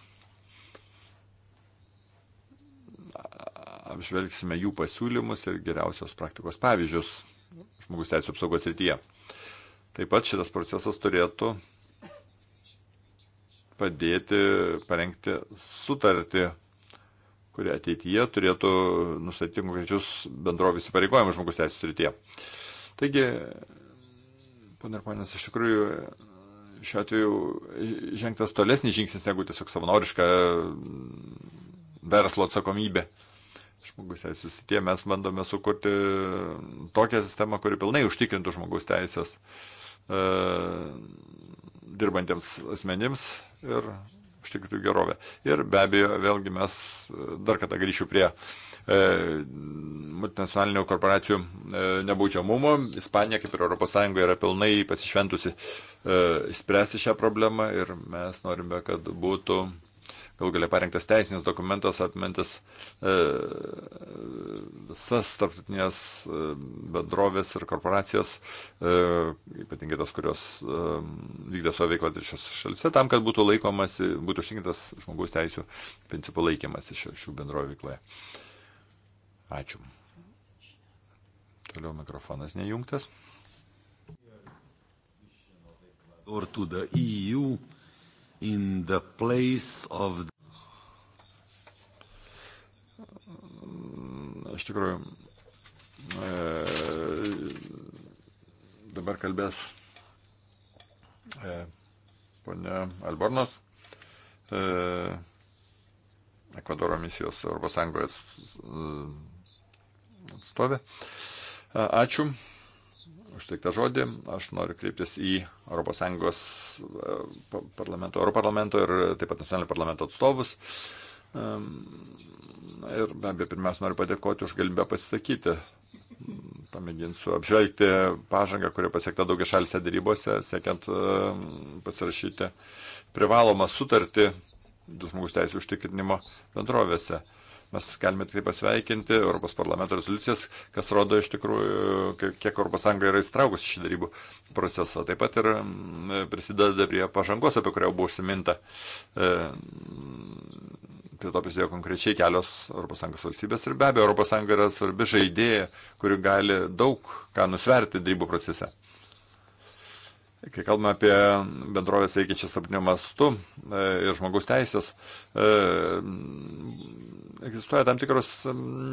apžvelgsime jų pasiūlymus ir geriausios praktikos pavyzdžius žmogus teisų apsaugos rytyje. Taip pat šitas procesas turėtų padėti parengti sutartį, kuri ateityje turėtų nustatyti konkrečius bendrovės įpareigojimus žmogus teisų srityje. Taigi, pana ir ponės, iš tikrųjų šiuo atveju žengtas tolesnis žingsnis negu tiesiog savanoriška verslo atsakomybė žmogus teisės sitie mes bandome sukurti tokią sistemą, kuri pilnai užtikrintų žmogus teisės e, dirbantiems asmenims ir užtikrintų gerovę. Ir be abejo, vėlgi mes e, dar kartą grįšiu prie e, multinacionalinių korporacijų e, nebaudžiamumo. Ispanija, kaip ir ES, yra pilnai pasišventusi e, spręsti šią problemą ir mes norime, kad būtų galų galia parengtas teisinis dokumentas apimantis e, visas tarptautinės e, bendrovės ir korporacijas, e, ypatingai tas, kurios e, vykdė savo veiklą trečiose šalise, tam, kad būtų laikomasi, būtų užtikrintas žmogaus teisų principų laikymas iš šių bendrovų veikloje. Ačiū. Toliau mikrofonas nejungtas. Or to the EU in the place of Iš tikrųjų, e, dabar kalbės e, ponia Albornos, e, Ekvadoro misijos Europos Sąjungoje e, atstovė. Ačiū užteiktą žodį. Aš noriu kreiptis į ES e, parlamento, Europarlamento ir taip pat nacionalinio parlamento atstovus. Ir be abejo, pirmiausia, noriu padėkoti už galimybę pasisakyti. Pamėginsiu apžvelgti pažangą, kuri pasiekta daugia šalise dėrybose, siekiant e, pasirašyti privalomą sutartį dėl žmogus teisų užtikrinimo bendrovėse. Uh, Mes galime tikrai pasveikinti Europos parlamento rezoliucijas, kas rodo iš tikrųjų, kiek ES yra įstraukusi šį darybų procesą. Taip pat ir mm, prisideda prie pažangos, apie kurią buvo užsiminta. E, prie to prisidėjo konkrečiai kelios ES valstybės ir be abejo ES yra svarbi žaidėja, kuri gali daug ką nusverti darybų procese. Kai kalbame apie bendrovės veikiančias tarptautiniu mastu e, ir žmogaus teisės, e, egzistuoja tam tikros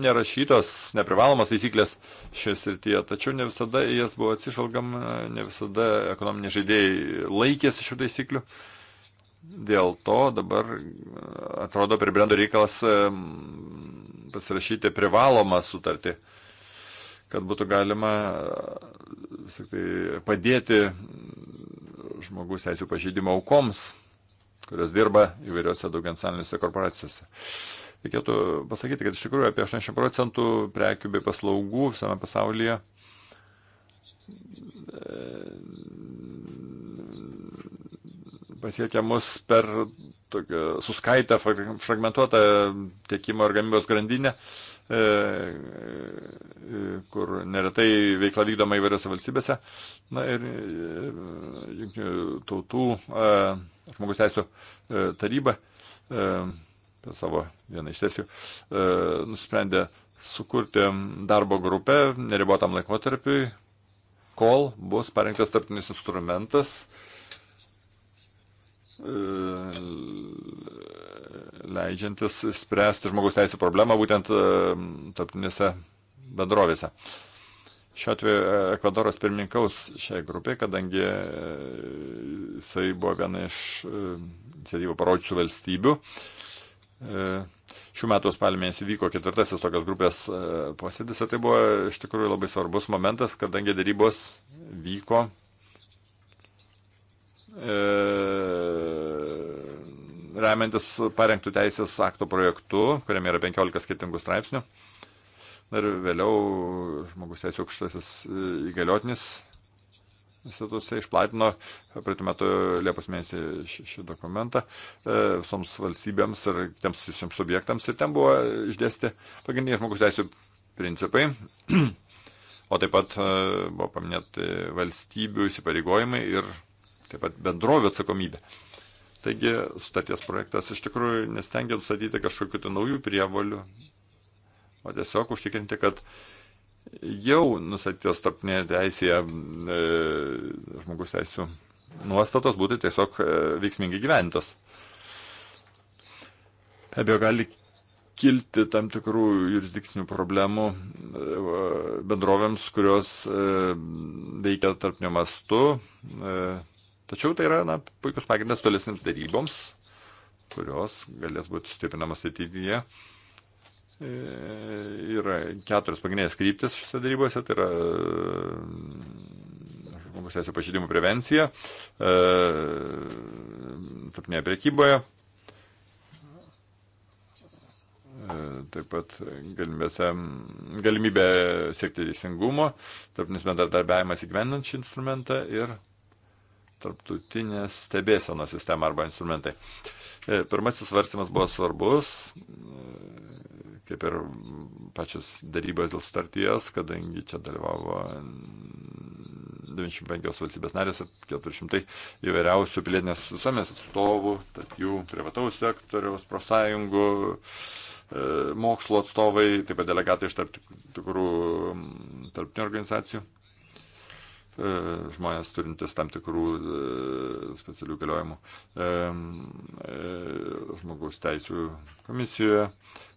nerašytos, neprivalomas taisyklės šioje srityje, tačiau ne visada jas buvo atsižvelgama, ne visada ekonominiai žaidėjai laikėsi šių taisyklių. Dėl to dabar e, atrodo pribrendo reikalas pasirašyti privalomą sutartį kad būtų galima tai, padėti žmogus teisų pažeidimo aukoms, kurios dirba įvairiose daugiansalinėse korporacijose. Reikėtų pasakyti, kad iš tikrųjų apie 80 procentų prekių bei paslaugų visame pasaulyje e, pasiekia mus per tokią suskaitę, fragmentuotą tiekimo ir gamybos grandinę. Uh, E, e, kur neretai veikla vykdoma įvairiose valstybėse. Na ir e, jungtinių tautų žmogus teisų taryba per savo vieną iš sesijų nusprendė sukurti darbo grupę neribotam laikotarpiui, kol bus parengtas tarptinis instrumentas, uh, E, leidžiantis spręsti žmogaus teisų problemą būtent e, taptinėse bendrovėse. Šiuo atveju e, Ekvadoras pirmininkaus šiai grupiai, kadangi jisai buvo viena iš iniciatyvų parodžiusių valstybių. Šių metų spalio mėnesį vyko ketvirtasis tokios grupės posėdis ir tai buvo iš tikrųjų labai svarbus momentas, kadangi darybos vyko E, remiantis parengtų teisės akto projektu, kuriame yra 15 skirtingų straipsnių. Dar vėliau žmogus teisų aukštasis e, įgaliotinis institucija išplatino praeitų metų Liepos mėnesį šį, šį dokumentą e, visoms valstybėms ir kitiems visiems subjektams ir ten buvo išdėsti pagrindiniai žmogus teisų principai. O taip pat buvo paminėti valstybių įsipareigojimai ir taip pat bendrovių atsakomybė. Taigi sutarties projektas iš tikrųjų nestengia nustatyti kažkokių tai naujų prievalių, o tiesiog užtikrinti, kad jau nusatytos tarpinėje teisėje e, žmogus teisų nuostatos būtų tiesiog e, veiksmingai gyventos. Be abejo, gali kilti tam tikrų jurisdikcinių problemų e, bendrovėms, kurios e, veikia tarpnių mastų, e, Tačiau tai yra na, puikus pagrindas tolesnėms daryboms, kurios galės būti stiprinamas ateityje. E, yra keturios pagrindinės kryptis šiose darybose, tai yra e, žmogus teisų pažydimų prevencija, e, tarpinėje priekyboje, taip pat galimėse, galimybė siekti teisingumo, tarpinis bendradarbiavimas įgyvendant šį instrumentą ir tarptautinės stebėsenos sistema arba instrumentai. E, pirmasis svarstymas buvo svarbus, e, kaip ir pačios darybos dėl sutarties, kadangi čia dalyvavo 95 valstybės narės ir 400 įvairiausių pilietinės visuomenės atstovų, tarp jų privataus sektoriaus, profsąjungų, e, mokslo atstovai, taip pat delegatai iš tarp tikrų tarptinių organizacijų. E, žmonės turintis tam tikrų e, specialių galiojimų e, žmogaus teisų komisijoje,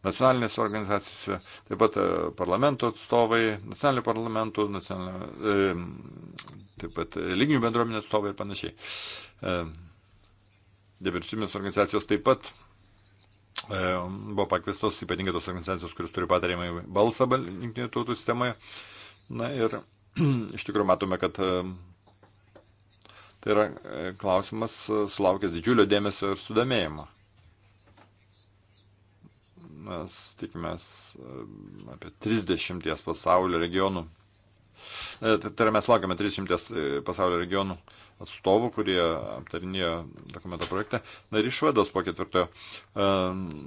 nacionalinėse organizacijose, taip pat parlamento atstovai, nacionalinių parlamentų, taip pat lyginių bendruomenės atstovai ir panašiai. Diversijos organizacijos taip pat buvo pakvistos ypatingai tos organizacijos, kuris turi patariamą balsą jungtinių tautų sistemoje. Na ir iš tikrųjų matome, kad tai yra e, klausimas e, sulaukęs didžiulio dėmesio ir sudomėjimo. Mes tikimės apie 30 pasaulio regionų. E, tai, tai yra mes laukiame 30 pasaulio regionų atstovų, kurie aptarinėjo dokumento projektą. Na ir išvados po ketvirtojo e,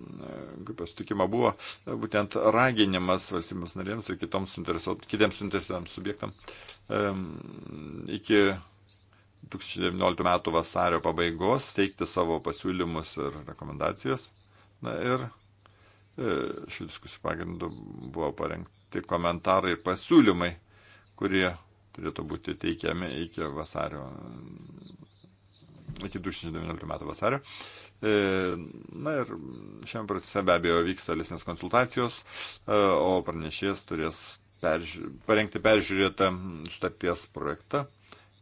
grupės sutikimo buvo būtent raginimas valstybėms narėms ir kitoms kitiems suinteresuotams subjektams e, iki 2019 metų vasario pabaigos teikti savo pasiūlymus ir rekomendacijas. Na ir e, šių diskusijų pagrindų buvo parengti komentarai ir pasiūlymai, kurie turėtų būti teikiami iki vasario, iki 2019 metų vasario. E, na ir šiame procese be abejo vyks tolesnės konsultacijos, e, o pranešėjas turės perži parengti peržiūrėtą sutarties projektą.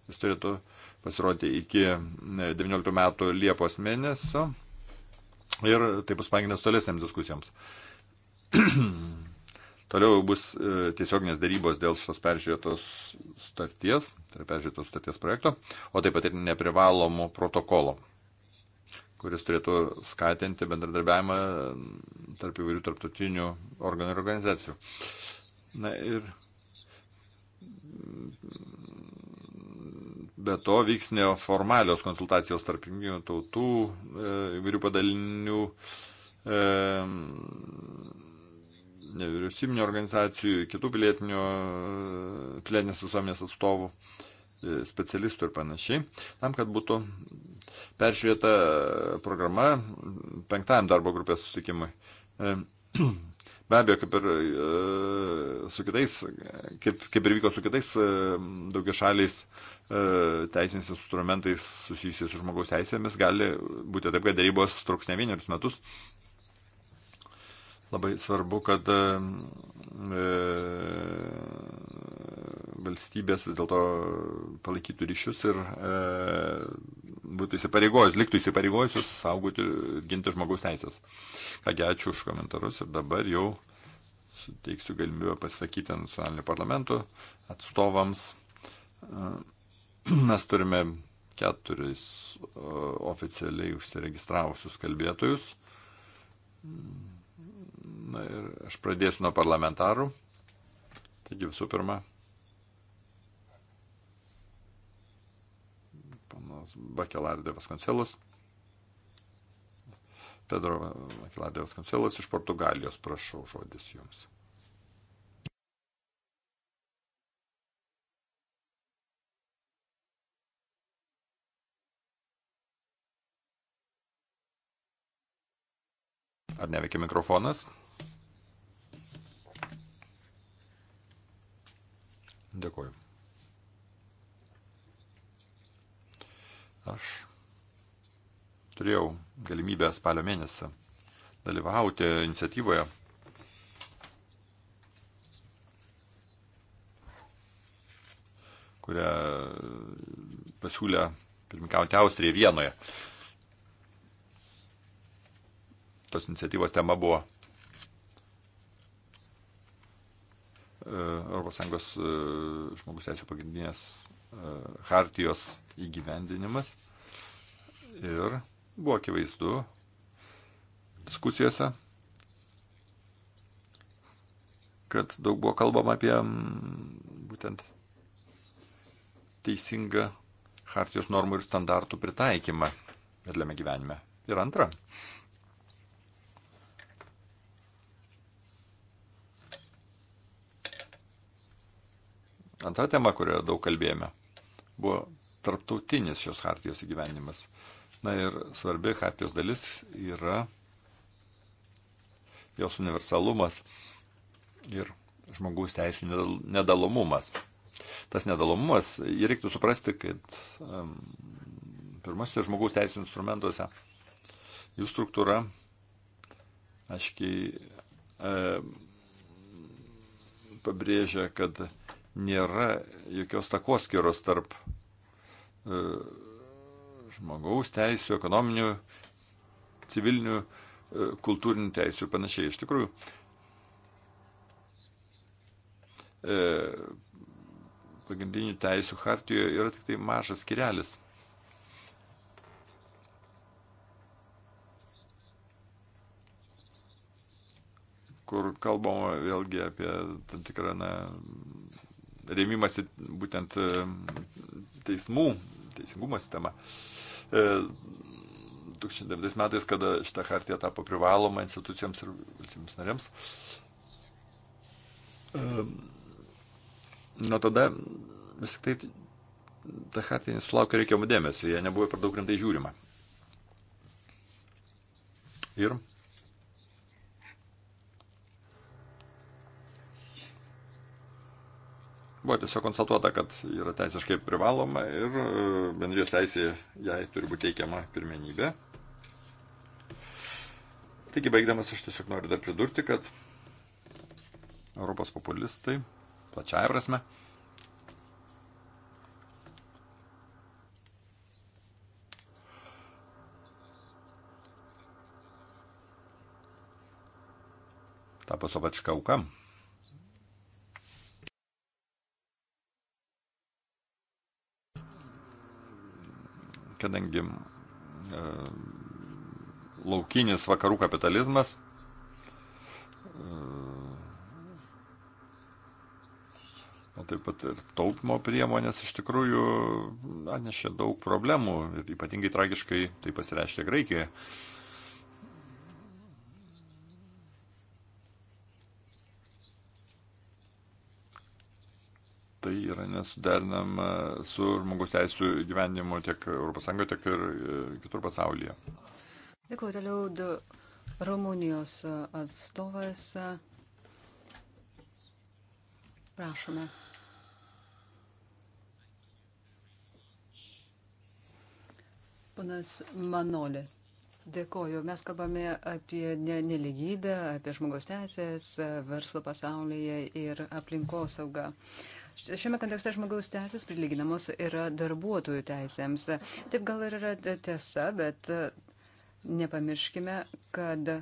Jis turėtų pasirodyti iki 19 e, metų Liepos mėnesio ir tai bus panginęs tolesniams diskusijoms. Toliau bus e, tiesioginės darybos dėl šios peržiūrėtos starties, tai yra peržiūrėtos starties projekto, o taip pat ir neprivalomo protokolo, kuris turėtų skatinti bendradarbiavimą tarp įvairių tarptautinių organų ir organizacijų. Na ir Be to vyks neformalios konsultacijos tarp jungtinių tautų, e, įvairių padalinių, e, nevyriausybinio organizacijų, kitų pilietinių, e, pilietinės visuomenės atstovų, e, specialistų ir panašiai, tam, kad būtų peržiūrėta programa penktajam darbo grupės susitikimui. E, be abejo, kaip ir su kitais, kaip, kaip ir vyko su kitais daugiašaliais teisiniais instrumentais susijusiais su žmogaus teisėmis, gali būti taip, kad darybos truks ne vienerius metus, Labai svarbu, kad e, valstybės vis dėlto palaikytų ryšius ir e, būtų įsipareigojusios, liktų įsipareigojusios saugoti, ginti žmogaus teisės. Kągi, ačiū už komentarus ir dabar jau suteiksiu galimybę pasakyti nacionalinio parlamento atstovams. E, mes turime keturis oficialiai užsiregistravusius kalbėtojus. Na ir aš pradėsiu nuo parlamentarų. Taigi visų pirma, panas Bakelardėvas Koncelus. Pedro Bakelardėvas Koncelus iš Portugalijos, prašau žodis jums. Ar neveikia mikrofonas? Dėkuoju. Aš turėjau galimybę spalio mėnesį dalyvauti iniciatyvoje kurią pasiūlė pirmininkauti Austrija Vienoje. Tos iniciatyvos tema buvo ES e, žmogus teisų pagrindinės e, hartijos įgyvendinimas. Ir buvo akivaizdu diskusijose, kad daug buvo kalbama apie būtent teisingą hartijos normų ir standartų pritaikymą realiame gyvenime. Ir antra, Antra tema, kurioje daug kalbėjome, buvo tarptautinis šios hartijos įgyvenimas. Na ir svarbi hartijos dalis yra jos universalumas ir žmogaus teisų nedalomumas. Tas nedalomumas, jį reiktų suprasti, kad um, pirmosios žmogaus teisų instrumentuose jų struktūra aiškiai e, pabrėžia, kad nėra jokios takoskiros tarp e, žmogaus teisų, ekonominių, civilinių, e, kultūrinių teisų ir panašiai. Iš tikrųjų, e, pagrindinių teisų hartijoje yra tik tai mažas skirelis. kur kalbama vėlgi apie tam tikrą na, rėmimasi būtent e, teismų, teisingumo sistema. E, 2009 metais, kada šitą chartiją tapo privaloma institucijoms ir valstybėms narėms. E, nuo tada vis tik tai ta chartija nesulaukė reikiamų dėmesio, jie nebuvo per daug rimtai žiūrima. Ir Buvo tiesiog konstatuota, kad yra teisiškai privaloma ir e, bendrijos teisėje jai turi būti teikiama pirmenybė. Taigi, baigdamas, aš tiesiog noriu dar pridurti, kad Europos populistai, plačiaja prasme, tapo savačka auka kadangi e, laukinis vakarų kapitalizmas e, O taip pat ir taupimo priemonės iš tikrųjų atnešė daug problemų ir ypatingai tragiškai tai pasireiškė Graikijoje. yra nesuderinama su žmogus teisų gyvenimu tiek ES, tiek ir e, kitur pasaulyje. Dėkuoju toliau du Rumunijos atstovas. Prašome. Panas Manolė. Dėkoju. Mes kalbame apie neligybę, apie žmogaus teisės, verslo pasaulyje ir aplinkosaugą. Šiame kontekste žmogaus teisės prilyginamos yra darbuotojų teisėms. Taip gal ir yra tiesa, bet e, nepamirškime, kad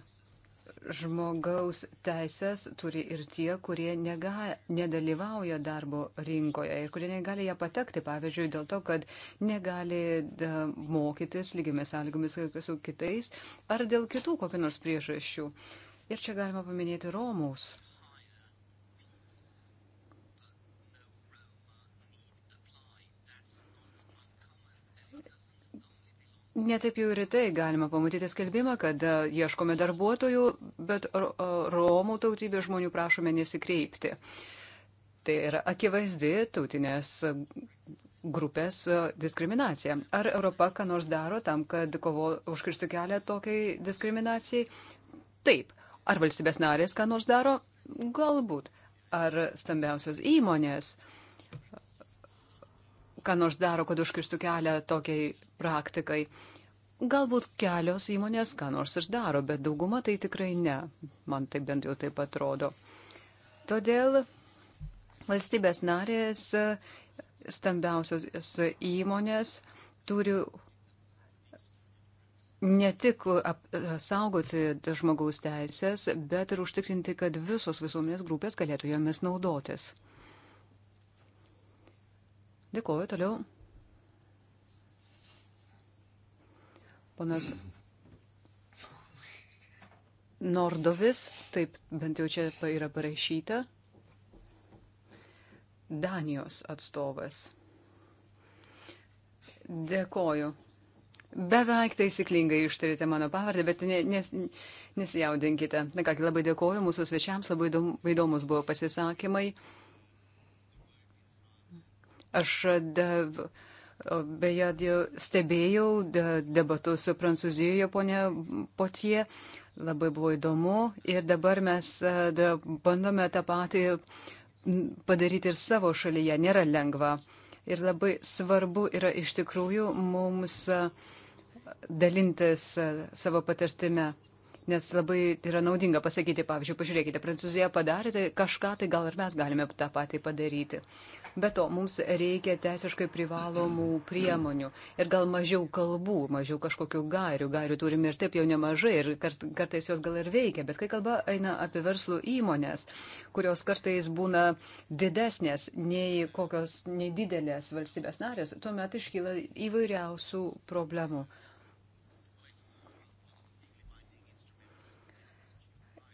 žmogaus teisės turi ir tie, kurie nega, nedalyvauja darbo rinkoje ir kurie negali ją patekti, pavyzdžiui, dėl to, kad negali da, e, mokytis lygiamis sąlygomis su kitais ar dėl kitų kokių nors priežasčių. Ir čia galima paminėti Romaus Netaip jau ir tai galima pamatyti skelbimą, kad e, ieškome darbuotojų, bet e, Romų tautybės žmonių prašome nesikreipti. Tai yra akivaizdi tautinės e, grupės diskriminacija. Ar Europa ką nors daro tam, kad kovo užkirstų kelią tokiai diskriminacijai? Taip. Ar valstybės narės ką nors daro? Galbūt. Ar stambiausios įmonės? Uh, ką nors daro, kad užkirstų kelią tokiai praktikai. Galbūt kelios įmonės ką nors ir daro, bet dauguma tai tikrai ne. Man tai bent jau taip atrodo. Todėl valstybės narės, stambiausios įmonės turi ne tik saugoti žmogaus teisės, bet ir užtikrinti, kad visos visuomenės grupės galėtų jomis naudotis. Dėkuoju toliau. Ponas Nordovis, taip bent jau čia yra parašyta, Danijos atstovas. Dėkoju. Beveik taisyklingai ištarėte mano pavardę, bet nes, nesijaudinkite. Na kągi, labai dėkoju mūsų svečiams, labai įdomus buvo pasisakymai. Aš da, beje stebėjau debatus Prancūzijoje, ponė Potie, labai buvo įdomu ir dabar mes da, bandome tą patį padaryti ir savo šalyje. Nėra lengva. Ir labai svarbu yra iš tikrųjų mums dalintis savo patirtime nes labai yra naudinga pasakyti, pavyzdžiui, pažiūrėkite, Prancūzija padarė tai kažką, tai gal ir mes galime tą patį padaryti. Be to, mums reikia teisiškai privalomų priemonių ir gal mažiau kalbų, mažiau kažkokių gairių. Gairių turime ir taip jau nemažai ir kart, kartais jos gal ir veikia, bet kai kalba eina apie verslų įmonės, kurios kartais būna didesnės nei kokios nedidelės valstybės narės, tuomet iškyla įvairiausių problemų.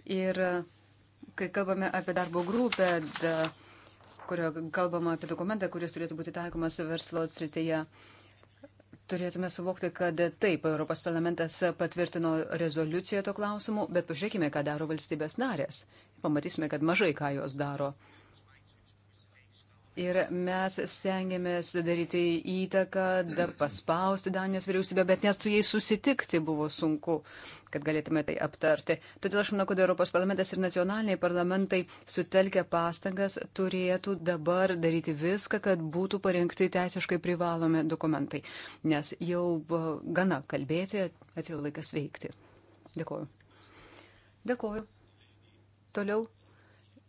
Ir e, kai kalbame apie darbo grupę, da, kurio kalbama apie dokumentą, kuris turėtų būti taikomas verslo srityje, turėtume suvokti, kad taip, Europos parlamentas patvirtino rezoliuciją to klausimu, bet pažiūrėkime, ką daro valstybės narės. Pamatysime, kad mažai ką jos daro. Ir mes stengiamės daryti įtaką, dar paspausti Danijos vyriausybę, bet net su jais susitikti buvo sunku, kad galėtume tai aptarti. Todėl aš manau, kad Europos parlamentas ir nacionaliniai parlamentai sutelkę pastangas turėtų dabar daryti viską, kad būtų parengti teisiškai privalomi dokumentai. Nes jau gana kalbėti, atėjo laikas veikti. Dėkuoju. Dėkuoju. Toliau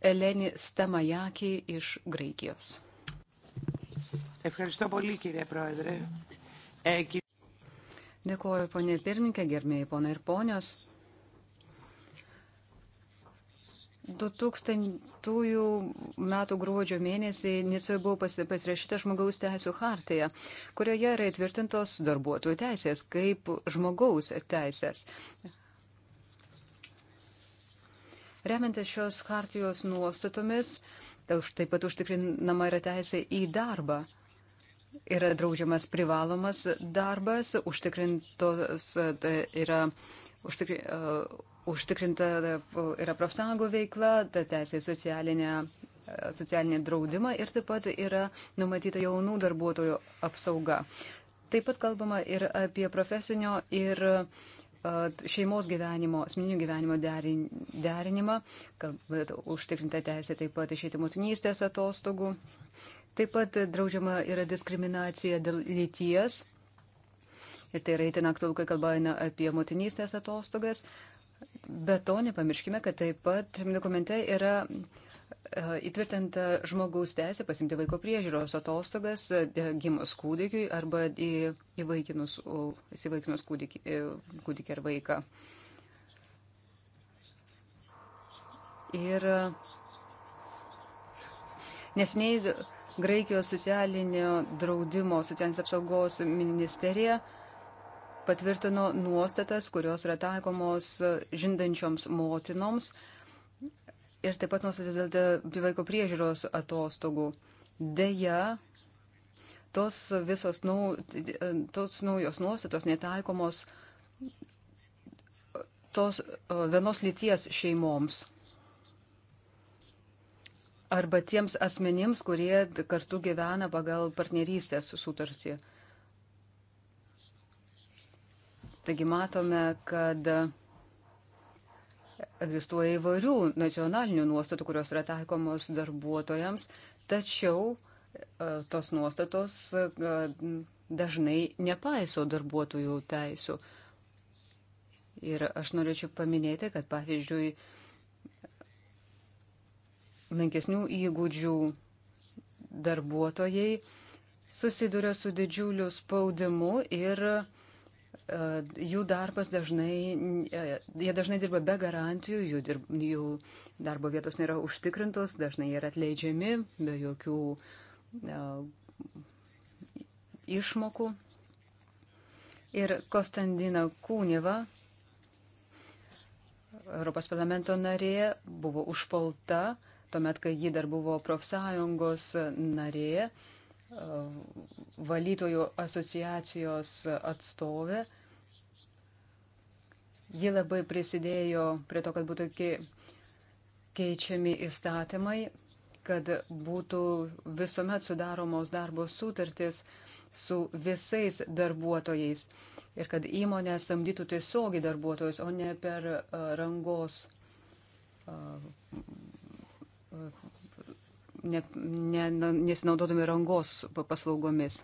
Ελένη Σταμαγιάκη iš Graikijos. Ευχαριστώ πολύ κύριε Πρόεδρε. Ε, κυ... Dėkuoju, ponė pirmininkė, gerbėjai ponai ir ponios. 2000 metų gruodžio mėnesį Nicoje buvo pasirašyta žmogaus teisų hartija, kurioje yra įtvirtintos darbuotojų teisės kaip žmogaus teisės. Remiantis šios hartijos nuostatomis, tai taip pat užtikrinama yra teisė į darbą. Yra draudžiamas privalomas darbas, užtikrintos e, yra. Užtikri, uh, Užtikrinta e, yra profsąjungų veikla, ta teisė į socialinę socialinį draudimą ir taip pat yra numatyta jaunų darbuotojų apsauga. Taip pat kalbama ir apie profesinio ir uh, šeimos gyvenimo, asmeninio gyvenimo derin, derinimą, kad užtikrinta teisė taip pat išėti motinystės atostogų. Taip pat draudžiama yra diskriminacija dėl lyties. Ir tai yra įtin aktualu, kai kalba eina apie motinystės atostogas. Be to, nepamirškime, kad taip pat dokumente yra uh, E, įtvirtinta žmogaus teisė pasimti vaiko priežiūros atostogas e, gimus kūdikiui arba įvaikinus, įvaikinus kūdikį, e, kūdikį ar vaiką. Ir nesiniai Graikijos socialinio draudimo, socialinės apsaugos ministerija patvirtino nuostatas, kurios yra taikomos žindančioms motinoms, uh, ir taip pat nuostatas dėl vaiko priežiūros atostogų. Deja, tos visos nau, e, tos naujos nuostatos netaikomos tos vienos lyties šeimoms arba tiems asmenims, kurie kartu gyvena pagal partnerystės sutartį. Taigi matome, kad Egzistuoja įvairių nacionalinių nuostatų, kurios yra taikomos darbuotojams, tačiau e, tos nuostatos e, dažnai nepaiso darbuotojų teisų. Ir aš norėčiau paminėti, kad pavyzdžiui, menkesnių įgūdžių darbuotojai susiduria su didžiuliu spaudimu ir uh, E, jų darbas dažnai, e, jie dažnai dirba be garantijų, jų, dirb, jų darbo vietos nėra užtikrintos, dažnai yra atleidžiami be jokių uh, išmokų. Ir Kostandina Kūneva, Europos parlamento narė, buvo užpulta, tuomet, kai ji dar buvo profsąjungos narė. Uh, valytojų asociacijos atstovė. Ji labai prisidėjo prie to, kad būtų keičiami įstatymai, kad būtų visuomet sudaromos darbo sutartis su visais darbuotojais ir kad įmonė samdytų tiesiogiai darbuotojus, o ne per rangos ne, ne, nesinaudodami rangos paslaugomis.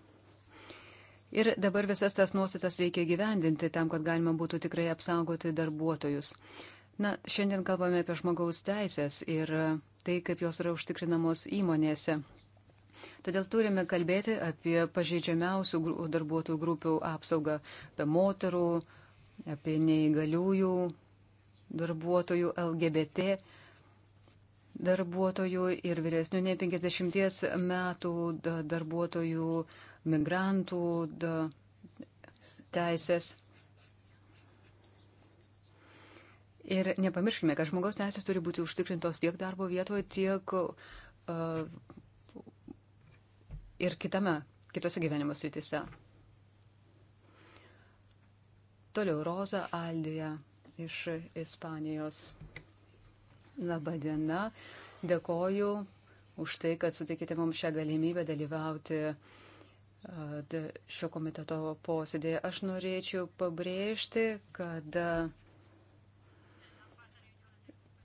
Ir dabar visas tas nuostatas reikia gyvendinti tam, kad galima būtų tikrai apsaugoti darbuotojus. Na, šiandien kalbame apie žmogaus teisės ir tai, kaip jos yra užtikrinamos įmonėse. Todėl turime kalbėti apie pažeidžiamiausių darbuotojų grupių apsaugą, apie moterų, apie neįgaliųjų darbuotojų, LGBT darbuotojų ir vyresnių nei 50 metų darbuotojų, migrantų teisės. Ir nepamirškime, kad žmogaus teisės turi būti užtikrintos tiek darbo vietoje, tiek uh, ir kitame, kitose gyvenimo srityse. Toliau Roza Aldija iš Ispanijos. Labą dieną. Dėkoju už tai, kad sutikite mums šią galimybę dalyvauti šio komiteto posėdėje. Aš norėčiau pabrėžti, kad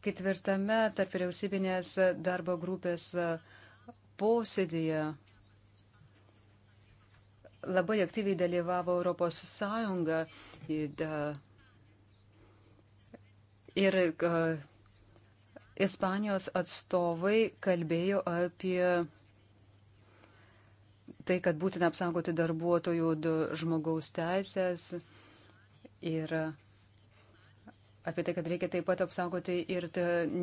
ketvirtame tarp vyriausybinės darbo grupės posėdėje labai aktyviai dalyvavo Europos Sąjunga ir Ispanijos atstovai kalbėjo apie tai, kad būtina apsaugoti darbuotojų žmogaus teisės ir apie tai, kad reikia taip pat apsaugoti ir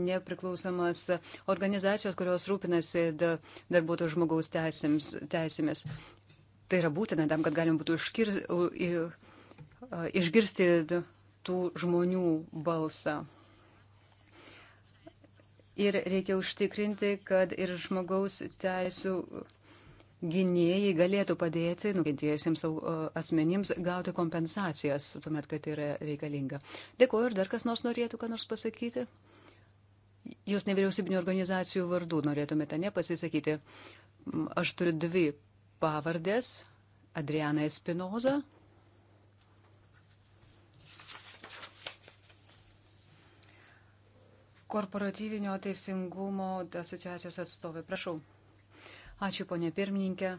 nepriklausomas organizacijos, kurios rūpinasi darbuotojų žmogaus teisėms, teisėmis. Tai yra būtina tam, kad galim būtų iškir, išgirsti tų žmonių balsą ir reikia užtikrinti, kad ir žmogaus teisų gynėjai galėtų padėti nukentėjusiems asmenims gauti kompensacijas, tuomet, kad tai yra reikalinga. Dėkuoju, ir dar kas nors norėtų ką nors pasakyti? Jūs nevyriausybinio organizacijų vardų norėtumėte nepasisakyti. Aš turiu dvi pavardės - Adriana Espinoza. Mhm. korporatyvinio teisingumo asociacijos atstovė. Prašau. Ačiū, ponė pirmininkė.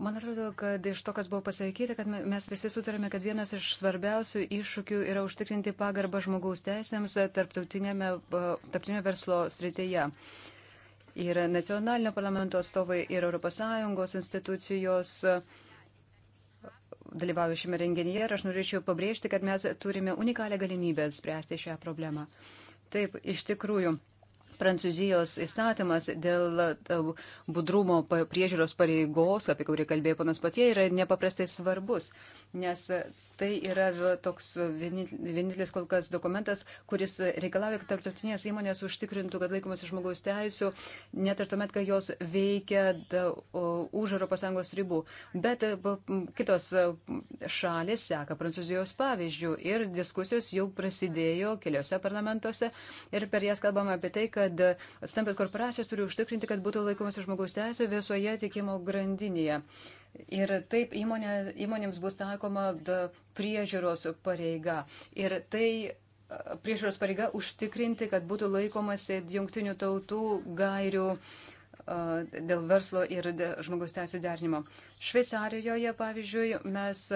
Man atrodo, kad iš to, kas buvo pasakyta, kad mes visi sutarėme, kad vienas iš svarbiausių iššūkių yra užtikrinti pagarbą žmogaus teisėms tarptautinėme, tarptautinėme verslo srityje. Ir nacionalinio parlamento atstovai, ir ES institucijos uh, dalyvauja šiame renginyje ir aš norėčiau pabrėžti, kad mes turime unikalią galimybę spręsti šią problemą. Taip, iš tikrųjų. Prancūzijos įstatymas dėl budrumo priežiūros pareigos, apie kurį kalbėjo panas patie, yra nepaprastai svarbus, nes tai yra toks vienintelis kol kas dokumentas, kuris reikalauja, kad tarptautinės įmonės užtikrintų, kad laikomasi žmogaus teisų, net ir tuomet, kai jos veikia da, už ES ribų. Bet e, kitos e, šalis seka Prancūzijos pavyzdžių ir diskusijos jau prasidėjo keliose parlamentuose ir per jas kalbama apie tai, kad stambios korporacijos turi užtikrinti, kad būtų laikomasi žmogaus teisų visoje tikimo grandinėje. Yeah. Ir taip įmonė, įmonėms bus taikoma priežiūros pareiga. Ir tai priežiūros pareiga užtikrinti, kad būtų laikomasi jungtinių tautų gairių dėl verslo ir žmogaus teisų derinimo. Šveicarijoje, pavyzdžiui, mes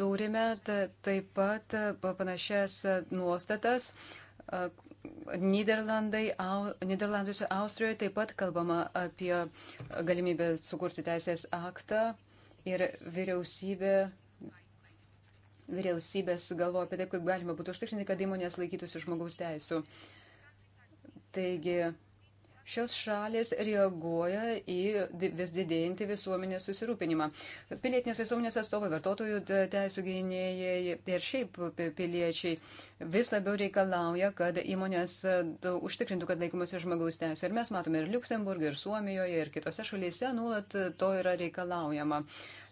turime taip pat panašias nuostatas Niderlandai, au, Niderlanduose, Austrijoje taip pat kalbama apie galimybę sukurti teisės aktą ir vyriausybė, vyriausybės galvoja apie tai, kaip galima būtų užtikrinti, kad įmonės laikytųsi žmogaus teisų. Taigi, šios šalis reaguoja į vis didėjantį visuomenės susirūpinimą. Pilietinės visuomenės atstovai, vartotojų teisų gynėjai ir šiaip piliečiai vis labiau reikalauja, kad įmonės e, užtikrintų, kad laikomasi žmogaus teisų. Ir mes matome ir Luksemburgą, ir Suomijoje, ir kitose šalyse nuolat to yra reikalaujama.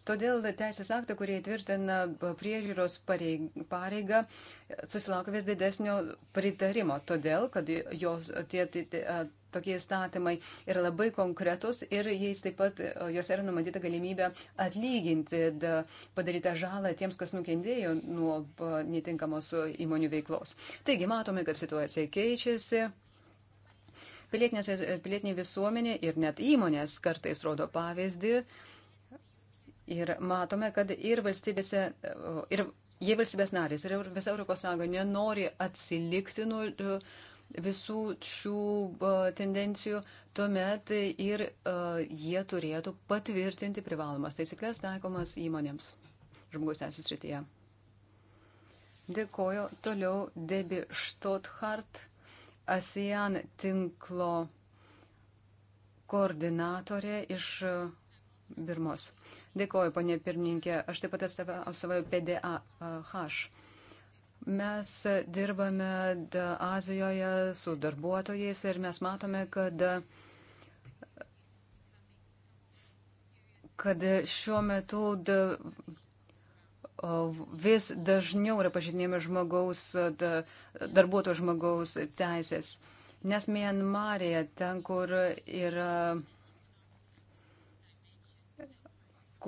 Todėl teisės aktai, kurie tvirtina priežiūros pareigą, susilaukia vis didesnio pritarimo, todėl kad jos tie, tie, tokie įstatymai yra labai konkretus ir jais taip pat e, jos yra numatyta galimybė atlyginti padarytą žalą tiems, kas nukentėjo nuo e, netinkamos e, įmonių veiklos. Taigi matome, kad situacija keičiasi. Pilietinė visuomenė ir net įmonės kartais rodo pavyzdį. Ir matome, kad ir valstybėse, ir jei valstybės narės, ir visa Europos Sąjunga nenori atsilikti nuo visų šių tendencijų, tuomet ir jie turėtų patvirtinti privalomas taisyklės taikomas įmonėms žmogus teisų srityje. Dėkoju toliau Debi Štothart, ASEAN tinklo koordinatorė iš Birmos. Dėkoju, ponė pirmininkė. Aš taip pat atstovauju PDAH. Mes dirbame Azijoje su darbuotojais ir mes matome, kad, kad šiuo metu da, vis dažniau yra pažydinėjami žmogaus, da, darbuotojo žmogaus teisės. Nes Mianmarėje, ten, kur yra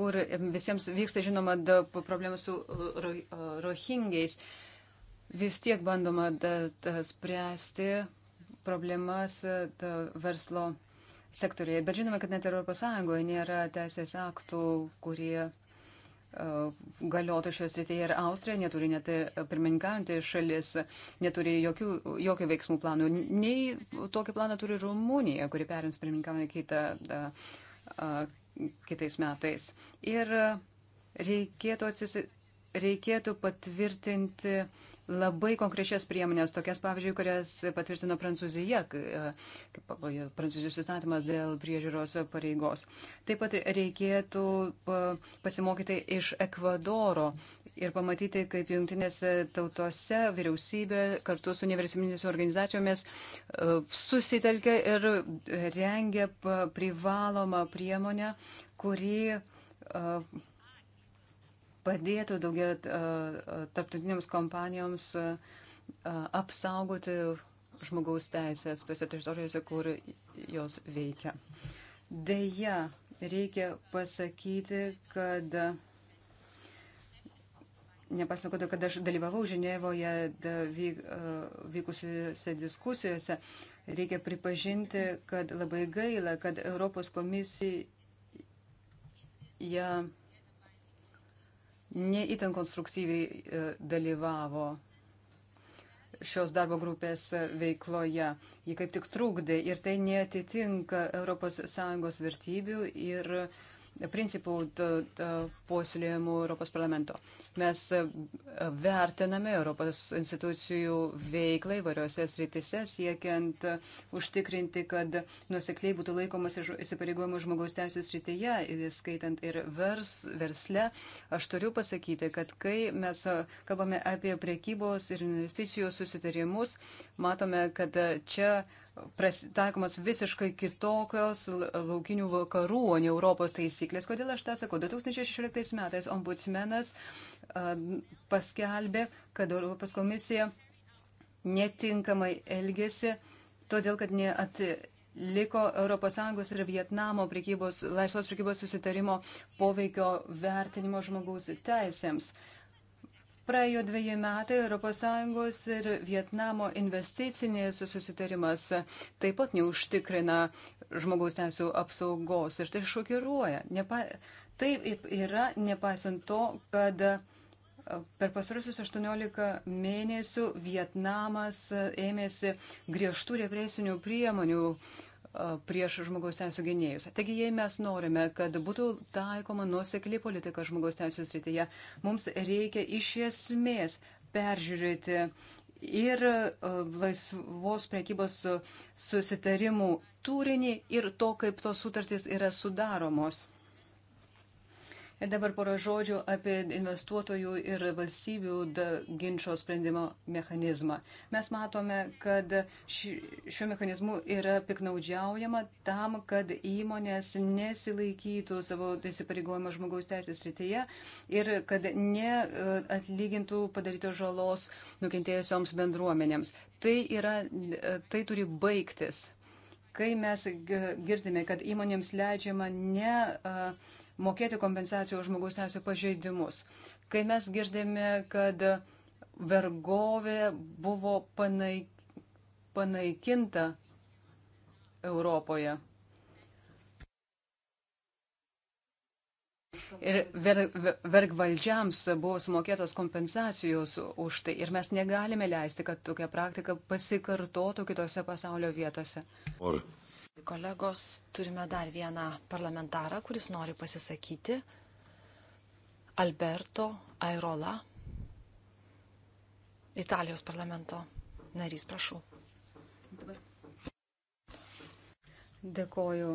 kur visiems vyksta, žinoma, problemų su uh, uh, rohingiais. Ro, ro, vis tiek bandoma da, da, spręsti problemas e, da, verslo sektorijoje. Bet žinome, kad net Europos Sąjungoje nėra teisės aktų, kurie e, galiotų šios rytyje ir Austrija neturi net pirmininkaujantį šalis, neturi jokių, jokių veiksmų planų. Nei tokį planą turi Rumunija, kuri perims pirmininkaujantį kitą, da, kitais metais. Ir reikėtų, atsisi, reikėtų patvirtinti uh, labai konkrečias priemonės, tokias, pavyzdžiui, kurias patvirtino Prancūzija, e, kaip Prancūzijos įstatymas dėl priežiūros pareigos. Taip pat reikėtų e, pasimokyti iš Ekvadoro ir pamatyti, kaip jungtinėse tautose vyriausybė kartu su universitinėmis organizacijomis e, susitelkia ir rengia privalomą priemonę, kuri padėtų daugiau tarptautiniams kompanijoms apsaugoti žmogaus teisės tose teritorijose, kur jos veikia. Deja, reikia pasakyti, kad nepasakau, kad aš dalyvavau Ženevoje vykusiuose diskusijuose, reikia pripažinti, kad labai gaila, kad Europos komisija neįtin konstruktyviai e, dalyvavo šios darbo grupės veikloje. Ji kaip tik trukdė ir tai netitinka ES vertybių ir principų puoselėjimų Europos parlamento. Mes e, vertiname Europos institucijų veiklą įvairiose sritise, siekiant e, užtikrinti, kad nusekliai būtų laikomas įsipareigojimų žmogaus teisų srityje, skaitant ir vers, versle. Aš turiu pasakyti, kad kai mes e, kalbame apie priekybos ir investicijų susitarimus, matome, kad čia taikomos visiškai kitokios laukinių vakarų, o ne Europos taisyklės. Kodėl aš tą sakau? 2016 metais ombudsmenas paskelbė, kad Europos komisija netinkamai elgėsi, todėl kad neatliko ES ir Vietnamo prekybos, laisvos prekybos susitarimo poveikio vertinimo žmogaus teisėms. Uh, Praėjo dviejai metai ES ir Vietnamo investicinės susitarimas taip pat neužtikrina žmogaus teisų apsaugos ir tai šokiruoja. Nepa... Taip yra, nepaisant to, kad e, per pasarusius 18 mėnesių Vietnamas e, ėmėsi griežtų represinių priemonių prieš žmogaus teisų gynėjus. Taigi, jei mes norime, kad būtų taikoma nuosekli politika žmogaus teisų srityje, mums reikia iš esmės peržiūrėti ir laisvos prekybos susitarimų turinį ir to, kaip tos sutartys yra sudaromos. Ir dabar poro žodžių apie investuotojų ir valstybių ginčio sprendimo mechanizmą. Mes matome, kad ši, šiuo mechanizmu yra piknaudžiaujama tam, kad įmonės nesilaikytų savo įsipareigojimą žmogaus teisės rytyje ir kad neatlygintų padarytos žalos nukentėjusioms bendruomenėms. Tai, yra, tai turi baigtis kai mes girdime, kad įmonėms leidžiama ne uh, mokėti kompensacijų už žmogaus teisų pažeidimus. Kai mes girdėme, kad vergovė buvo panaikinta Europoje. Ir ver, ver, vergvaldžiams buvo sumokėtos kompensacijos už tai. Ir mes negalime leisti, kad tokia praktika pasikartotų kitose pasaulio vietose. Or. Kolegos, turime dar vieną parlamentarą, kuris nori pasisakyti. Alberto Airola, Italijos parlamento narys, prašau. Dabar. Dėkoju.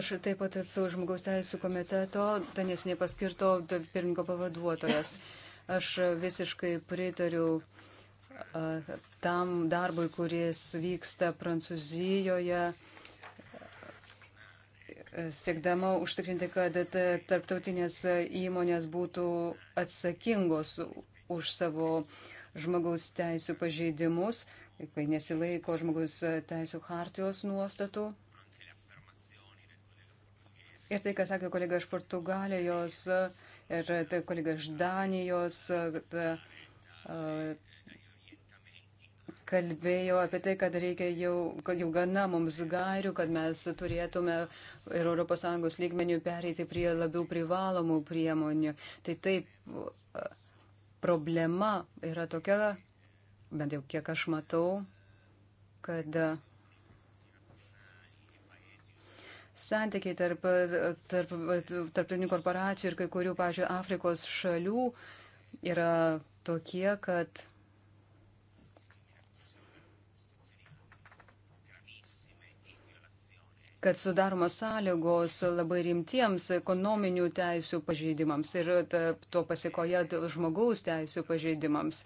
Aš taip pat esu žmogaus teisų komiteto, tenės nepaskirto pirmininko pavaduotojas. Aš visiškai pritariu uh, tam darbui, kuris vyksta Prancūzijoje, siekdama užtikrinti, kad tarptautinės įmonės būtų atsakingos už savo žmogaus teisų pažeidimus, kai nesilaiko žmogaus teisų hartijos nuostatų. Ir tai, ką sakė kolega iš Portugalijos ir tai kolega iš Danijos, ta, kalbėjo apie tai, kad reikia jau, kad jau gana mums gairių, kad mes turėtume ir ES lygmenių pereiti prie labiau privalomų priemonių. Tai taip, problema yra tokia, bent jau kiek aš matau, kad santykiai tarp, tarp tarptautinių korporacijų ir kai kurių, pažiūrėjau, Afrikos šalių yra tokie, kad kad sudaromos sąlygos labai rimtiems ekonominių teisų pažeidimams ir to pasikoje žmogaus teisų pažeidimams.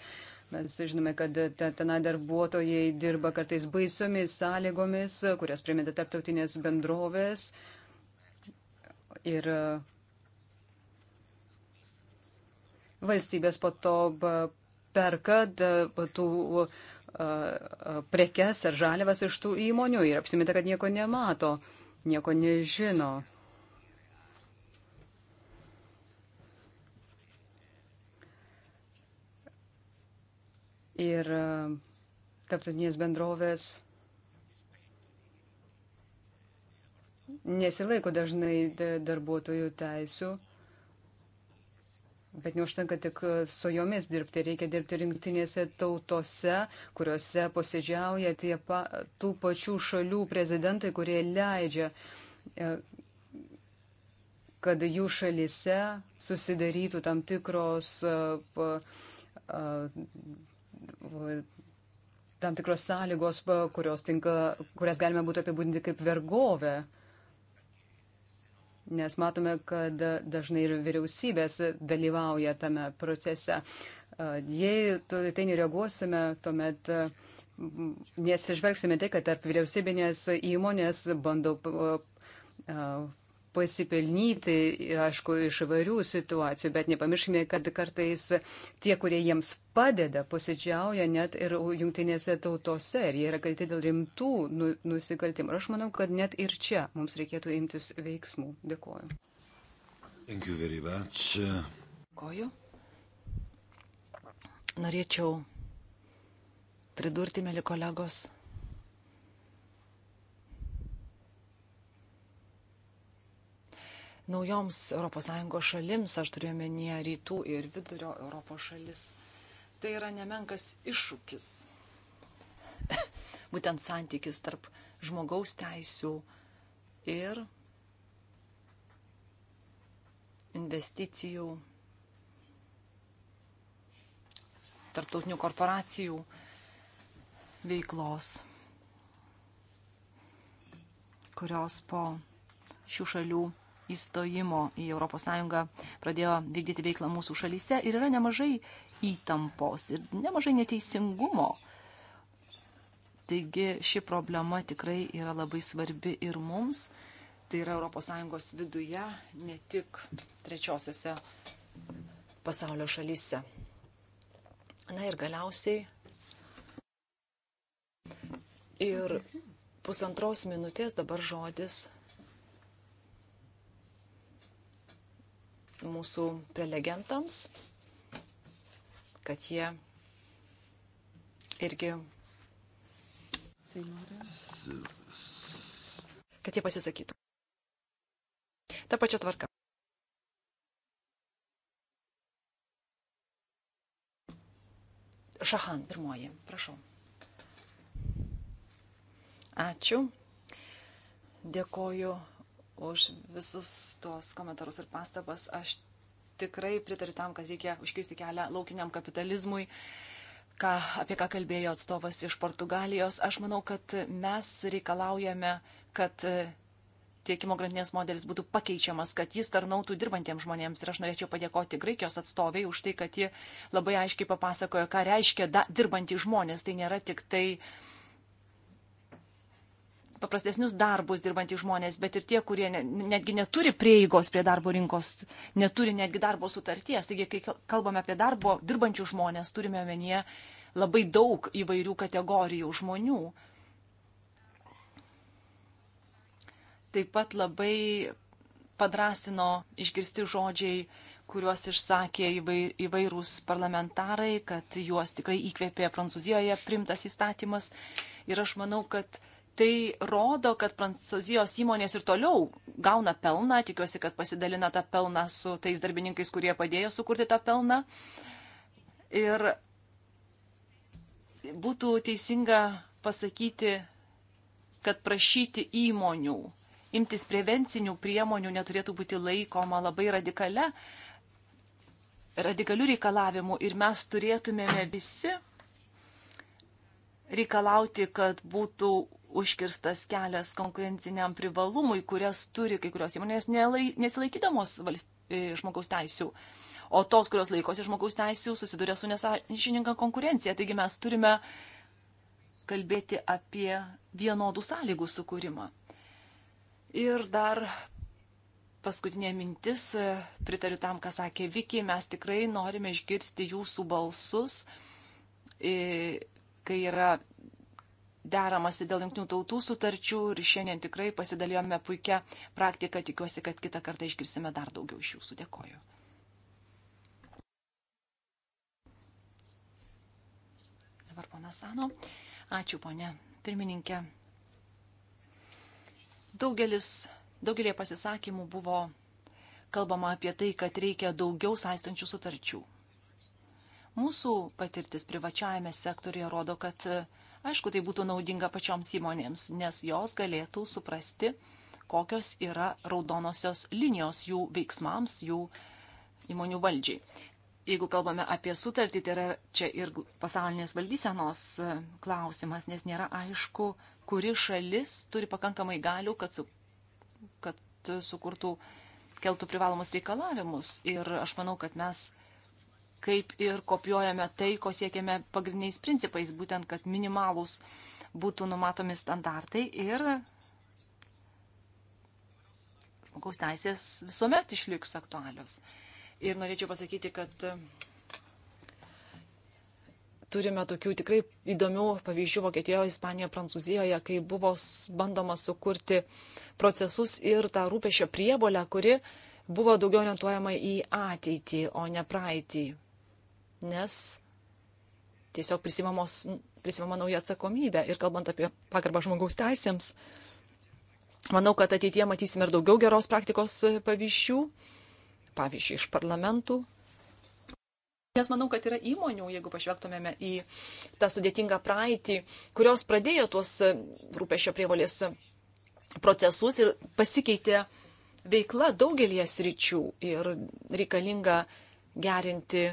Mes žinome, kad tenai darbuotojai dirba kartais baisiomis sąlygomis, kurias primeta tarptautinės bendrovės. Ir e, valstybės po to e, perka tų prekes ar žaliavas iš tų įmonių ir apsimeta, kad nieko nemato, nieko nežino. Ir taptutinės bendrovės nesilaiko dažnai darbuotojų teisų Bet neužtenka tik e, su jomis dirbti, reikia dirbti rinktinėse tautose, kuriuose posėdžiauja tie pa, tų pačių šalių prezidentai, kurie leidžia, e, kad jų šalise susidarytų tam tikros, e, tam tikros sąlygos, kurios tinka, kurias galime būtų apibūdinti kaip vergovę nes matome, kad dažnai ir vyriausybės dalyvauja tame procese. Jei tai nereaguosime, tuomet nesižvelgsime tai, kad tarp vyriausybinės įmonės bando pasipelnyti, aišku, iš įvairių situacijų, bet nepamirškime, kad kartais tie, kurie jiems padeda, posėdžiauja net ir jungtinėse tautose ir jie yra kalti dėl rimtų nu, nusikaltimų. Ir aš manau, kad net ir čia mums reikėtų imtis veiksmų. Dėkuoju. Dėkuoju. Norėčiau pridurti, mėly kolegos, naujoms ES šalims, aš turiu omenyje rytų ir vidurio Europos šalis. Tai yra nemenkas iššūkis. Būtent santykis tarp žmogaus teisų ir investicijų tarptautinių korporacijų veiklos, kurios po šių šalių įstojimo į ES pradėjo vykdyti veiklą mūsų šalyse ir yra nemažai įtampos ir nemažai neteisingumo. Taigi ši problema tikrai yra labai svarbi ir mums. Tai yra ES viduje, ne tik trečiosiose pasaulio šalyse. Na ir galiausiai. Ir pusantros minutės dabar žodis mūsų prelegentams, kad jie irgi. kad jie pasisakytų. Ta pačia tvarka. Šahan, pirmoji, prašau. Ačiū. Dėkoju už visus tos komentarus ir pastabas. Aš tikrai pritariu tam, kad reikia užkirsti kelią laukiniam kapitalizmui, ką, apie ką kalbėjo atstovas iš Portugalijos. Aš manau, kad mes reikalaujame, kad e, tiekimo grandinės modelis būtų pakeičiamas, kad jis tarnautų dirbantiems žmonėms. Ir aš norėčiau padėkoti Graikijos atstoviai už tai, kad ji labai aiškiai papasakojo, ką reiškia da, dirbantys žmonės. Tai nėra tik tai uh, paprastesnius darbus dirbantys žmonės, bet ir tie, kurie ne, netgi neturi prieigos prie darbo rinkos, neturi netgi darbo sutarties. Taigi, kai kalbame apie darbo dirbančių žmonės, turime omenyje labai daug įvairių kategorijų žmonių. Taip pat labai padrasino išgirsti žodžiai, kuriuos išsakė įvairūs parlamentarai, kad juos tikrai įkvėpė Prancūzijoje primtas įstatymas. Ir aš manau, kad tai rodo, kad prancūzijos įmonės ir toliau gauna pelną, tikiuosi, kad pasidalina tą pelną su tais darbininkais, kurie padėjo sukurti tą pelną. Ir būtų teisinga pasakyti, kad prašyti įmonių imtis prevencinių priemonių neturėtų būti laikoma labai radikale, radikalių reikalavimų ir mes turėtumėme visi reikalauti, kad būtų užkirstas kelias konkurenciniam privalumui, kurias turi kai kurios įmonės nesilaikydamos valst... E, žmogaus teisų. O tos, kurios laikosi žmogaus teisų, susiduria su nesąžininga konkurencija. Taigi mes turime kalbėti apie vienodų sąlygų sukūrimą. Ir dar paskutinė mintis, e, pritariu tam, ką sakė Viki, mes tikrai norime išgirsti jūsų balsus, e, kai yra deramasi dėl jungtinių tautų sutarčių ir šiandien tikrai pasidalijome puikia praktika. Tikiuosi, kad kitą kartą išgirsime dar daugiau iš jūsų. Dėkoju. Dabar pana Sano. Ačiū, ponė pirmininkė. Daugelis, daugelie pasisakymų buvo kalbama apie tai, kad reikia daugiau saistančių sutarčių. Mūsų patirtis privačiajame sektorėje rodo, kad Aišku, tai būtų naudinga pačioms įmonėms, nes jos galėtų suprasti, kokios yra raudonosios linijos jų veiksmams, jų įmonių valdžiai. Jeigu kalbame apie sutartį, tai yra čia ir pasaulinės valdysenos e, klausimas, nes nėra aišku, kuri šalis turi pakankamai galių, kad, su, kad sukurtų, keltų privalomus reikalavimus. Ir aš manau, kad mes kaip ir kopijuojame tai, ko siekiame pagrindiniais principais, būtent, kad minimalūs būtų numatomi standartai ir žmogaus teisės visuomet išliks aktualios. Ir norėčiau pasakyti, kad e, turime tokių tikrai įdomių pavyzdžių Vokietijoje, Ispanijoje, Prancūzijoje, kai buvo bandoma sukurti procesus ir tą rūpešio priebolę, kuri buvo daugiau orientuojama į ateitį, o ne praeitį nes tiesiog prisimama nauja atsakomybė. Ir kalbant apie pagarbą žmogaus teisėms, manau, kad ateityje matysime ir daugiau geros praktikos e, pavyzdžių, pavyzdžiui, iš parlamentų. Nes manau, kad yra įmonių, jeigu pažvelgtumėme į tą sudėtingą praeitį, kurios pradėjo tuos e, rūpešio prievalės e, procesus ir pasikeitė veikla daugelie sričių ir reikalinga gerinti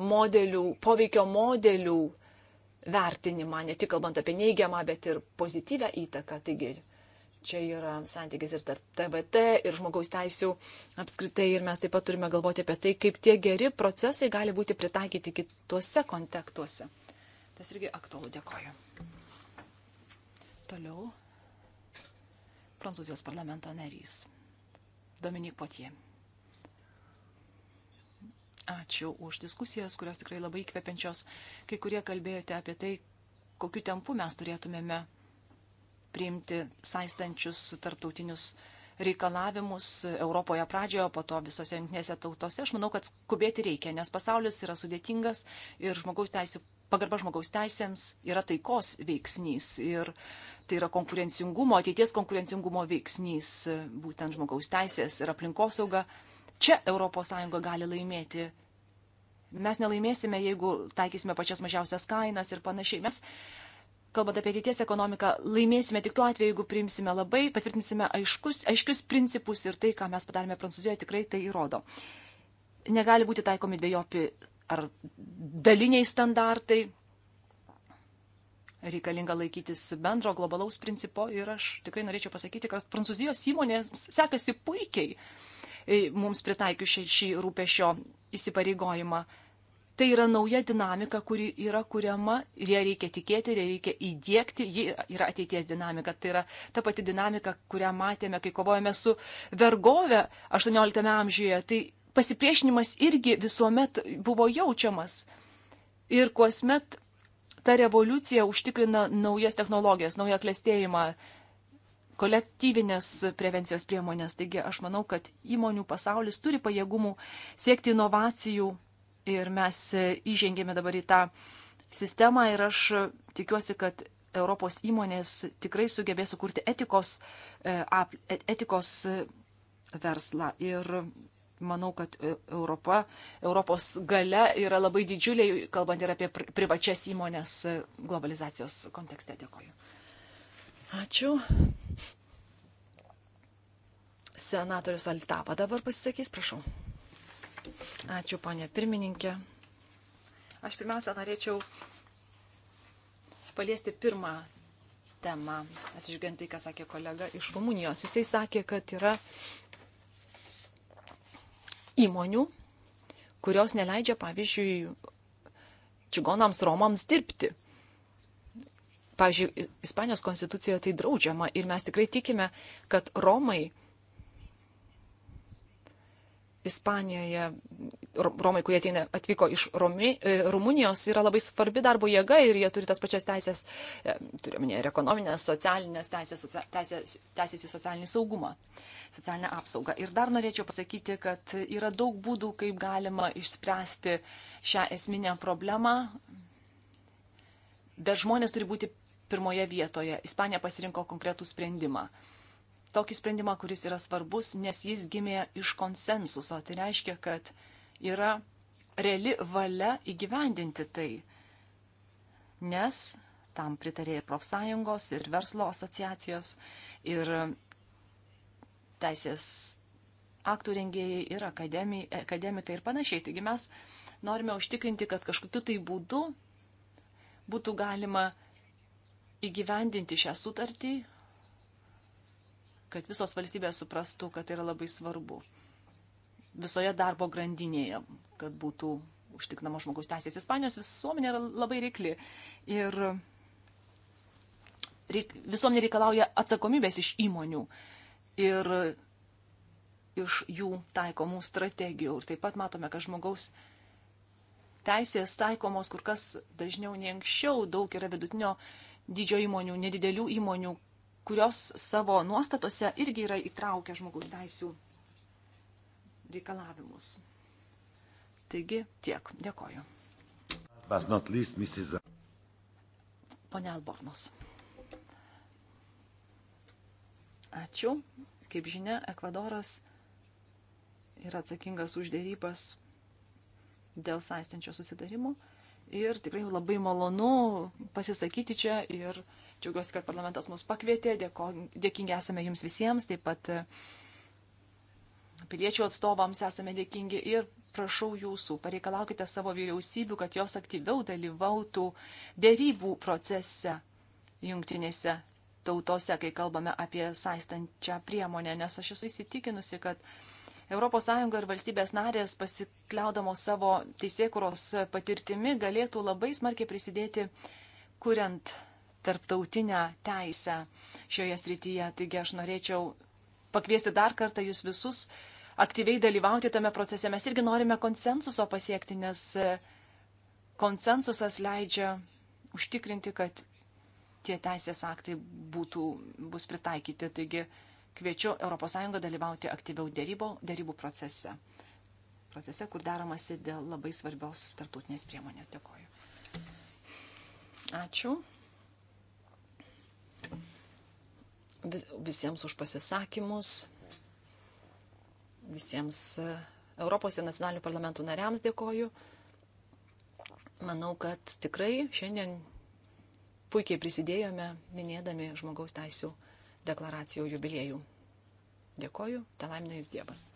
modelių, poveikio modelių vertinimą, ne tik kalbant apie neigiamą, bet ir pozityvę įtaką. Taigi čia yra santykis ir tarp TVT ir žmogaus teisų apskritai ir mes taip pat turime galvoti apie tai, kaip tie geri procesai gali būti pritaikyti kituose kontekstuose. Tas irgi aktualu, dėkoju. Toliau. Prancūzijos parlamento narys Dominik Potier. Ačiū už diskusijas, kurios tikrai labai įkvepiančios. Kai kurie kalbėjote apie tai, kokiu tempu mes turėtumėme priimti saistančius tarptautinius reikalavimus Europoje pradžioje, po to visose jungtinėse tautose. Aš manau, kad skubėti reikia, nes pasaulis yra sudėtingas ir žmogaus teisų, pagarba žmogaus teisėms yra taikos veiksnys. Ir tai yra konkurencingumo, ateities konkurencingumo veiksnys, būtent žmogaus teisės ir aplinkosauga. sauga Čia ES gali laimėti. Mes nelaimėsime, jeigu taikysime pačias mažiausias kainas ir panašiai. Mes, kalbant apie ateities ekonomiką, laimėsime tik tuo atveju, jeigu priimsime labai, patvirtinsime aiškus, aiškius principus ir tai, ką mes padarėme Prancūzijoje, tikrai tai įrodo. Negali būti taikomi dviejopi ar daliniai standartai, reikalinga laikytis bendro globalaus principo ir aš tikrai norėčiau pasakyti, kad prancūzijos įmonės sekasi puikiai. E, mums pritaikius šį, šį rūpešio įsipareigojimą. Tai yra nauja dinamika, kuri yra kuriama ir ją reikia tikėti, ją reikia įdėkti, ji yra ateities dinamika. Tai yra ta pati dinamika, kurią matėme, kai kovojame su vergove 18 amžiuje. Tai pasipriešinimas irgi visuomet buvo jaučiamas. Ir kuosmet ta revoliucija užtikrina naujas technologijas, naują klėstėjimą, kolektyvinės prevencijos priemonės. Taigi aš manau, kad įmonių pasaulis turi pajėgumų siekti inovacijų ir mes įžengėme dabar į tą sistemą ir aš tikiuosi, kad Europos įmonės tikrai sugebės sukurti etikos, e, e, etikos e, verslą. Ir manau, kad Europa, Europos gale yra labai didžiuliai, kalbant ir apie privačias įmonės globalizacijos kontekste. Dėkoju. Ačiū. Senatorius Altava dabar pasisakys, prašau. Ačiū, ponė pirmininkė. Aš pirmiausia norėčiau paliesti pirmą temą, atsižvelgiant tai, ką sakė kolega iš Rumunijos. Jisai sakė, kad yra įmonių, kurios neleidžia, pavyzdžiui, čigonams Romams dirbti. Pavyzdžiui, Ispanijos konstitucijoje tai draudžiama ir mes tikrai tikime, kad Romai Ispanijoje Romai, kurie ateina, atvyko iš Romi, e, Rumunijos, yra labai svarbi darbo jėga ir jie turi tas pačias teisės, e, turiuomenė, ir ekonominės, socialinės teisės, teisės, teisės į socialinį saugumą, socialinę apsaugą. Ir dar norėčiau pasakyti, kad yra daug būdų, kaip galima išspręsti šią esminę problemą, bet žmonės turi būti pirmoje vietoje. Ispanija pasirinko konkretų sprendimą tokį sprendimą, kuris yra svarbus, nes jis gimė iš konsensuso. Tai reiškia, kad yra reali valia įgyvendinti tai, nes tam pritarė ir profsąjungos, ir verslo asociacijos, ir teisės aktų rengėjai, ir akademikai ir panašiai. Taigi mes norime užtikrinti, kad kažkokiu tai būdu būtų galima įgyvendinti šią sutartį, kad visos valstybės suprastų, kad tai yra labai svarbu visoje darbo grandinėje, kad būtų užtikrinama žmogaus teisės. Ispanijos visuomenė yra labai reikli ir reik, visuomenė reikalauja atsakomybės iš įmonių ir iš jų taikomų strategijų. Ir taip pat matome, kad žmogaus teisės taikomos kur kas dažniau nei anksčiau, daug yra vidutinio dydžio įmonių, nedidelių įmonių, kurios savo nuostatose irgi yra įtraukę žmogaus teisų reikalavimus. Taigi tiek. Dėkoju. Least, Mrs... Pane Albornos. Ačiū. Kaip žinia, Ekvadoras yra atsakingas už dėrybas dėl saistančio susidarimo. Ir tikrai labai malonu pasisakyti čia ir uh, Džiaugiuosi, kad parlamentas mus pakvietė, dėko, dėkingi esame jums visiems, taip pat e, piliečių atstovams esame dėkingi ir prašau jūsų, pareikalaukite savo vyriausybių, kad jos aktyviau dalyvautų dėrybų procese jungtinėse tautose, kai kalbame apie saistančią priemonę, nes aš esu įsitikinusi, kad ES ir valstybės narės pasikliaudamos savo teisėkuros patirtimi galėtų labai smarkiai prisidėti, kuriant tarptautinę teisę šioje srityje. Taigi aš norėčiau pakviesti dar kartą jūs visus aktyviai dalyvauti tame procese. Mes irgi norime konsensuso pasiekti, nes konsensusas leidžia užtikrinti, kad tie teisės aktai būtų, bus pritaikyti. Taigi kviečiu ES dalyvauti aktyviau dėrybo, dėrybų procese. Procese, kur deramasi dėl labai svarbios tarptautinės priemonės. Dėkoju. Ačiū. vis, visiems už pasisakymus, visiems e, Europos ir nacionalinių parlamentų nariams dėkoju. Manau, kad tikrai šiandien puikiai prisidėjome minėdami žmogaus teisų deklaracijų jubiliejų. Dėkoju, te laimina Jūs Dievas.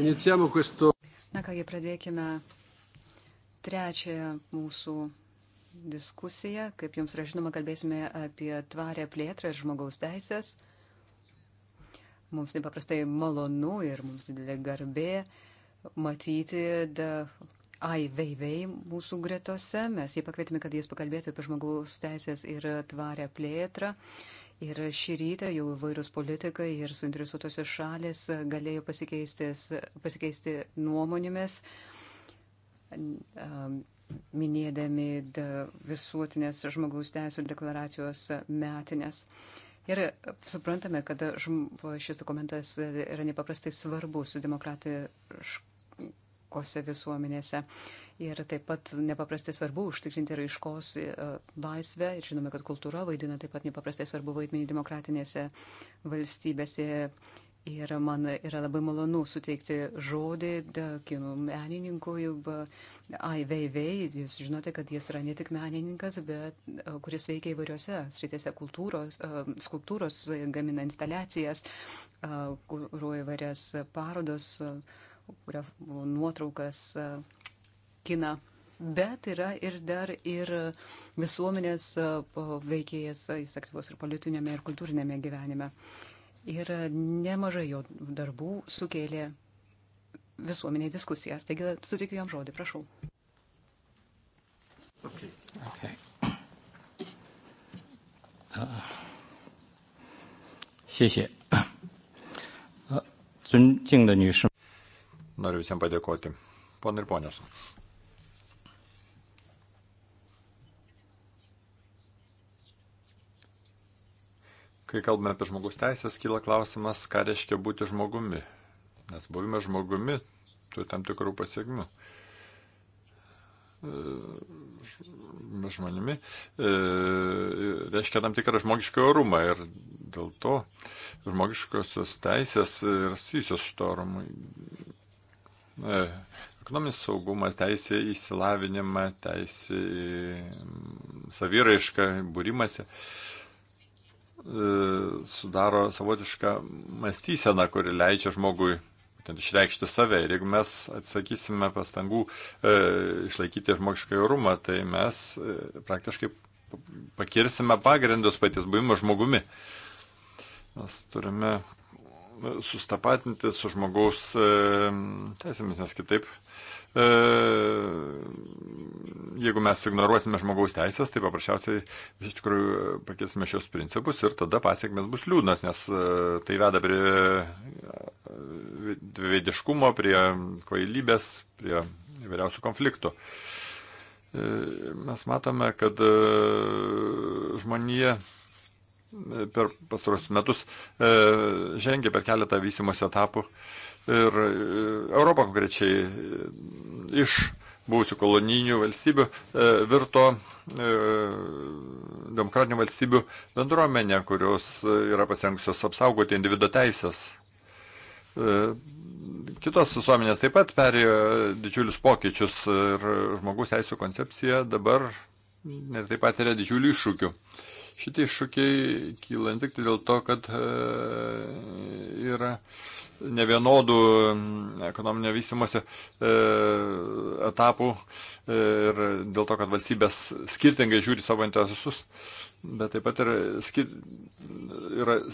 Iniciamo questo. Na kągi, pradėkime trečiąją mūsų diskusiją. Kaip jums yra žinoma, kalbėsime apie tvarę plėtrą ir žmogaus teisės. Mums nepaprastai malonu ir mums didelė garbė matyti Ai Veivei mūsų gretose. Mes jį pakvietėme, kad jis pakalbėtų apie žmogaus teisės ir tvarę plėtrą. Uh, Ir šį rytą jau įvairūs politikai ir suinteresuotosios šalės galėjo pasikeisti nuomonėmis, minėdami visuotinės žmogaus teisų deklaracijos metinės. Ir suprantame, kad šis dokumentas yra nepaprastai svarbus demokratiškai kose visuomenėse. Ir taip pat nepaprastai svarbu užtikrinti raiškos e, laisvę. Ir žinome, kad kultūra vaidina taip pat nepaprastai svarbu vaidmenį demokratinėse valstybėse. Ir man yra labai malonu suteikti žodį kinų menininkui Ai Weiwei. Jūs žinote, kad jis yra ne tik menininkas, bet e, kuris veikia įvairiose sritėse kultūros, e, skulptūros, gamina instaliacijas, kuruoja įvairias parodos, nuotraukas e, kiną, bet yra ir dar ir visuomenės e, veikėjas, e, jis aktyvus ir politinėme, ir kultūrinėme gyvenime. Ir nemažai jo darbų sukėlė visuomenėje diskusijas. Taigi sutikiu jam žodį, prašau. Okay. Okay. Uh, 谢谢。呃，尊敬的女士。Noriu visiems padėkoti. Pone ir ponios. Kai kalbame apie žmogus teisės, kyla klausimas, ką reiškia būti žmogumi. Nes buvimas žmogumi turi tam tikrų pasiekmių. Žmonimi e, reiškia tam tikrą žmogišką orumą ir dėl to žmogiškosios teisės yra susijusios šito orumu. E, ekonominis saugumas, teisė į įsilavinimą, teisė į mm, saviraišką, būrimąsi e, sudaro savotišką mąstyseną, kuri leidžia žmogui būtent išreikšti save. Ir jeigu mes atsakysime pastangų e, išlaikyti žmogišką orumą, tai mes e, praktiškai pakirsime pagrindus patys buvimo žmogumi. Mes turime sustapatinti su žmogaus e, teisėmis, nes kitaip, e, jeigu mes ignoruosime žmogaus teisės, tai paprasčiausiai iš tikrųjų pakeisime šios principus ir tada pasiekmes bus liūdnas, nes e, tai veda prie dviveidiškumo, prie kvailybės, prie įvairiausių konfliktų. Mes matome, kad žmonija per pasaros metus e, žengė per keletą vystimosi etapų ir e, Europą konkrečiai e, iš buvusių kolonijinių valstybių virto demokratinių valstybių bendruomenė, kurios yra pasirengusios apsaugoti individuo teisės. Kitos visuomenės taip pat perėjo didžiulius pokyčius ir žmogus teisų koncepcija dabar taip pat yra didžiulių iššūkių. Uh, Šitie iššūkiai kyla tik dėl to, kad e, yra nevienodų mm, ekonominio vystimosi e, etapų e, ir dėl to, kad valstybės skirtingai žiūri savo interesus. Bet taip pat ir skir... yra e,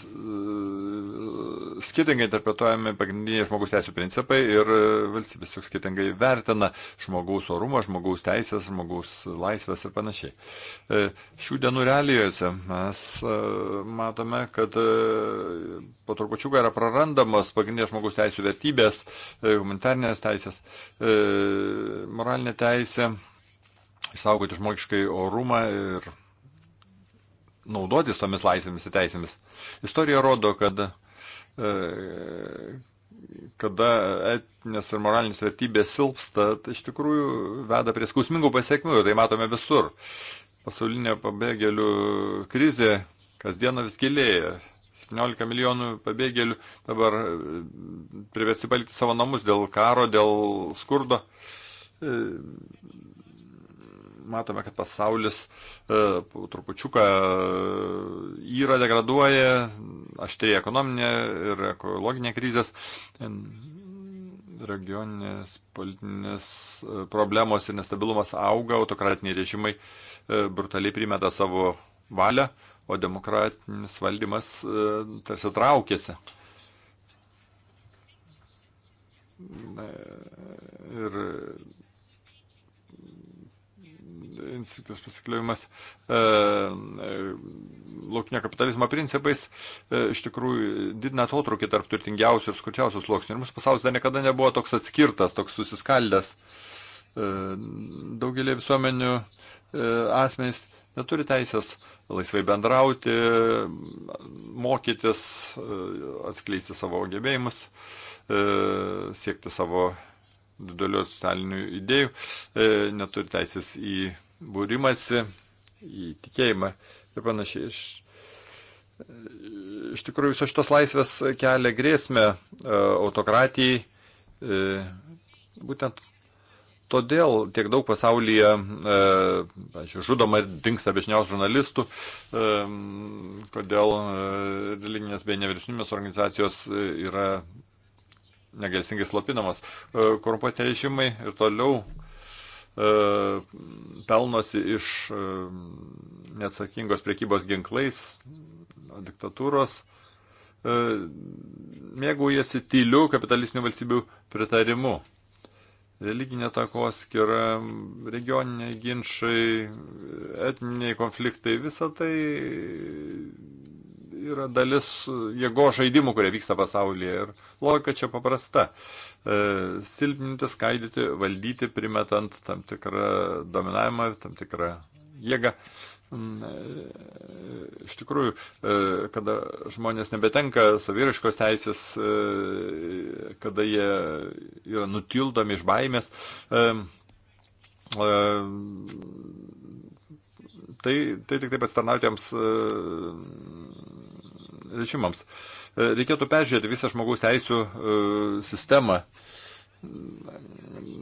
skirtingai interpretuojami pagrindiniai žmogaus teisų principai ir valstybės juk skirtingai vertina žmogaus orumą, žmogaus teisės, žmogaus laisvės ir panašiai. E, šių dienų realijose mes e, matome, kad po trupučiuką yra prarandamos pagrindinės žmogaus teisų vertybės, humanitarnės teisės, moralinė teisė, išsaugoti žmogiškai orumą ir naudotis tomis laisvėmis ir teisėmis. Istorija rodo, kad e, kada etinės ir moralinės vertybės silpsta, tai iš tikrųjų veda prie skausmingų pasiekmių, tai matome visur. Pasaulinė pabėgėlių krizė kasdieną vis gilėja. 17 milijonų pabėgėlių dabar e, priversi palikti savo namus dėl karo, dėl skurdo. E, matome, kad pasaulis e, trupučiuką e, yra degraduoja, aštrėja ekonominė ir ekologinė krizės, e, regioninės politinės e, problemos ir nestabilumas auga, autokratiniai režimai e, brutaliai primeta savo valią, o demokratinis valdymas e, tarsi traukėsi. Ir institucijos pasikliavimas e, e, laukinio kapitalizmo principais e, iš tikrųjų didina atotrukį tarp turtingiausių ir skurčiausių sluoksnių. Ir mūsų pasaulis dar niekada nebuvo toks atskirtas, toks susiskaldęs. E, daugelį visuomenių e, asmenys neturi teisės laisvai bendrauti, mokytis, e, atskleisti savo gebėjimus, e, siekti savo didelių socialinių idėjų, e, neturi teisės į būrimąsi, į tikėjimą ir panašiai. Iš, e, iš tikrųjų, visos šitos laisvės kelia grėsmę e, autokratijai. Būtent todėl tiek daug pasaulyje, pažiūrėjau, žudoma ir dinksta viešniausių žurnalistų, kodėl religinės bei nevyriausybinės organizacijos yra negalsingai slopinamos. E, korumpuoti režimai ir toliau e, pelnosi iš e, neatsakingos priekybos ginklais, diktatūros, mėgaujasi tyliu kapitalistinių valstybių pritarimu. Religinė takos skira, regioniniai ginčiai, etniniai konfliktai, visa tai yra dalis jėgo žaidimų, kurie vyksta pasaulyje. Ir logika čia paprasta. E, Silpninti, skaidyti, valdyti, primetant tam tikrą dominavimą ir tam tikrą jėgą. Mm, e, iš tikrųjų, e, kada žmonės nebetenka saviriškos teisės, kada jie yra nutildomi iš baimės, tai, tai tik tai pasitarnautėms režimams. E, reikėtų peržiūrėti visą žmogaus teisų e, sistemą.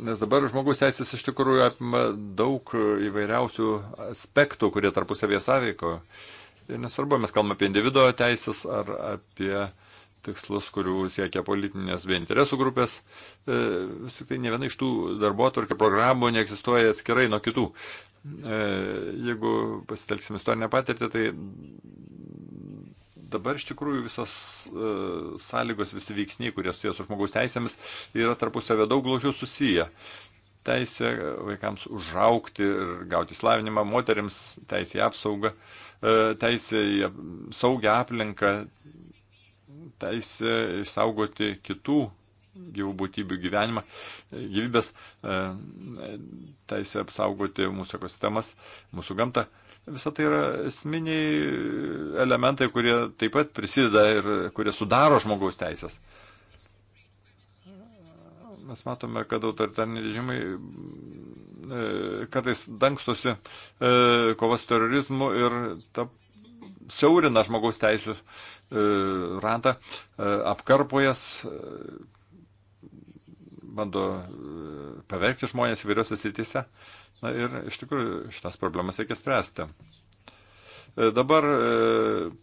Nes dabar žmogus teisės iš tikrųjų apima daug įvairiausių aspektų, kurie tarpusavėje sąveiko. Ir nesvarbu, mes kalbame apie individuo teisės ar apie tikslus, kurių siekia politinės bei interesų grupės. E, vis tik tai ne viena iš tų darbo atvarkė programų neegzistuoja atskirai nuo kitų. Jeigu pasitelksime istorinę patirtį, tai dabar iš tikrųjų visos uh, sąlygos, visi veiksniai, kurie susijęs su žmogaus teisėmis, yra tarpusavė daug glaudžiau susiję. Teisė vaikams užaukti ir gauti slavinimą, moteriams teisė į apsaugą, uh, teisė į saugią aplinką, teisė išsaugoti kitų gyvų būtybių gyvenimą, e, gyvybės, teisė apsaugoti mūsų ekosistemas, mūsų gamtą. Visą tai yra esminiai elementai, kurie taip pat prisideda ir kurie sudaro žmogaus teisės. Mes matome, kad autoritariniai režimai e, kartais dangstosi e, kovas terorizmu ir ta siaurina žmogaus teisų e, ratą, apkarpojas bando e, paveikti žmonės įvairiose srityse. Na ir iš tikrųjų šitas problemas reikia spręsti. E, dabar e,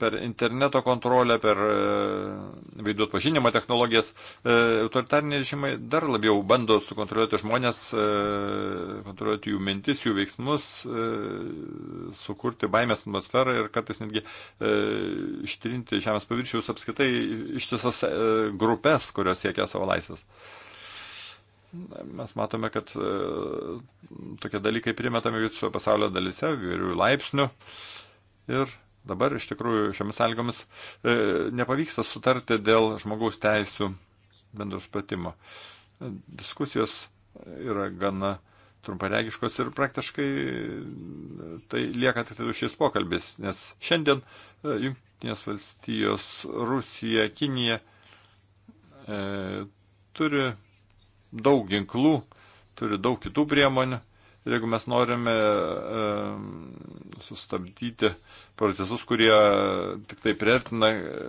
per interneto kontrolę, per veidų atpažinimo technologijas autoritariniai režimai dar labiau bando sukontroliuoti žmonės, kontroliuoti jų mintis, jų veiksmus, sukurti baimės atmosferą ir kartais netgi ištrinti žemės paviršiaus apskaitai ištisas grupės, kurios siekia savo laisvės. Mes matome, kad e, tokie dalykai primetami viso pasaulio dalise, vyrių laipsnių. Ir dabar iš tikrųjų šiomis sąlygomis e, nepavyksta sutarti dėl žmogaus teisų bendro supratimo. Diskusijos yra gana trumparegiškos ir praktiškai e, tai lieka tik tai šis pokalbis, nes šiandien Junktinės valstijos, Rusija, Kinija e, turi daug ginklų, turi daug kitų priemonių. Ir jeigu mes norime e, sustabdyti procesus, kurie tik tai priartina e,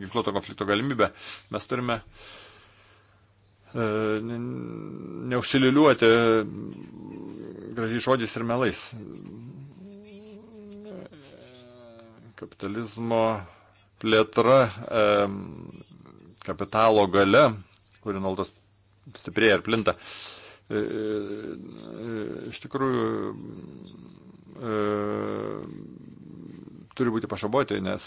ginkluoto konflikto galimybę, mes turime e, neužsiliuliuoti e, gražiai žodžiais ir melais. Kapitalizmo plėtra e, kapitalo gale, kuri nuoltos stiprėja ir plinta. E, e, iš tikrųjų, e, turi būti pašaboti, nes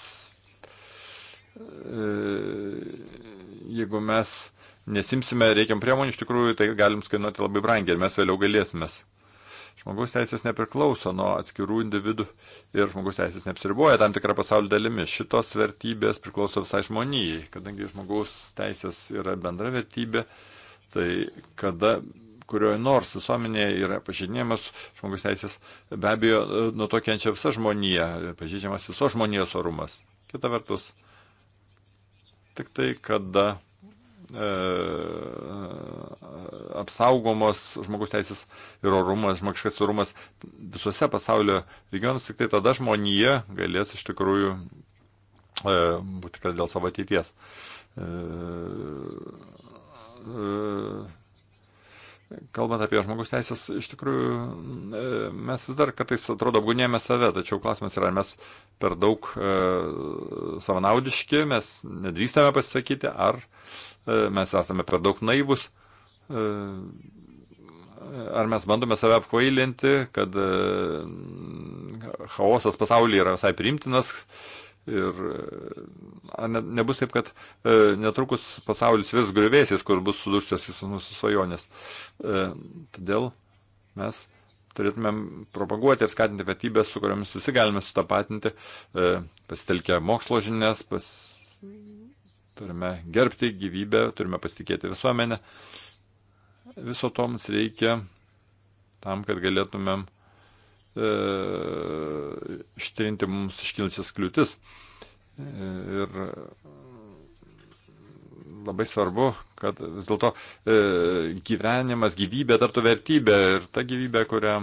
jeigu mes nesimsime reikiam priemonių, iš tikrųjų tai galim skainuoti labai brangiai ir mes vėliau galėsimės. Žmogaus teisės nepriklauso nuo atskirų individų ir žmogaus teisės neapsiriboja tam tikrą pasaulio dalimi. Šitos vertybės priklauso visai žmonijai, kadangi žmogaus teisės yra bendra vertybė. E, tai kada kurioje nors visuomenėje yra pažydinėjamas žmogus teisės, be abejo, nuo to kenčia visa žmonija, pažydžiamas viso žmonijos orumas. Kita vertus, tik tai kada e, apsaugomos žmogus teisės ir orumas, žmogiškas orumas visuose pasaulio regionuose, tik tai tada žmonija galės iš tikrųjų e, būti kad dėl savo ateities. E, E, kalbant apie žmogus teisės, iš tikrųjų e, mes vis dar kartais atrodo apgunėjame save, tačiau klausimas yra, ar mes per daug e, savanaudiški, mes nedrįstame pasisakyti, ar mes esame per daug naivus, ar mes bandome save apkvailinti, kad chaosas pasaulyje yra visai primtinas, Ir ne, nebus taip, kad e, netrukus pasaulis virs grįvėsiais, kur bus suduštas visus mūsų svajonės. E, todėl mes turėtumėm propaguoti ir skatinti vertybės, su kuriamis visi galime sutapatinti, e, pasitelkę mokslo žinias, pas... turime gerbti gyvybę, turime pasitikėti visuomenę. Viso to mums reikia tam, kad galėtumėm E, ištrinti mums iškilusias kliūtis. E, ir labai svarbu, kad vis dėlto e, gyvenimas, gyvybė tartų vertybė ir ta gyvybė, kurią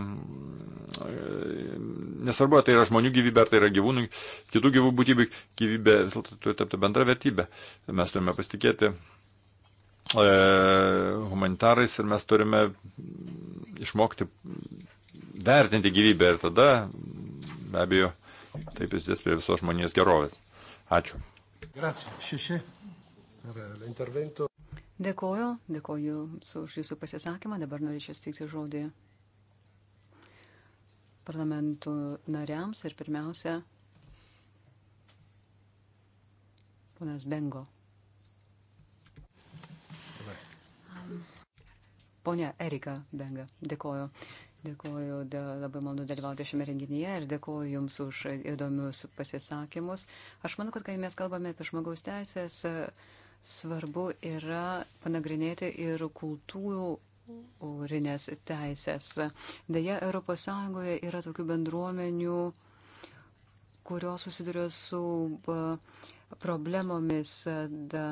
nesvarbu, ar tai yra žmonių gyvybė, ar tai yra gyvūnų, kitų gyvų būtybių gyvybė, vis dėlto turi tapti bendra vertybė. Mes turime pasitikėti e, humanitarais ir mes turime išmokti vertinti gyvybę ir tada, be abejo, taip prisidės prie visos žmonijos gerovės. Ačiū. Dėkoju, dėkoju Jums už Jūsų pasisakymą. Dabar norėčiau stikti žodį parlamentų nariams ir pirmiausia, ponas Bengo. Ponia Erika Benga, dėkoju. Dėkuoju, da, labai malonu dalyvauti šiame renginyje ir dėkuoju Jums už įdomius pasisakymus. Aš manau, kad kai mes kalbame apie žmogaus teisės, svarbu yra panagrinėti ir kultūrinės teisės. Deja, ES yra tokių bendruomenių, kurios susiduria su problemomis. Da,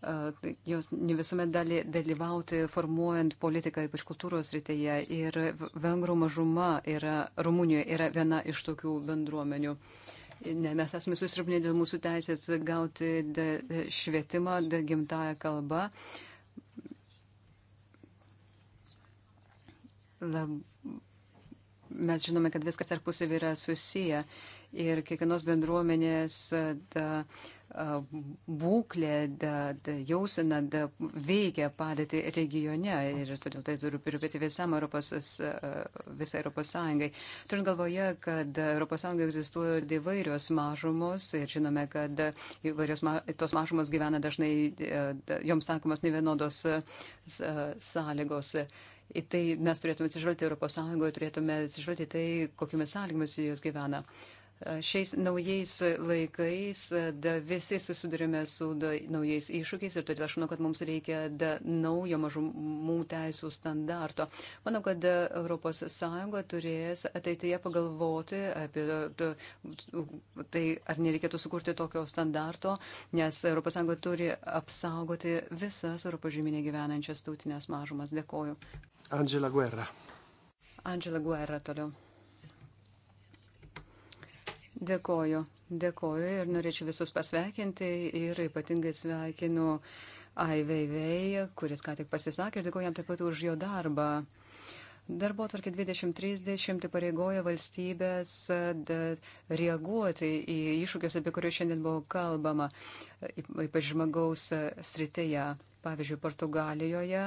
Tai jos ne visuomet gali dalyvauti formuojant politiką, ypač kultūros rytėje. Ir vengrų mažuma yra, Rumunijoje yra viena iš tokių bendruomenių. Ne, mes esame susirūpinę dėl mūsų teisės gauti de, de švietimą de gimtają kalbą. Lab... Mes žinome, kad viskas tarpusavį yra susiję. Uh, ir kiekvienos bendruomenės da, būklė, da, da, jausena da, veikia padėti regione ir todėl tai turi pirpėti visam Europos, visai Europos Sąjungai. Turint galvoje, kad Europos Sąjungoje egzistuoja įvairios mažumos ir žinome, kad įvairios ma, tos mažumos gyvena dažnai, da, joms sakomos nevienodos sąlygos. Į tai mes turėtume atsižvelgti Europos Sąjungoje, turėtume atsižvelgti tai, kokiamis sąlygomis jos gyvena. Uh, Šiais naujais laikais e, da, visi susidurime su da, naujais iššūkiais ir todėl aš manau, kad mums reikia da, naujo mažumų teisų standarto. Manau, kad ES turės ateityje pagalvoti apie da, tai, ar nereikėtų sukurti tokio standarto, nes ES turi apsaugoti visas Europos žemynė gyvenančias tautinės mažumas. Dėkoju. Angela Guerra. Angela Guerra toliau. Dėkoju, dėkoju ir norėčiau visus pasveikinti ir ypatingai sveikinu Ai Weiwei, kuris ką tik pasisakė ir dėkoju jam taip pat už jo darbą. Darbo tvarkė 2030 pareigoja valstybės reaguoti į iššūkius, apie kuriuos šiandien buvo kalbama, ypač žmogaus srityje. Pavyzdžiui, Portugalijoje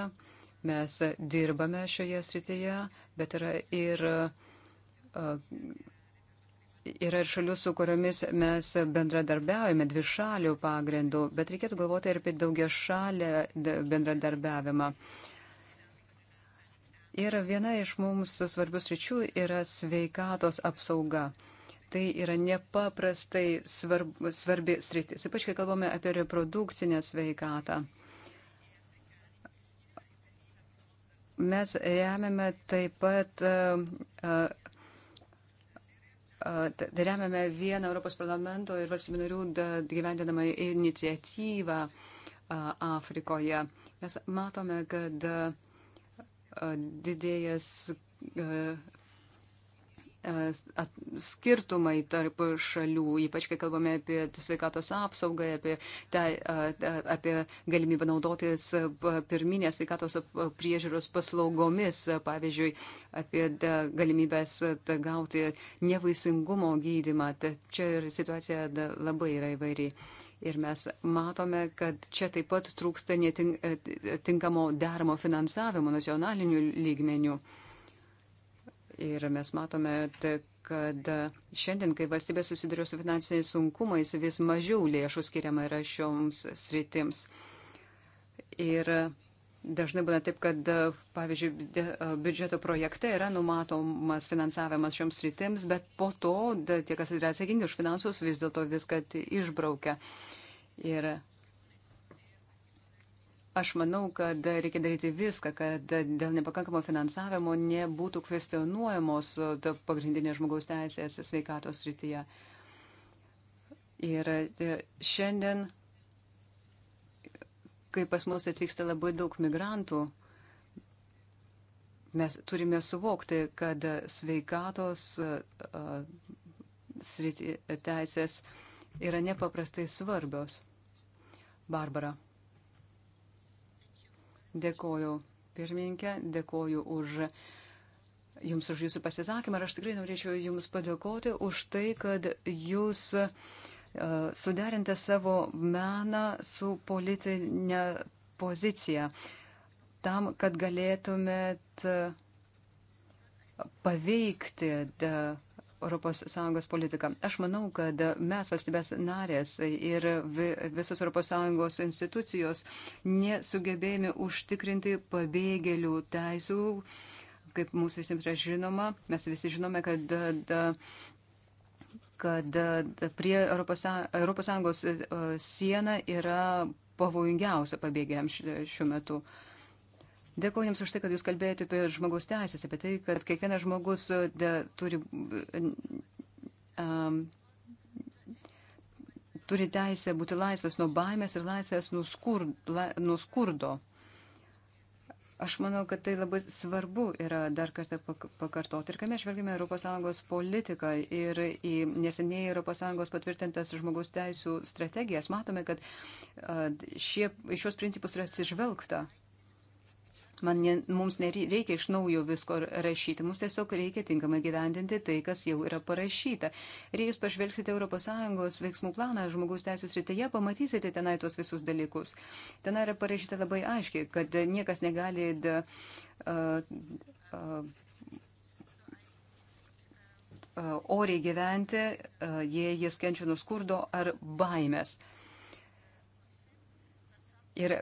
mes dirbame šioje srityje, bet yra ir Yra ir šalių, su kuriomis mes bendradarbiaujame dvišalių pagrindų, bet reikėtų galvoti ir apie daugia šalę bendradarbiavimą. Ir viena iš mums svarbių sričių yra sveikatos apsauga. Tai yra nepaprastai svarb, svarbi sritis, ypač kai kalbame apie reprodukcinę sveikatą. Mes remiame taip pat uh, uh, Tai remiame vieną Europos parlamento ir valstybių narių gyvendinamą iniciatyvą Afrikoje. Mes matome, kad didėjas E, skirtumai tarp šalių, ypač kai kalbame apie sveikatos apsaugą, apie, tą, e, apie galimybę naudotis e, pirminės sveikatos priežiūros paslaugomis, pavyzdžiui, apie galimybės gauti nevaisingumo gydimą. Čia ir situacija labai yra įvairi. Ir mes matome, kad čia taip pat trūksta netinkamo deramo finansavimo nacionalinių lygmenių. Ir mes matome, kad šiandien, kai valstybė susiduria su finansiniais sunkumais, vis mažiau lėšų skiriama yra šioms sritims. Ir Dažnai būna taip, kad, pavyzdžiui, biudžeto projekte yra numatomas finansavimas šioms sritims, bet po to tie, kas yra atsakingi už finansus, vis dėlto viską išbraukia. Ir Aš manau, kad reikia daryti viską, kad dėl nepakankamo finansavimo nebūtų kvestionuojamos pagrindinės žmogaus teisės sveikatos rytyje. Ir e, šiandien, kai pas mus atvyksta labai daug migrantų, mes turime suvokti, kad sveikatos e, e, teisės yra nepaprastai svarbios. Barbara. Dėkoju pirmininkė, dėkoju už Jums už Jūsų pasisakymą ir aš tikrai norėčiau Jums padėkoti už tai, kad Jūs uh, e, suderinate savo meną su politinė pozicija tam, kad galėtumėt e, paveikti. Uh, ES politiką. Aš manau, kad mes, valstybės narės ir visos ES institucijos, nesugebėjome užtikrinti pabėgėlių teisų, kaip mūsų visiems yra žinoma. Mes visi žinome, kad da, da, kad prie ES e, siena yra pavojingiausia pabėgėliams šiuo metu. Uh, Dėkuoju Jums už tai, kad Jūs kalbėjote apie žmogaus teisės, apie tai, kad kiekvienas žmogus e, de, turi, um, turi teisę būti laisvas nuo baimės ir laisvės nuo, skur, la, nuo skurdo. Aš manau, kad tai labai svarbu yra dar kartą pakartoti. Ir kai mes žvelgime ES politiką ir į neseniai ES patvirtintas žmogaus teisų strategijas, matome, kad šie, šios principus yra atsižvelgta. Man ne, mums nereikia iš naujo visko rašyti, mums tiesiog reikia tinkamai gyvendinti tai, kas jau yra parašyta. Ir jei jūs pažvelgsite ES veiksmų planą žmogaus teisų srityje, pamatysite tenai tuos visus dalykus. Ten yra parašyta labai aiškiai, kad niekas negali. Da, uh, uh, oriai gyventi, jei jis kenčia nuo skurdo ar baimės. Ir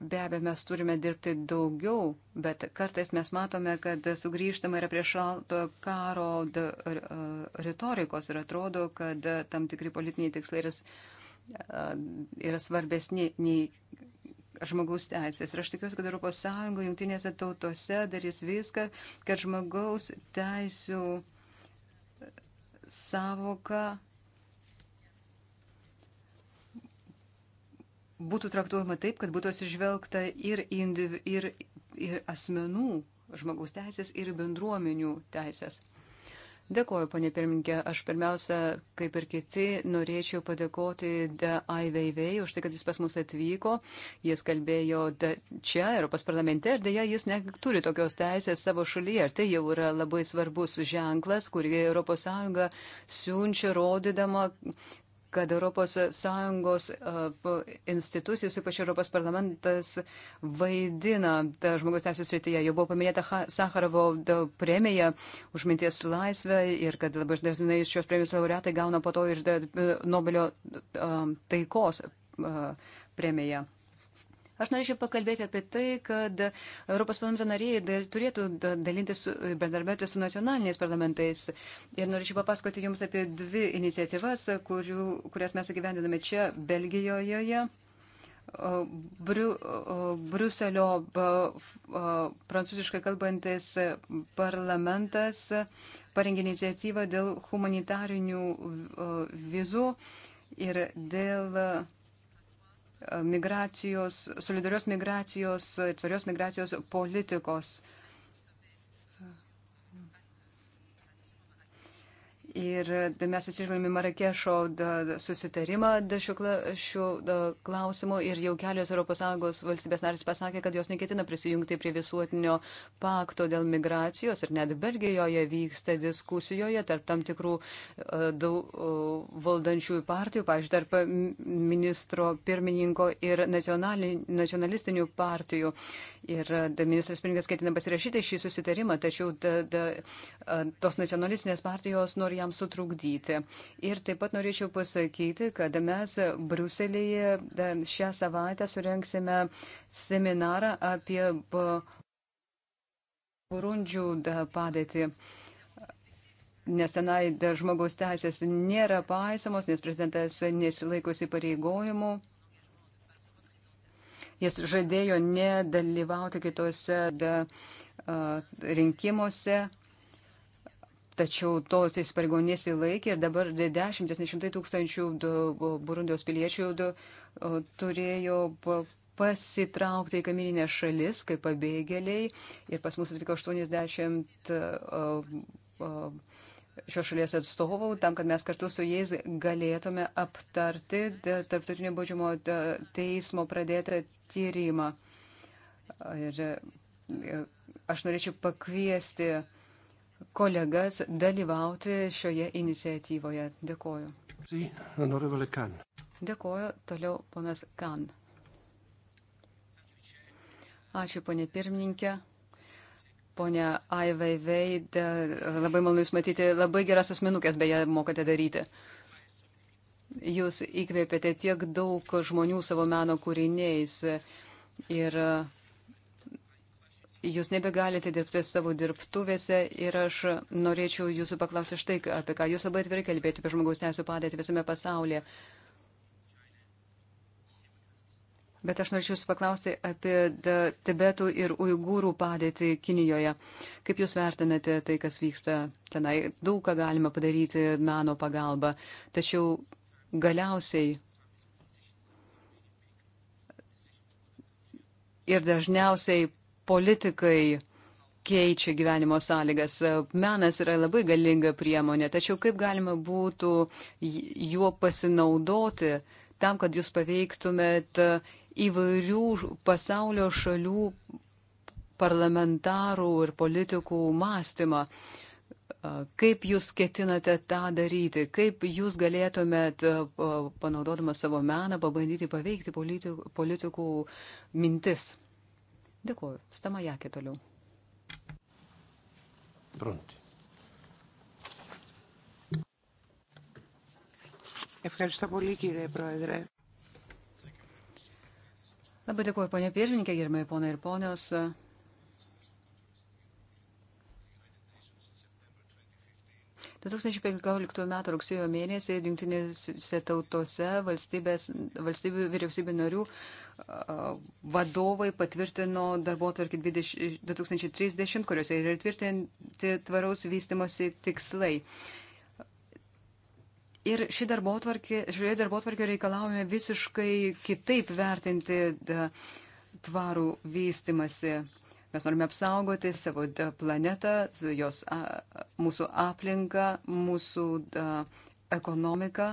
Be abejo, mes turime dirbti daugiau, bet kartais mes matome, kad sugrįžtama yra prie šalto karo retorikos ir atrodo, kad tam tikri politiniai tikslai yra, yra svarbesni nei žmogaus teisės. Ir aš tikiuosi, kad ES jungtinėse tautose darys viską, kad žmogaus teisų savoka būtų traktuojama taip, kad būtų atsižvelgta ir, indiv, ir, ir asmenų žmogaus teisės, ir bendruomenių teisės. Dėkoju, ponė pirmininkė. Aš pirmiausia, kaip ir kiti, norėčiau padėkoti Ai Weiwei už tai, kad jis pas mus atvyko. Jis kalbėjo čia, Europos parlamente, ir dėja jis neturi tokios teisės savo šalyje. Ir tai jau yra labai svarbus ženklas, kurį ES siunčia, rodydama, kad ES institucijos, ypač Europos parlamentas, vaidina žmogaus teisės srityje. Jau buvo paminėta Sakarovo premija už minties laisvę ir kad labai dažnai šios premijos laureatai gauna po to ir Nobelio taikos premiją. Aš norėčiau pakalbėti apie tai, kad Europos parlamento nariai turėtų dalintis, bendarbiauti su nacionaliniais parlamentais. Ir norėčiau papasakoti Jums apie dvi iniciatyvas, kurių, kurias mes įgyvendiname čia, Belgijoje. Briu, Briuselio prancūziškai kalbantis parlamentas parengė iniciatyvą dėl humanitarinių vizų ir dėl migracijos, solidarios migracijos ir tvarios migracijos politikos Ir mes atsižvelgėme Marakešo susitarimą šiuo klausimu ir jau kelios ES valstybės narės pasakė, kad jos neketina prisijungti prie visuotinio pakto dėl migracijos ir net Belgijoje vyksta diskusijoje tarp tam tikrų e, daug, valdančiųjų partijų, pavyzdžiui, tarp ministro pirmininko ir nacionalistinių partijų. Ir da, ministras pirmininkas ketina pasirašyti šį susitarimą, tačiau da, da, tos nacionalistinės partijos nori jam jam sutrukdyti. Ir taip pat norėčiau pasakyti, kad mes Bruselėje e, šią savaitę surenksime seminarą apie Burundžių padėtį nes tenai žmogaus teisės nėra paisamos, nes prezidentas nesilaikosi pareigojimų. Jis žadėjo nedalyvauti kitose da, rinkimuose. Tačiau to įsipareigo nesilaikė ir dabar dešimtis, nešimtai tūkstančių Burundijos piliečių turėjo pasitraukti į kamininę šalis kaip pabėgėliai ir pas mus atvyko 80 šios šalies atstovų, tam, kad mes kartu su jais galėtume aptarti tarptautinio baudžiamo teismo pradėtą tyrimą. Ir e, aš norėčiau pakviesti uh, kolegas dalyvauti šioje iniciatyvoje. Dėkoju. Dėkoju toliau ponas Kan. Ačiū, ponė pirmininkė. Pone Aivaivei, labai malonu Jūs matyti, labai geras asmenukės beje mokate daryti. Jūs įkvėpėte tiek daug žmonių savo meno kūriniais ir Jūs nebegalite dirbti savo dirbtuvėse ir aš norėčiau jūsų paklausti štai apie ką. Jūs labai atvirai kalbėjote apie žmogaus teisų padėtį visame pasaulyje. Bet aš norėčiau jūsų paklausti apie Tibetų ir Uigūrų padėtį Kinijoje. Kaip jūs vertinate tai, kas vyksta tenai? Daug ką galima padaryti meno pagalba, tačiau galiausiai ir dažniausiai politikai keičia gyvenimo sąlygas. Menas yra labai galinga priemonė, tačiau kaip galima būtų juo pasinaudoti tam, kad jūs paveiktumėt įvairių pasaulio šalių parlamentarų ir politikų mąstymą. Kaip jūs ketinate tą daryti? Kaip jūs galėtumėt, panaudodamas savo meną, pabandyti paveikti politikų, politikų mintis? Dėkuoju. Stamajakė toliau. Pronti. Ευχαριστώ πολύ κύριε Πρόεδρε. Labai dėkuoju, ponė pirmininkė, gerbėjai ponai ir ponios. 2015 m. rugsėjo mėnesį jungtinėse tautose valstybių vyriausybių narių vadovai patvirtino darbo tvarkį 2030, kuriuose yra tvirtinti tvaraus vystimosi tikslai. Ir šioje darbo tvarkė reikalavome visiškai kitaip vertinti. Da, tvarų vystimasi. Mes norime apsaugoti savo planetą, jos, mūsų aplinką, mūsų ekonomiką.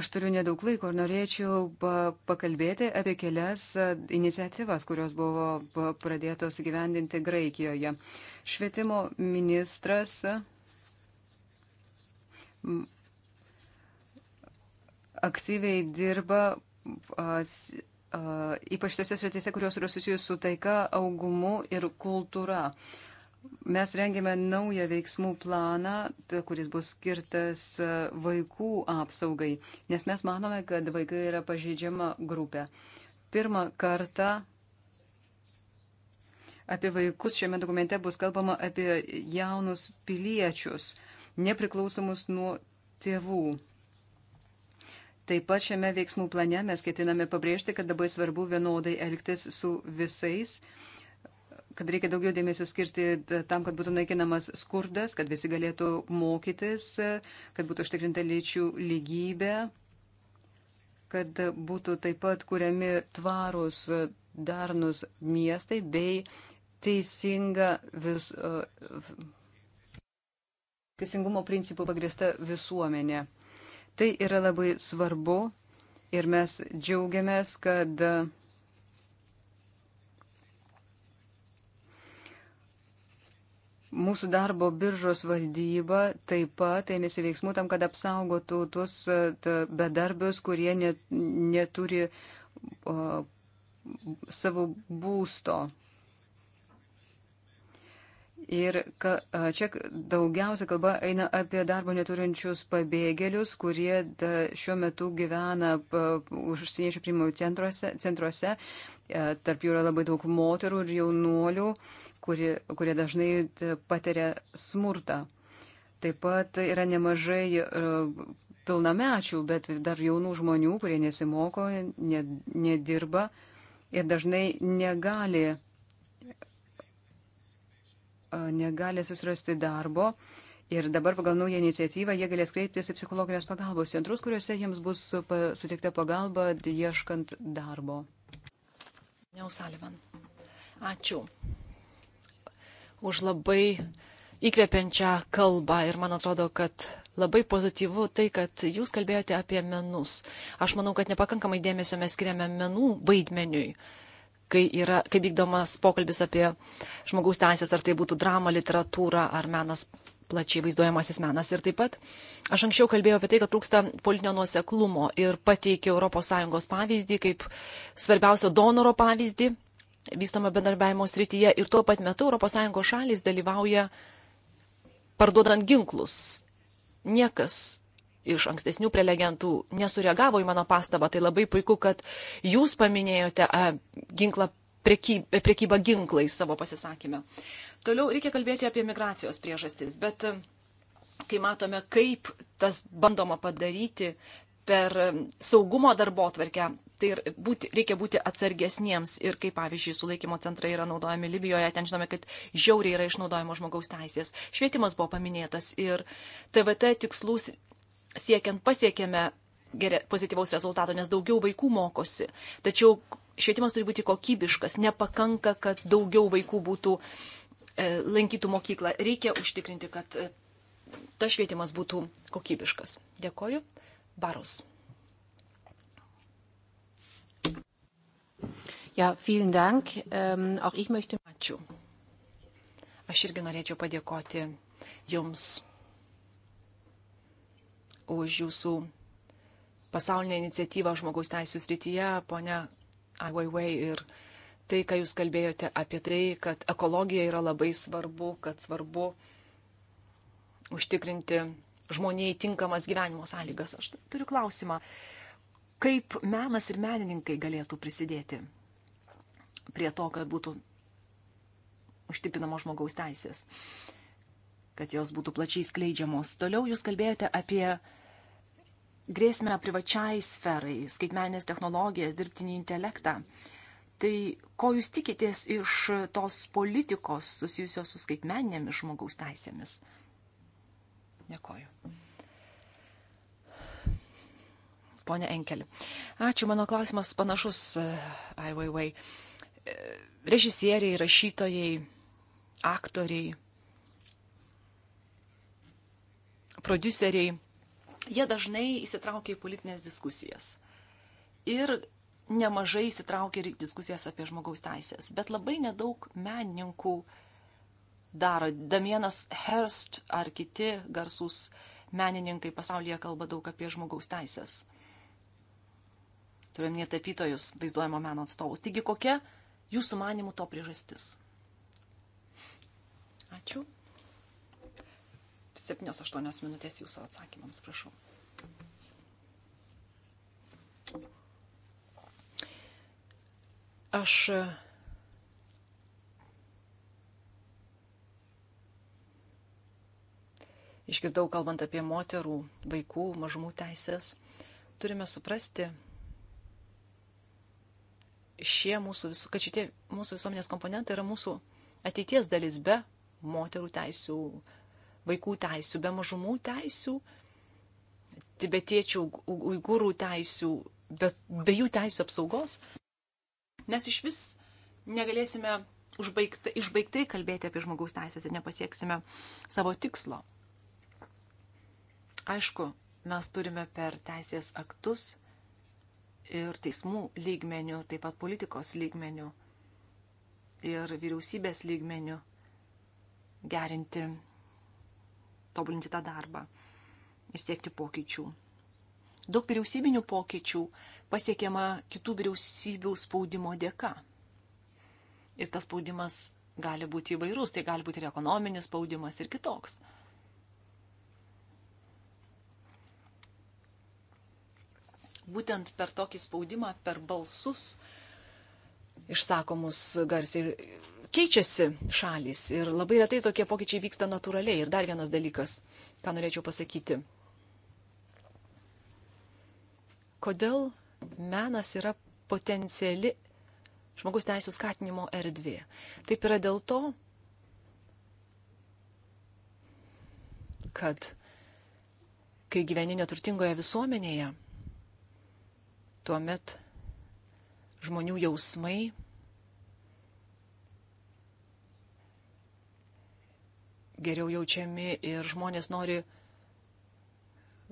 Aš turiu nedaug laiko ir norėčiau pakalbėti apie kelias iniciatyvas, kurios buvo pradėtos gyvendinti Graikijoje. Švietimo ministras aktyviai dirba E, ypač tose srityse, kurios yra susijusi su taika, augumu ir kultūra. Mes rengėme naują veiksmų planą, kuris bus skirtas e, vaikų apsaugai, nes mes manome, kad vaikai yra pažeidžiama grupė. Pirmą kartą apie vaikus šiame dokumente bus kalbama apie jaunus piliečius, nepriklausomus nuo tėvų. Taip pat šiame veiksmų plane mes ketiname pabrėžti, kad labai svarbu vienodai elgtis su visais kad reikia daugiau dėmesio skirti tam, kad būtų naikinamas skurdas, kad visi galėtų mokytis, kad būtų užtikrinta lyčių lygybė, kad būtų taip pat kuriami tvarūs, darnus miestai bei teisinga vis, uh, teisingumo principų pagrįsta visuomenė. Tai yra labai svarbu ir mes džiaugiamės, kad Mūsų darbo biržos valdyba taip pat ėmėsi veiksmų tam, kad apsaugotų tuos bedarbius, kurie net, neturi o, savo būsto. Ir ka, čia daugiausia kalba eina apie darbo neturinčius pabėgėlius, kurie da, šiuo metu gyvena užsieniečių priimimų centruose, centruose. E, tarp jų yra labai daug moterų ir jaunuolių, kurie, kurie dažnai patiria smurtą. Taip pat yra nemažai e, pilnamečių, bet dar jaunų žmonių, kurie nesimoko, nedirba ir dažnai negali negali susirasti darbo. Ir dabar pagal naują iniciatyvą jie galės kreiptis į psichologinės pagalbos centrus, kuriuose jiems bus suteikta pagalba ieškant darbo. Neusalivan. Ačiū už labai įkvepiančią kalbą ir man atrodo, kad labai pozityvu tai, kad jūs kalbėjote apie menus. Aš manau, kad nepakankamai dėmesio mes skiriame menų vaidmeniui kai, yra, kai vykdomas pokalbis apie žmogaus teisės, ar tai būtų drama, literatūra ar menas, plačiai vaizduojamasis menas. Ir taip pat aš anksčiau kalbėjau apie tai, kad trūksta politinio nuoseklumo ir pateikiau ES pavyzdį kaip svarbiausio donoro pavyzdį vystoma bendarbiavimo srityje ir tuo pat metu ES šalis dalyvauja parduodant ginklus. Niekas iš ankstesnių prelegentų nesureagavo į mano pastabą, tai labai puiku, kad jūs paminėjote a, ginklą priekybą, priekybą ginklais savo pasisakymę. Toliau reikia kalbėti apie migracijos priežastis, bet kai matome, kaip tas bandoma padaryti per saugumo darbo atverkę, tai būti, reikia būti atsargesniems ir kaip pavyzdžiui sulaikymo centrai yra naudojami Libijoje, ten žinome, kad žiauriai yra išnaudojamos žmogaus teisės. Švietimas buvo paminėtas ir TVT tikslus siekiant pasiekėme geria, pozityvaus rezultato, nes daugiau vaikų mokosi. Tačiau švietimas turi būti kokybiškas, nepakanka, kad daugiau vaikų būtų e, lankytų mokyklą. Reikia užtikrinti, kad e, tas švietimas būtų kokybiškas. Dėkoju. Barus. Ja, vielen Dank. Ähm, auch ich möchte. Ačiū. Aš irgi norėčiau padėkoti Jums už jūsų pasaulinę iniciatyvą žmogaus teisų srityje, ponia Ai Weiwei, ir tai, ką jūs kalbėjote apie tai, kad ekologija yra labai svarbu, kad svarbu užtikrinti žmoniai tinkamas gyvenimo sąlygas. Aš turiu klausimą, kaip menas ir menininkai galėtų prisidėti prie to, kad būtų užtikrinamos žmogaus teisės. Uh, kad jos būtų plačiai skleidžiamos. Toliau jūs kalbėjote apie grėsmę privačiai sferai, skaitmenės technologijas, dirbtinį intelektą. Tai ko jūs tikitės iš tos politikos susijusios su skaitmeninėmis žmogaus teisėmis? Dėkoju. Pone Enkeli. Ačiū, mano klausimas panašus, eh, Ai Weiwei. Eh, režisieriai, rašytojai, aktoriai produceriai, jie dažnai įsitraukia į politinės diskusijas. Ir nemažai įsitraukia ir diskusijas apie žmogaus teisės. Bet labai nedaug menininkų daro. Damienas Hearst ar kiti garsūs menininkai pasaulyje kalba daug apie žmogaus teisės. Turim netapytojus, vaizduojamo meno atstovus. Taigi kokia jūsų manimų to priežastis? Ačiū. 7-8 minutės jūsų atsakymams, prašau. Aš išgirdau, kalbant apie moterų, vaikų, mažumų teisės, turime suprasti, mūsų, kad šitie mūsų visuomenės komponentai yra mūsų ateities dalis be moterų teisų, vaikų teisų, be mažumų teisų, tibetiečių, uigūrų teisų, be, be jų teisų apsaugos, mes iš vis negalėsime užbaigta, išbaigtai kalbėti apie žmogaus teisės ir nepasieksime savo tikslo. Aišku, mes turime per teisės aktus ir teismų lygmenių, taip pat politikos lygmenių ir vyriausybės lygmenių gerinti tobulinti tą darbą ir siekti pokyčių. Daug vyriausybinių pokyčių pasiekiama kitų vyriausybių spaudimo dėka. Ir tas spaudimas gali būti įvairus, tai gali būti ir ekonominis spaudimas ir kitoks. Būtent per tokį spaudimą, per balsus išsakomus garsiai keičiasi šalis ir labai retai tokie pokyčiai vyksta natūraliai. Ir dar vienas dalykas, ką norėčiau pasakyti. Kodėl menas yra potenciali žmogus teisų skatinimo erdvė? Taip yra dėl to, kad kai gyveni neturtingoje visuomenėje, tuomet žmonių jausmai geriau jaučiami ir žmonės nori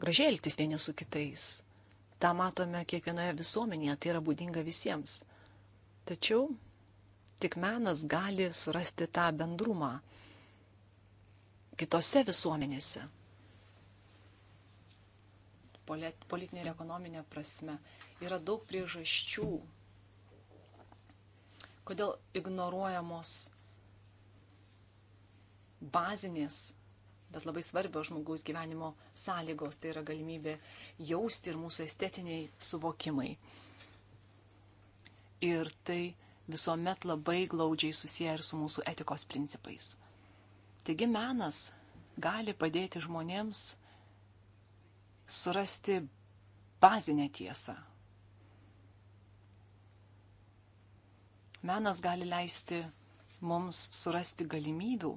gražiai elgtis vieni su kitais. Ta matome kiekvienoje visuomenėje, tai yra būdinga visiems. Tačiau tik menas gali surasti tą bendrumą kitose visuomenėse. Politinė ir ekonominė prasme yra daug priežasčių, kodėl ignoruojamos bazinės, bet labai svarbios žmogaus gyvenimo sąlygos. Tai yra galimybė jausti ir mūsų estetiniai suvokimai. Ir tai visuomet labai glaudžiai susiję ir su mūsų etikos principais. Taigi menas gali padėti žmonėms surasti bazinę tiesą, menas gali leisti mums surasti galimybių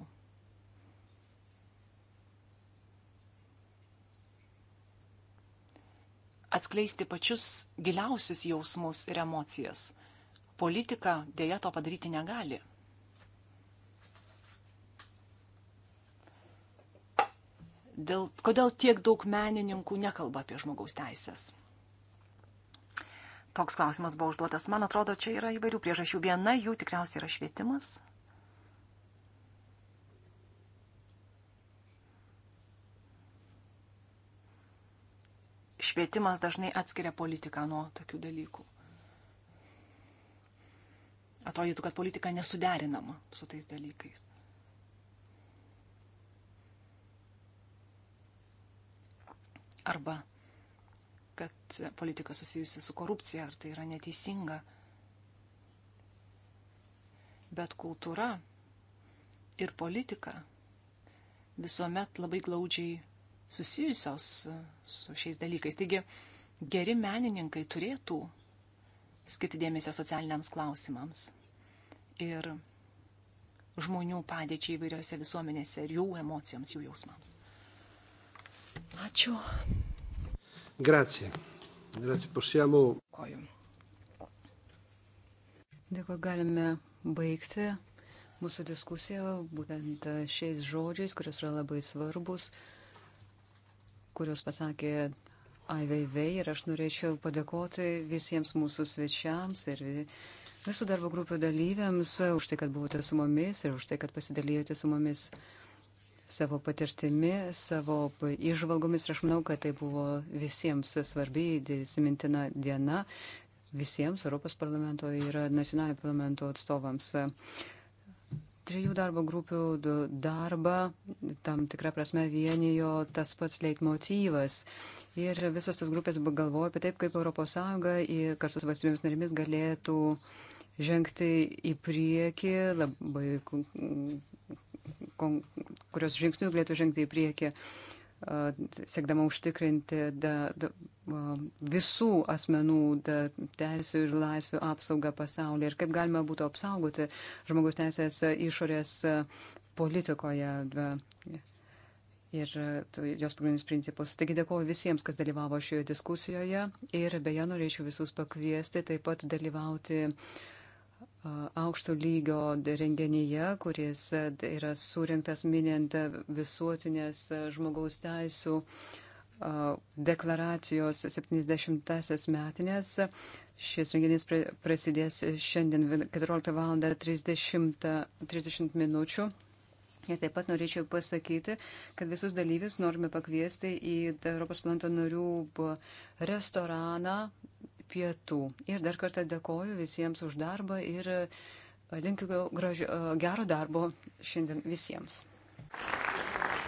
atskleisti pačius giliausius jausmus ir emocijas. Politika dėja to padaryti negali. Dėl, kodėl tiek daug menininkų nekalba apie žmogaus teisės? Toks klausimas buvo užduotas. Man atrodo, čia yra įvairių priežasčių. Viena jų tikriausiai yra švietimas, švietimas dažnai atskiria politiką nuo tokių dalykų. Atrodytų, kad politika nesuderinama su tais dalykais. Arba, kad politika susijusi su korupcija, ar tai yra neteisinga. Bet kultūra ir politika visuomet labai glaudžiai susijusios su šiais dalykais. Taigi, geri menininkai turėtų skirti dėmesio socialiniams klausimams ir žmonių padėčiai įvairiose visuomenėse ir jų emocijoms, jų jausmams. Ačiū. Grazie. Grazie, possiamo. Koju. Dėkui, galime baigti mūsų diskusiją būtent šiais žodžiais, kurios yra labai svarbus kuriuos pasakė IVV ir aš norėčiau padėkoti visiems mūsų svečiams ir visų darbo grupių dalyviams už tai, kad buvote su mumis ir už tai, kad pasidalijote su mumis savo patirtimi, savo išvalgomis. Ir aš manau, kad tai buvo visiems svarbi, įsimintina diena visiems Europos parlamento ir nacionalinio parlamento atstovams. Trijų darbo grupių darbą tam tikrą prasme vienijo tas pats leitmotyvas. Ir visos tos grupės galvoja apie taip, kaip ES kartu su valstybėmis narimis galėtų žengti į priekį, labai, kurios žingsnių galėtų žengti į priekį, siekdama užtikrinti da, da, visų asmenų teisų ir laisvių apsaugą pasaulyje ir kaip galima būtų apsaugoti žmogus teisės išorės politikoje ir jos pagrindinius principus. Taigi dėkuoju visiems, kas dalyvavo šioje diskusijoje ir beje norėčiau visus pakviesti taip pat dalyvauti aukšto lygio renginyje, kuris yra surinktas minint visuotinės žmogaus teisų uh, deklaracijos 70-asias metinės. Šis renginys prasidės šiandien 14 val. 30, 30 minučių. Ir taip pat norėčiau pasakyti, kad visus dalyvius norime pakviesti į Europos planto narių restoraną pietų. Ir dar kartą dėkoju visiems už darbą ir linkiu gražio, gero darbo šiandien visiems. Thank you.